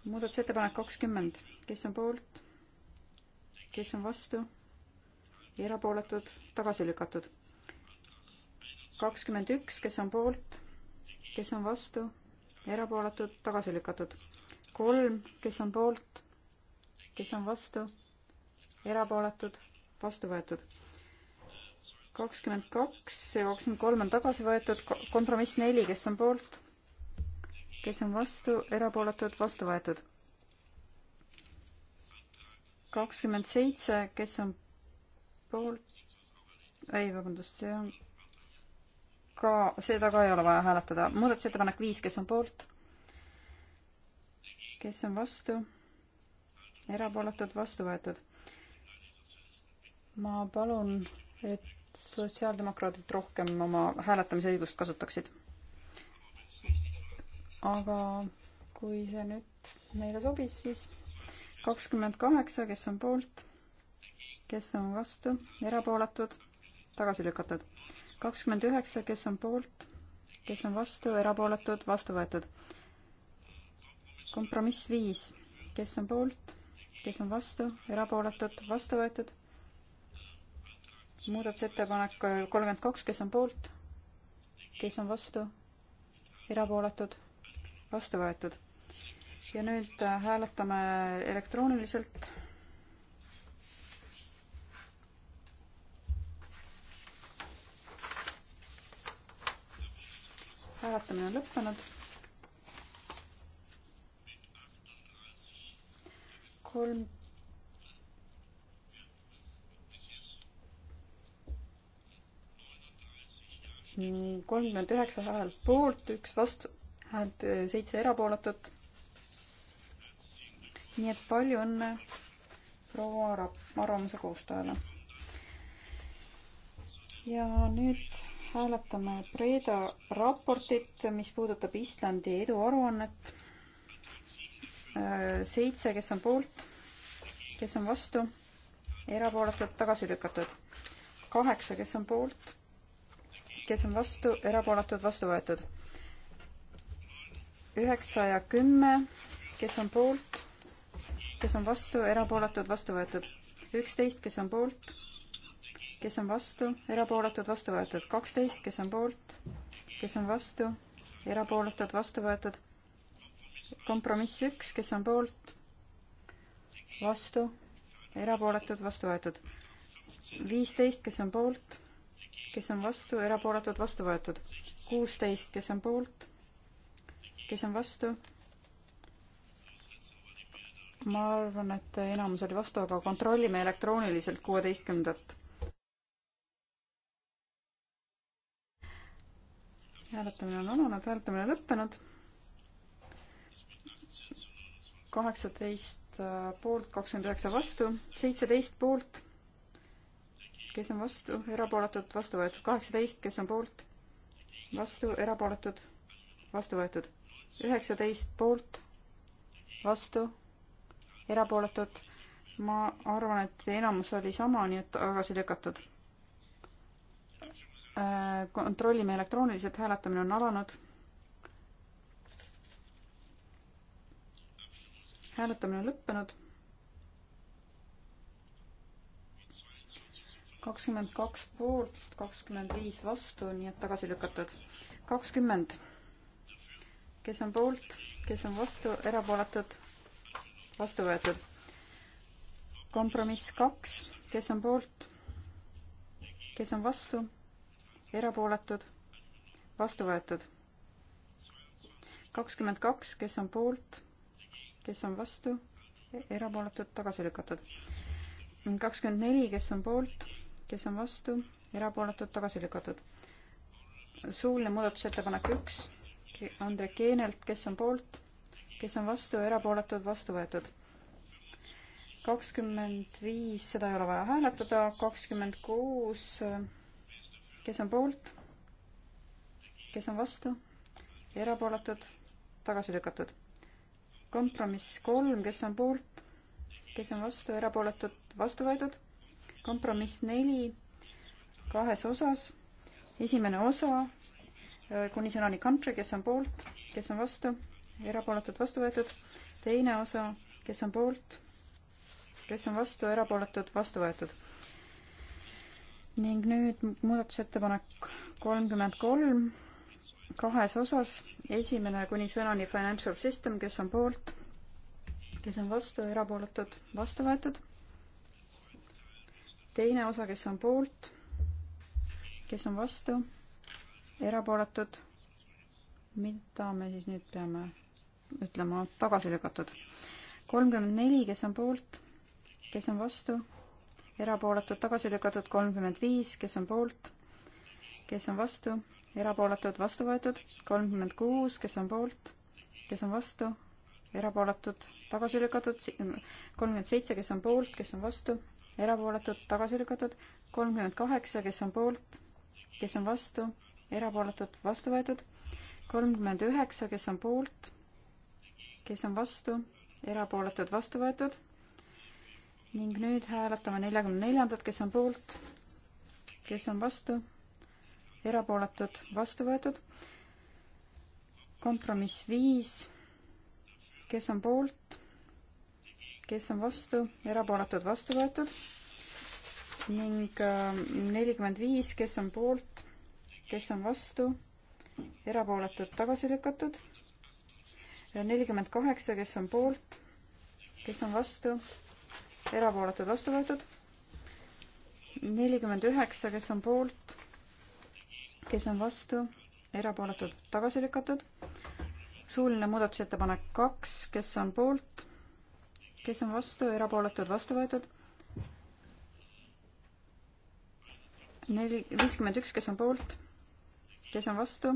muudatusettepanek kakskümmend, kes on poolt, kes on vastu, erapooletud, tagasi lükatud. kakskümmend üks, kes on poolt, kes on vastu, erapooletud, tagasi lükatud. kolm, kes on poolt, kes on vastu, erapooletud vastu võetud. kakskümmend kaks ja kakskümmend kolm on tagasi võetud, kompromiss neli, kes on poolt, kes on vastu, erapooletud, vastu võetud. kakskümmend seitse, kes on poolt, ei, vabandust, see on ka, seda ka ei ole vaja hääletada. muudatusettepanek viis, kes on poolt? kes on vastu? erapooletud, vastu võetud ma palun, et sotsiaaldemokraadid rohkem oma hääletamisõigust kasutaksid. aga kui see nüüd meile sobis, siis kakskümmend kaheksa, kes on poolt, kes on vastu, erapooletud, tagasi lükatud. kakskümmend üheksa, kes on poolt, kes on vastu, erapooletud, vastu võetud. kompromiss viis, kes on poolt, kes on vastu, erapooletud, vastu võetud muudatusettepanek kolmkümmend kaks, kes on poolt, kes on vastu, erapooletud, vastu võetud. ja nüüd äh, hääletame elektrooniliselt hääletamine on lõppenud. kolm kolmkümmend üheksa häält poolt, üks vastu, häält eh, seitse erapooletut. nii et palju õnne proua rap-, arvamuse koostajale. ja nüüd hääletame Breda raportit, mis puudutab Islandi eduaruannet. Eh, seitse, kes on poolt, kes on vastu, erapooletud, tagasi lükatud. kaheksa, kes on poolt kes on vastu, erapooletud, vastu võetud. üheksa ja kümme, kes on poolt, kes on vastu, erapooletud, vastu võetud. üksteist, kes on poolt, kes on vastu, erapooletud, vastu võetud. kaksteist, kes on poolt, kes on vastu, erapooletud, vastu võetud. kompromiss üks, kes on poolt, vastu, erapooletud, vastu võetud. viisteist, kes on poolt kes on vastu, erapooletud, vastu võetud. kuusteist, kes on poolt, kes on vastu? ma arvan, et enamus oli vastu, aga kontrollime elektrooniliselt kuueteistkümnendat. hääletamine on alanud, hääletamine lõppenud. kaheksateist poolt, kakskümmend üheksa vastu, seitseteist poolt kes on vastu, erapooletud, vastu võetud. kaheksateist, kes on poolt, vastu, erapooletud, vastu võetud. üheksateist poolt, vastu, erapooletud. ma arvan, et enamus oli sama, nii et tagasi lükatud. Äh, kontrollime elektrooniliselt, hääletamine on alanud. hääletamine on lõppenud kakskümmend kaks poolt, kakskümmend viis vastu, nii et tagasi lükatud. kakskümmend. kes on poolt, kes on vastu, erapooletud, vastu võetud. kompromiss kaks, kes on poolt, kes on vastu, erapooletud, vastu võetud. kakskümmend kaks, kes on poolt, kes on vastu, erapooletud, tagasi lükatud. kakskümmend neli, kes on poolt kes on vastu, erapooletud, tagasi lükatud. suuline muudatusettepanek üks, Andrek Jeenelt, kes on poolt, kes on vastu, erapooletud, vastu võetud kakskümmend viis, seda ei ole vaja hääletada, kakskümmend kuus, kes on poolt, kes on vastu, erapooletud, tagasi lükatud. kompromiss kolm, kes on poolt, kes on vastu, erapooletud, vastu võetud kompromiss neli kahes osas. esimene osa äh, kuni sõnani country, kes on poolt, kes on vastu, erapooletud vastu võetud. teine osa, kes on poolt, kes on vastu, erapooletud vastu võetud. ning nüüd muudatusettepanek kolmkümmend kolm kahes osas. esimene kuni sõnani financial system, kes on poolt, kes on vastu, erapooletud vastu võetud teine osa, kes on poolt, kes on vastu, erapooletud, mida me siis nüüd peame ütlema, tagasi lükatud. kolmkümmend neli, kes on poolt, kes on vastu, erapooletud, tagasi lükatud, kolmkümmend viis, kes on poolt, kes on vastu, erapooletud, vastu võetud, kolmkümmend kuus, kes on poolt, kes on vastu, erapooletud, tagasi lükatud, kolmkümmend seitse, kes on poolt, kes on vastu erapooletud, tagasi lükatud, kolmkümmend kaheksa, kes on poolt, kes on vastu, erapooletud, vastu võetud, kolmkümmend üheksa, kes on poolt, kes on vastu, erapooletud, vastu võetud ning nüüd hääletame neljakümne neljandat, kes on poolt, kes on vastu, erapooletud, vastu võetud, kompromiss viis, kes on poolt kes on vastu, erapooletud, vastu võetud ning ähm, nelikümmend viis, kes on poolt, kes on vastu, erapooletud, tagasi lükatud. nelikümmend kaheksa, kes on poolt, kes on vastu, erapooletud, vastu võetud. nelikümmend üheksa, kes on poolt, kes on vastu, erapooletud, tagasi lükatud. suuline muudatusettepanek kaks, kes on poolt kes on vastu, erapooletud, vastu võetud. neli, viiskümmend üks, kes on poolt, kes on vastu,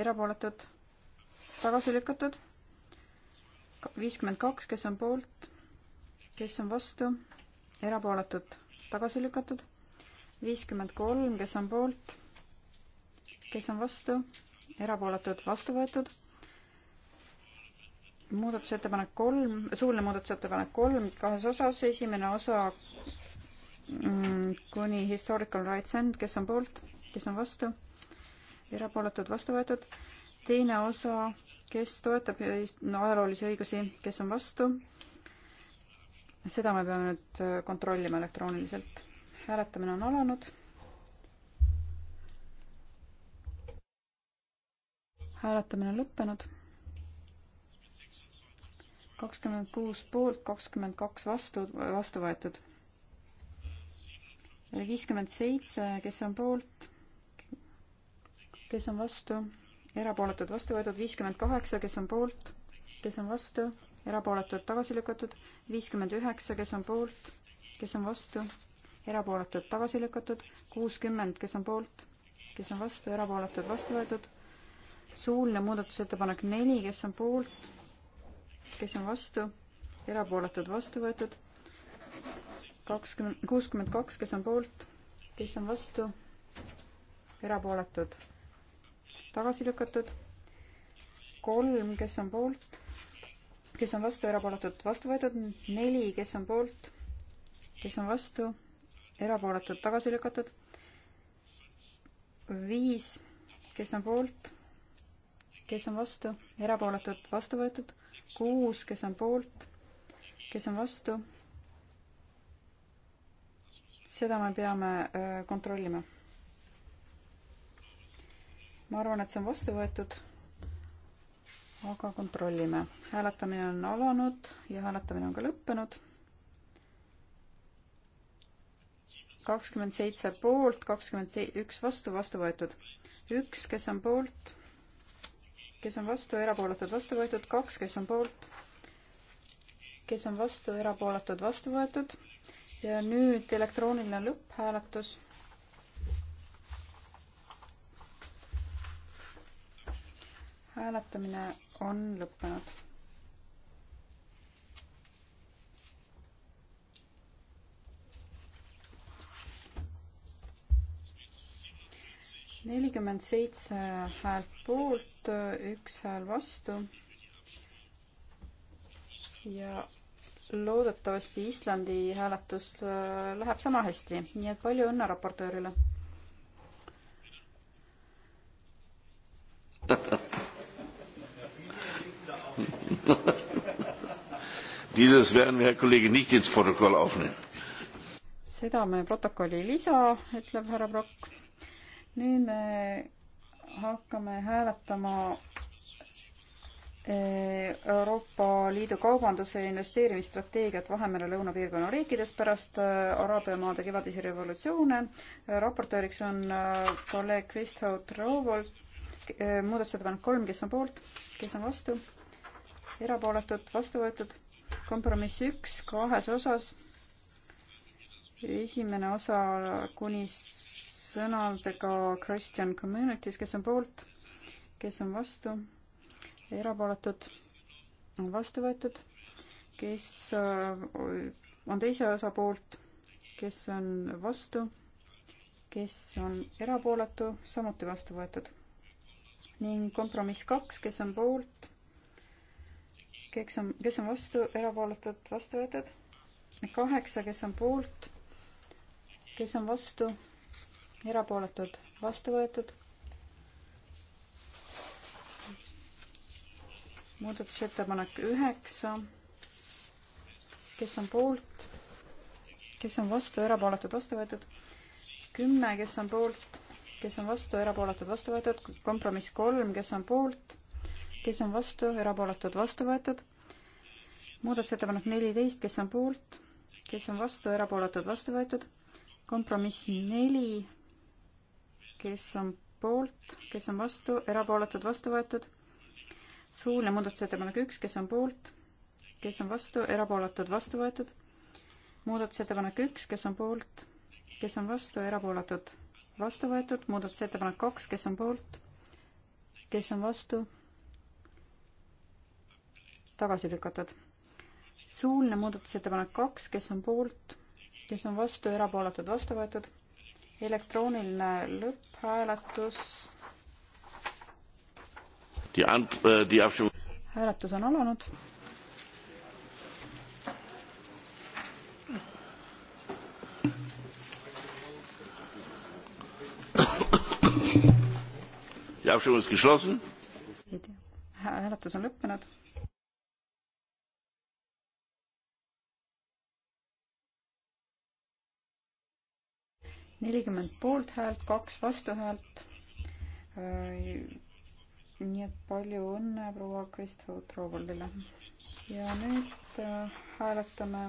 erapooletud, tagasi lükatud. viiskümmend kaks, kes on poolt, kes on vastu, erapooletud, tagasi lükatud. viiskümmend kolm, kes on poolt, kes on vastu, erapooletud, vastu võetud muudatusettepanek kolm, suuline muudatusettepanek kolm kahes osas, esimene osa mm, kuni historical rights end, kes on poolt, kes on vastu, erapooletud, vastu võetud. teine osa, kes toetab no, ajaloolisi õigusi, kes on vastu. seda me peame nüüd äh, kontrollima elektrooniliselt. hääletamine on alanud. hääletamine on lõppenud kakskümmend kuus poolt, kakskümmend kaks vastu, vastu võetud. viiskümmend seitse, kes on poolt, kes on vastu, erapooletud vastu võetud, viiskümmend kaheksa, kes on poolt, kes on vastu, erapooletud tagasi lükatud, viiskümmend üheksa, kes on poolt, kes on vastu, erapooletud tagasi lükatud, kuuskümmend, kes on poolt, kes on vastu, erapooletud vastu võetud, suuline muudatusettepanek neli, kes on poolt kes on vastu, erapooletud vastu võetud. kakskümmend, kuuskümmend kaks, kes on poolt, kes on vastu, erapooletud tagasi lükatud. kolm, kes on poolt, kes on vastu, erapooletud vastu võetud. neli, kes on poolt, kes on vastu, erapooletud tagasi lükatud. viis, kes on poolt, kes on vastu, erapooletud vastu võetud kuus, kes on poolt, kes on vastu. seda me peame äh, kontrollima. ma arvan, et see on vastu võetud. aga kontrollime. hääletamine on alanud ja hääletamine on ka lõppenud. kakskümmend seitse poolt, kakskümmend üks vastu, vastu võetud. üks, kes on poolt kes on vastu, erapooletud, vastu võetud, kaks, kes on poolt, kes on vastu, erapooletud, vastu võetud ja nüüd elektrooniline lõpphääletus. hääletamine on lõppenud nelikümmend seitse häält poolt, üks hääl vastu. ja loodetavasti Islandi hääletus äh, läheb sama hästi, nii et palju õnne raportöörile. Dieses werden wir, Herr Kollege, nicht ins Protokoll aufnehmen. seda me protokolli ei lisa, ütleb härra Brock nüüd me hakkame hääletama eh, Euroopa Liidu kaubanduse ja investeerimisstrateegiat Vahemere lõunapiirkonna riikides pärast eh, Araabia maade kevadisi revolutsioone. Eh, raportööriks on kolleeg Kristo Troovol, muudatusettepanek kolm, kes on poolt, kes on vastu, erapooletud, vastu võetud, kompromiss üks kahes osas, esimene osa kuni sõnadega Christian Communities, kes on poolt, kes on vastu, erapooletud, on vastu võetud, kes äh, on teise osa poolt, kes on vastu, kes on erapooletu, samuti vastu võetud. ning kompromiss kaks, kes on poolt, kes on, kes on vastu, erapooletud, vastu võetud, kaheksa, kes on poolt, kes on vastu erapooletud, vastu võetud. muudatusettepanek üheksa, kes on poolt, kes on vastu, erapooletud, vastu võetud. kümme, kes on poolt, kes on vastu, erapooletud, vastu võetud. kompromiss kolm, kes on poolt, kes on vastu, erapooletud, vastu võetud. muudatusettepanek neliteist, kes on poolt, kes on vastu, erapooletud, vastu võetud. kompromiss neli, kes on poolt, kes on vastu, erapooletud, vastu võetud. suuline muudatusettepanek üks, kes on poolt, kes on vastu, erapooletud, vastu võetud. muudatusettepanek üks, kes on poolt, kes on vastu, erapooletud, vastu võetud. muudatusettepanek kaks, kes on poolt, kes on vastu, tagasi lükatud. suuline muudatusettepanek kaks, kes on poolt, kes on vastu, erapooletud, vastu võetud elektrooniline lõpphääletus. Äh, hääletus on alanud. hääletus on lõppenud nelikümmend poolthäält, kaks vastuhäält. Äh, nii et palju õnne proua Kristo Troobolile. ja nüüd äh, hääletame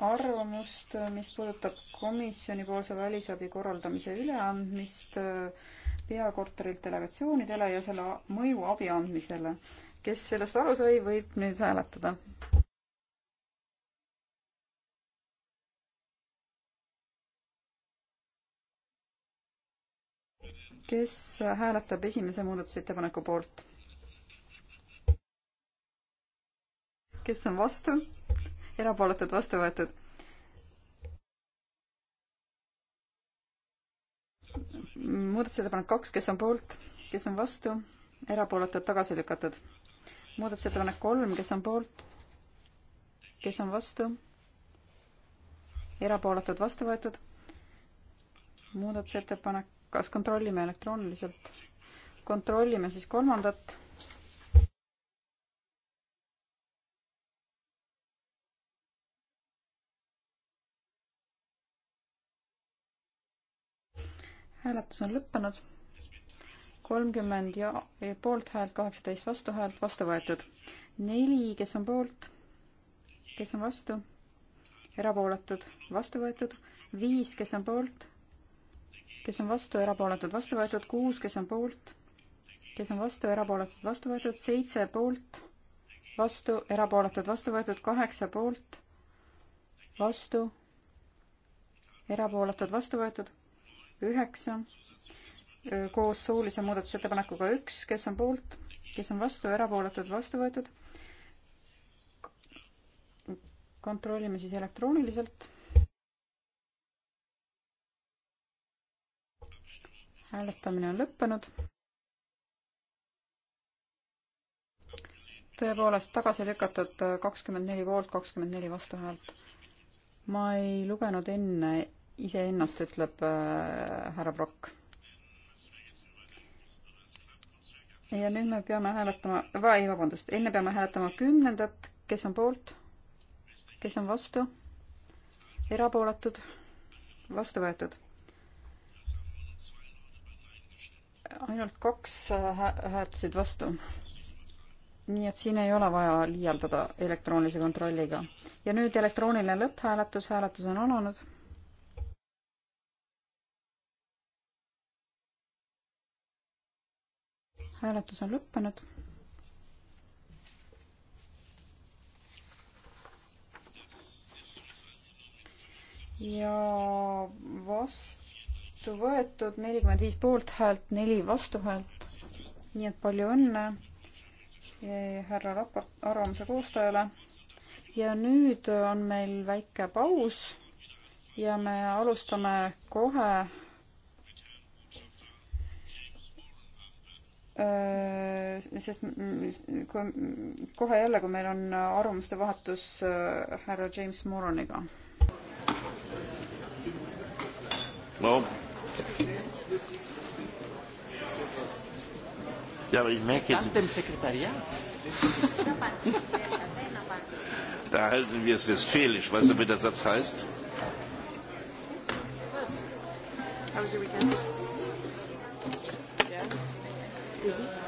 arvamust, mis puudutab komisjonipoolse välisabi korraldamise üleandmist äh, peakorterilt delegatsioonidele ja selle mõju abi andmisele. kes sellest aru sai, võib nüüd hääletada. kes hääletab esimese muudatusettepaneku poolt? kes on vastu? erapooletud vastu võetud. muudatusettepanek kaks, kes on poolt, kes on vastu, erapooletud tagasi lükatud. muudatusettepanek kolm, kes on poolt, kes on vastu, erapooletud vastu võetud. muudatusettepanek kas kontrollime elektrooniliselt? kontrollime siis kolmandat. hääletus on lõppenud. kolmkümmend ja poolthäält, kaheksateist vastuhäält, vastu võetud. neli, kes on poolt, kes on vastu, erapooletud, vastu võetud. viis, kes on poolt kes on vastu, erapooletud, vastu võetud, kuus, kes on poolt, kes on vastu, erapooletud, vastu võetud, seitse poolt, vastu, erapooletud, vastu võetud, kaheksa poolt, vastu, erapooletud, vastu võetud, üheksa, koos suulise muudatusettepanekuga üks, kes on poolt, kes on vastu, erapooletud, vastu võetud. kontrollime siis elektrooniliselt hääletamine on lõppenud. tõepoolest tagasi lükatud äh, kakskümmend neli poolt, kakskümmend neli vastuhäält. ma ei lugenud enne iseennast, ütleb äh, härra Brock. ja nüüd me peame hääletama, ei vabandust, enne peame hääletama kümnendat, kes on poolt, kes on vastu, erapooletud, vastu võetud. ainult kaks häältasid vastu. nii et siin ei ole vaja liialdada elektroonilise kontrolliga. ja nüüd elektrooniline lõpphääletus, hääletus on alanud. hääletus on lõppenud. ja vastu vastu võetud, nelikümmend viis poolthäält, neli vastuhäält. nii et palju õnne eh, härra raport, arvamuse koostajale. ja nüüd on meil väike paus ja me alustame kohe eh, sest kui, kohe jälle, kui meil on arvamuste vahetus eh, härra James Moroniga. no Ja, aber ich merke jetzt. Stand dem Sekretariat. da halten wir es westfälisch. Weißt du, wie der Satz heißt? How was your weekend? Yeah. Busy?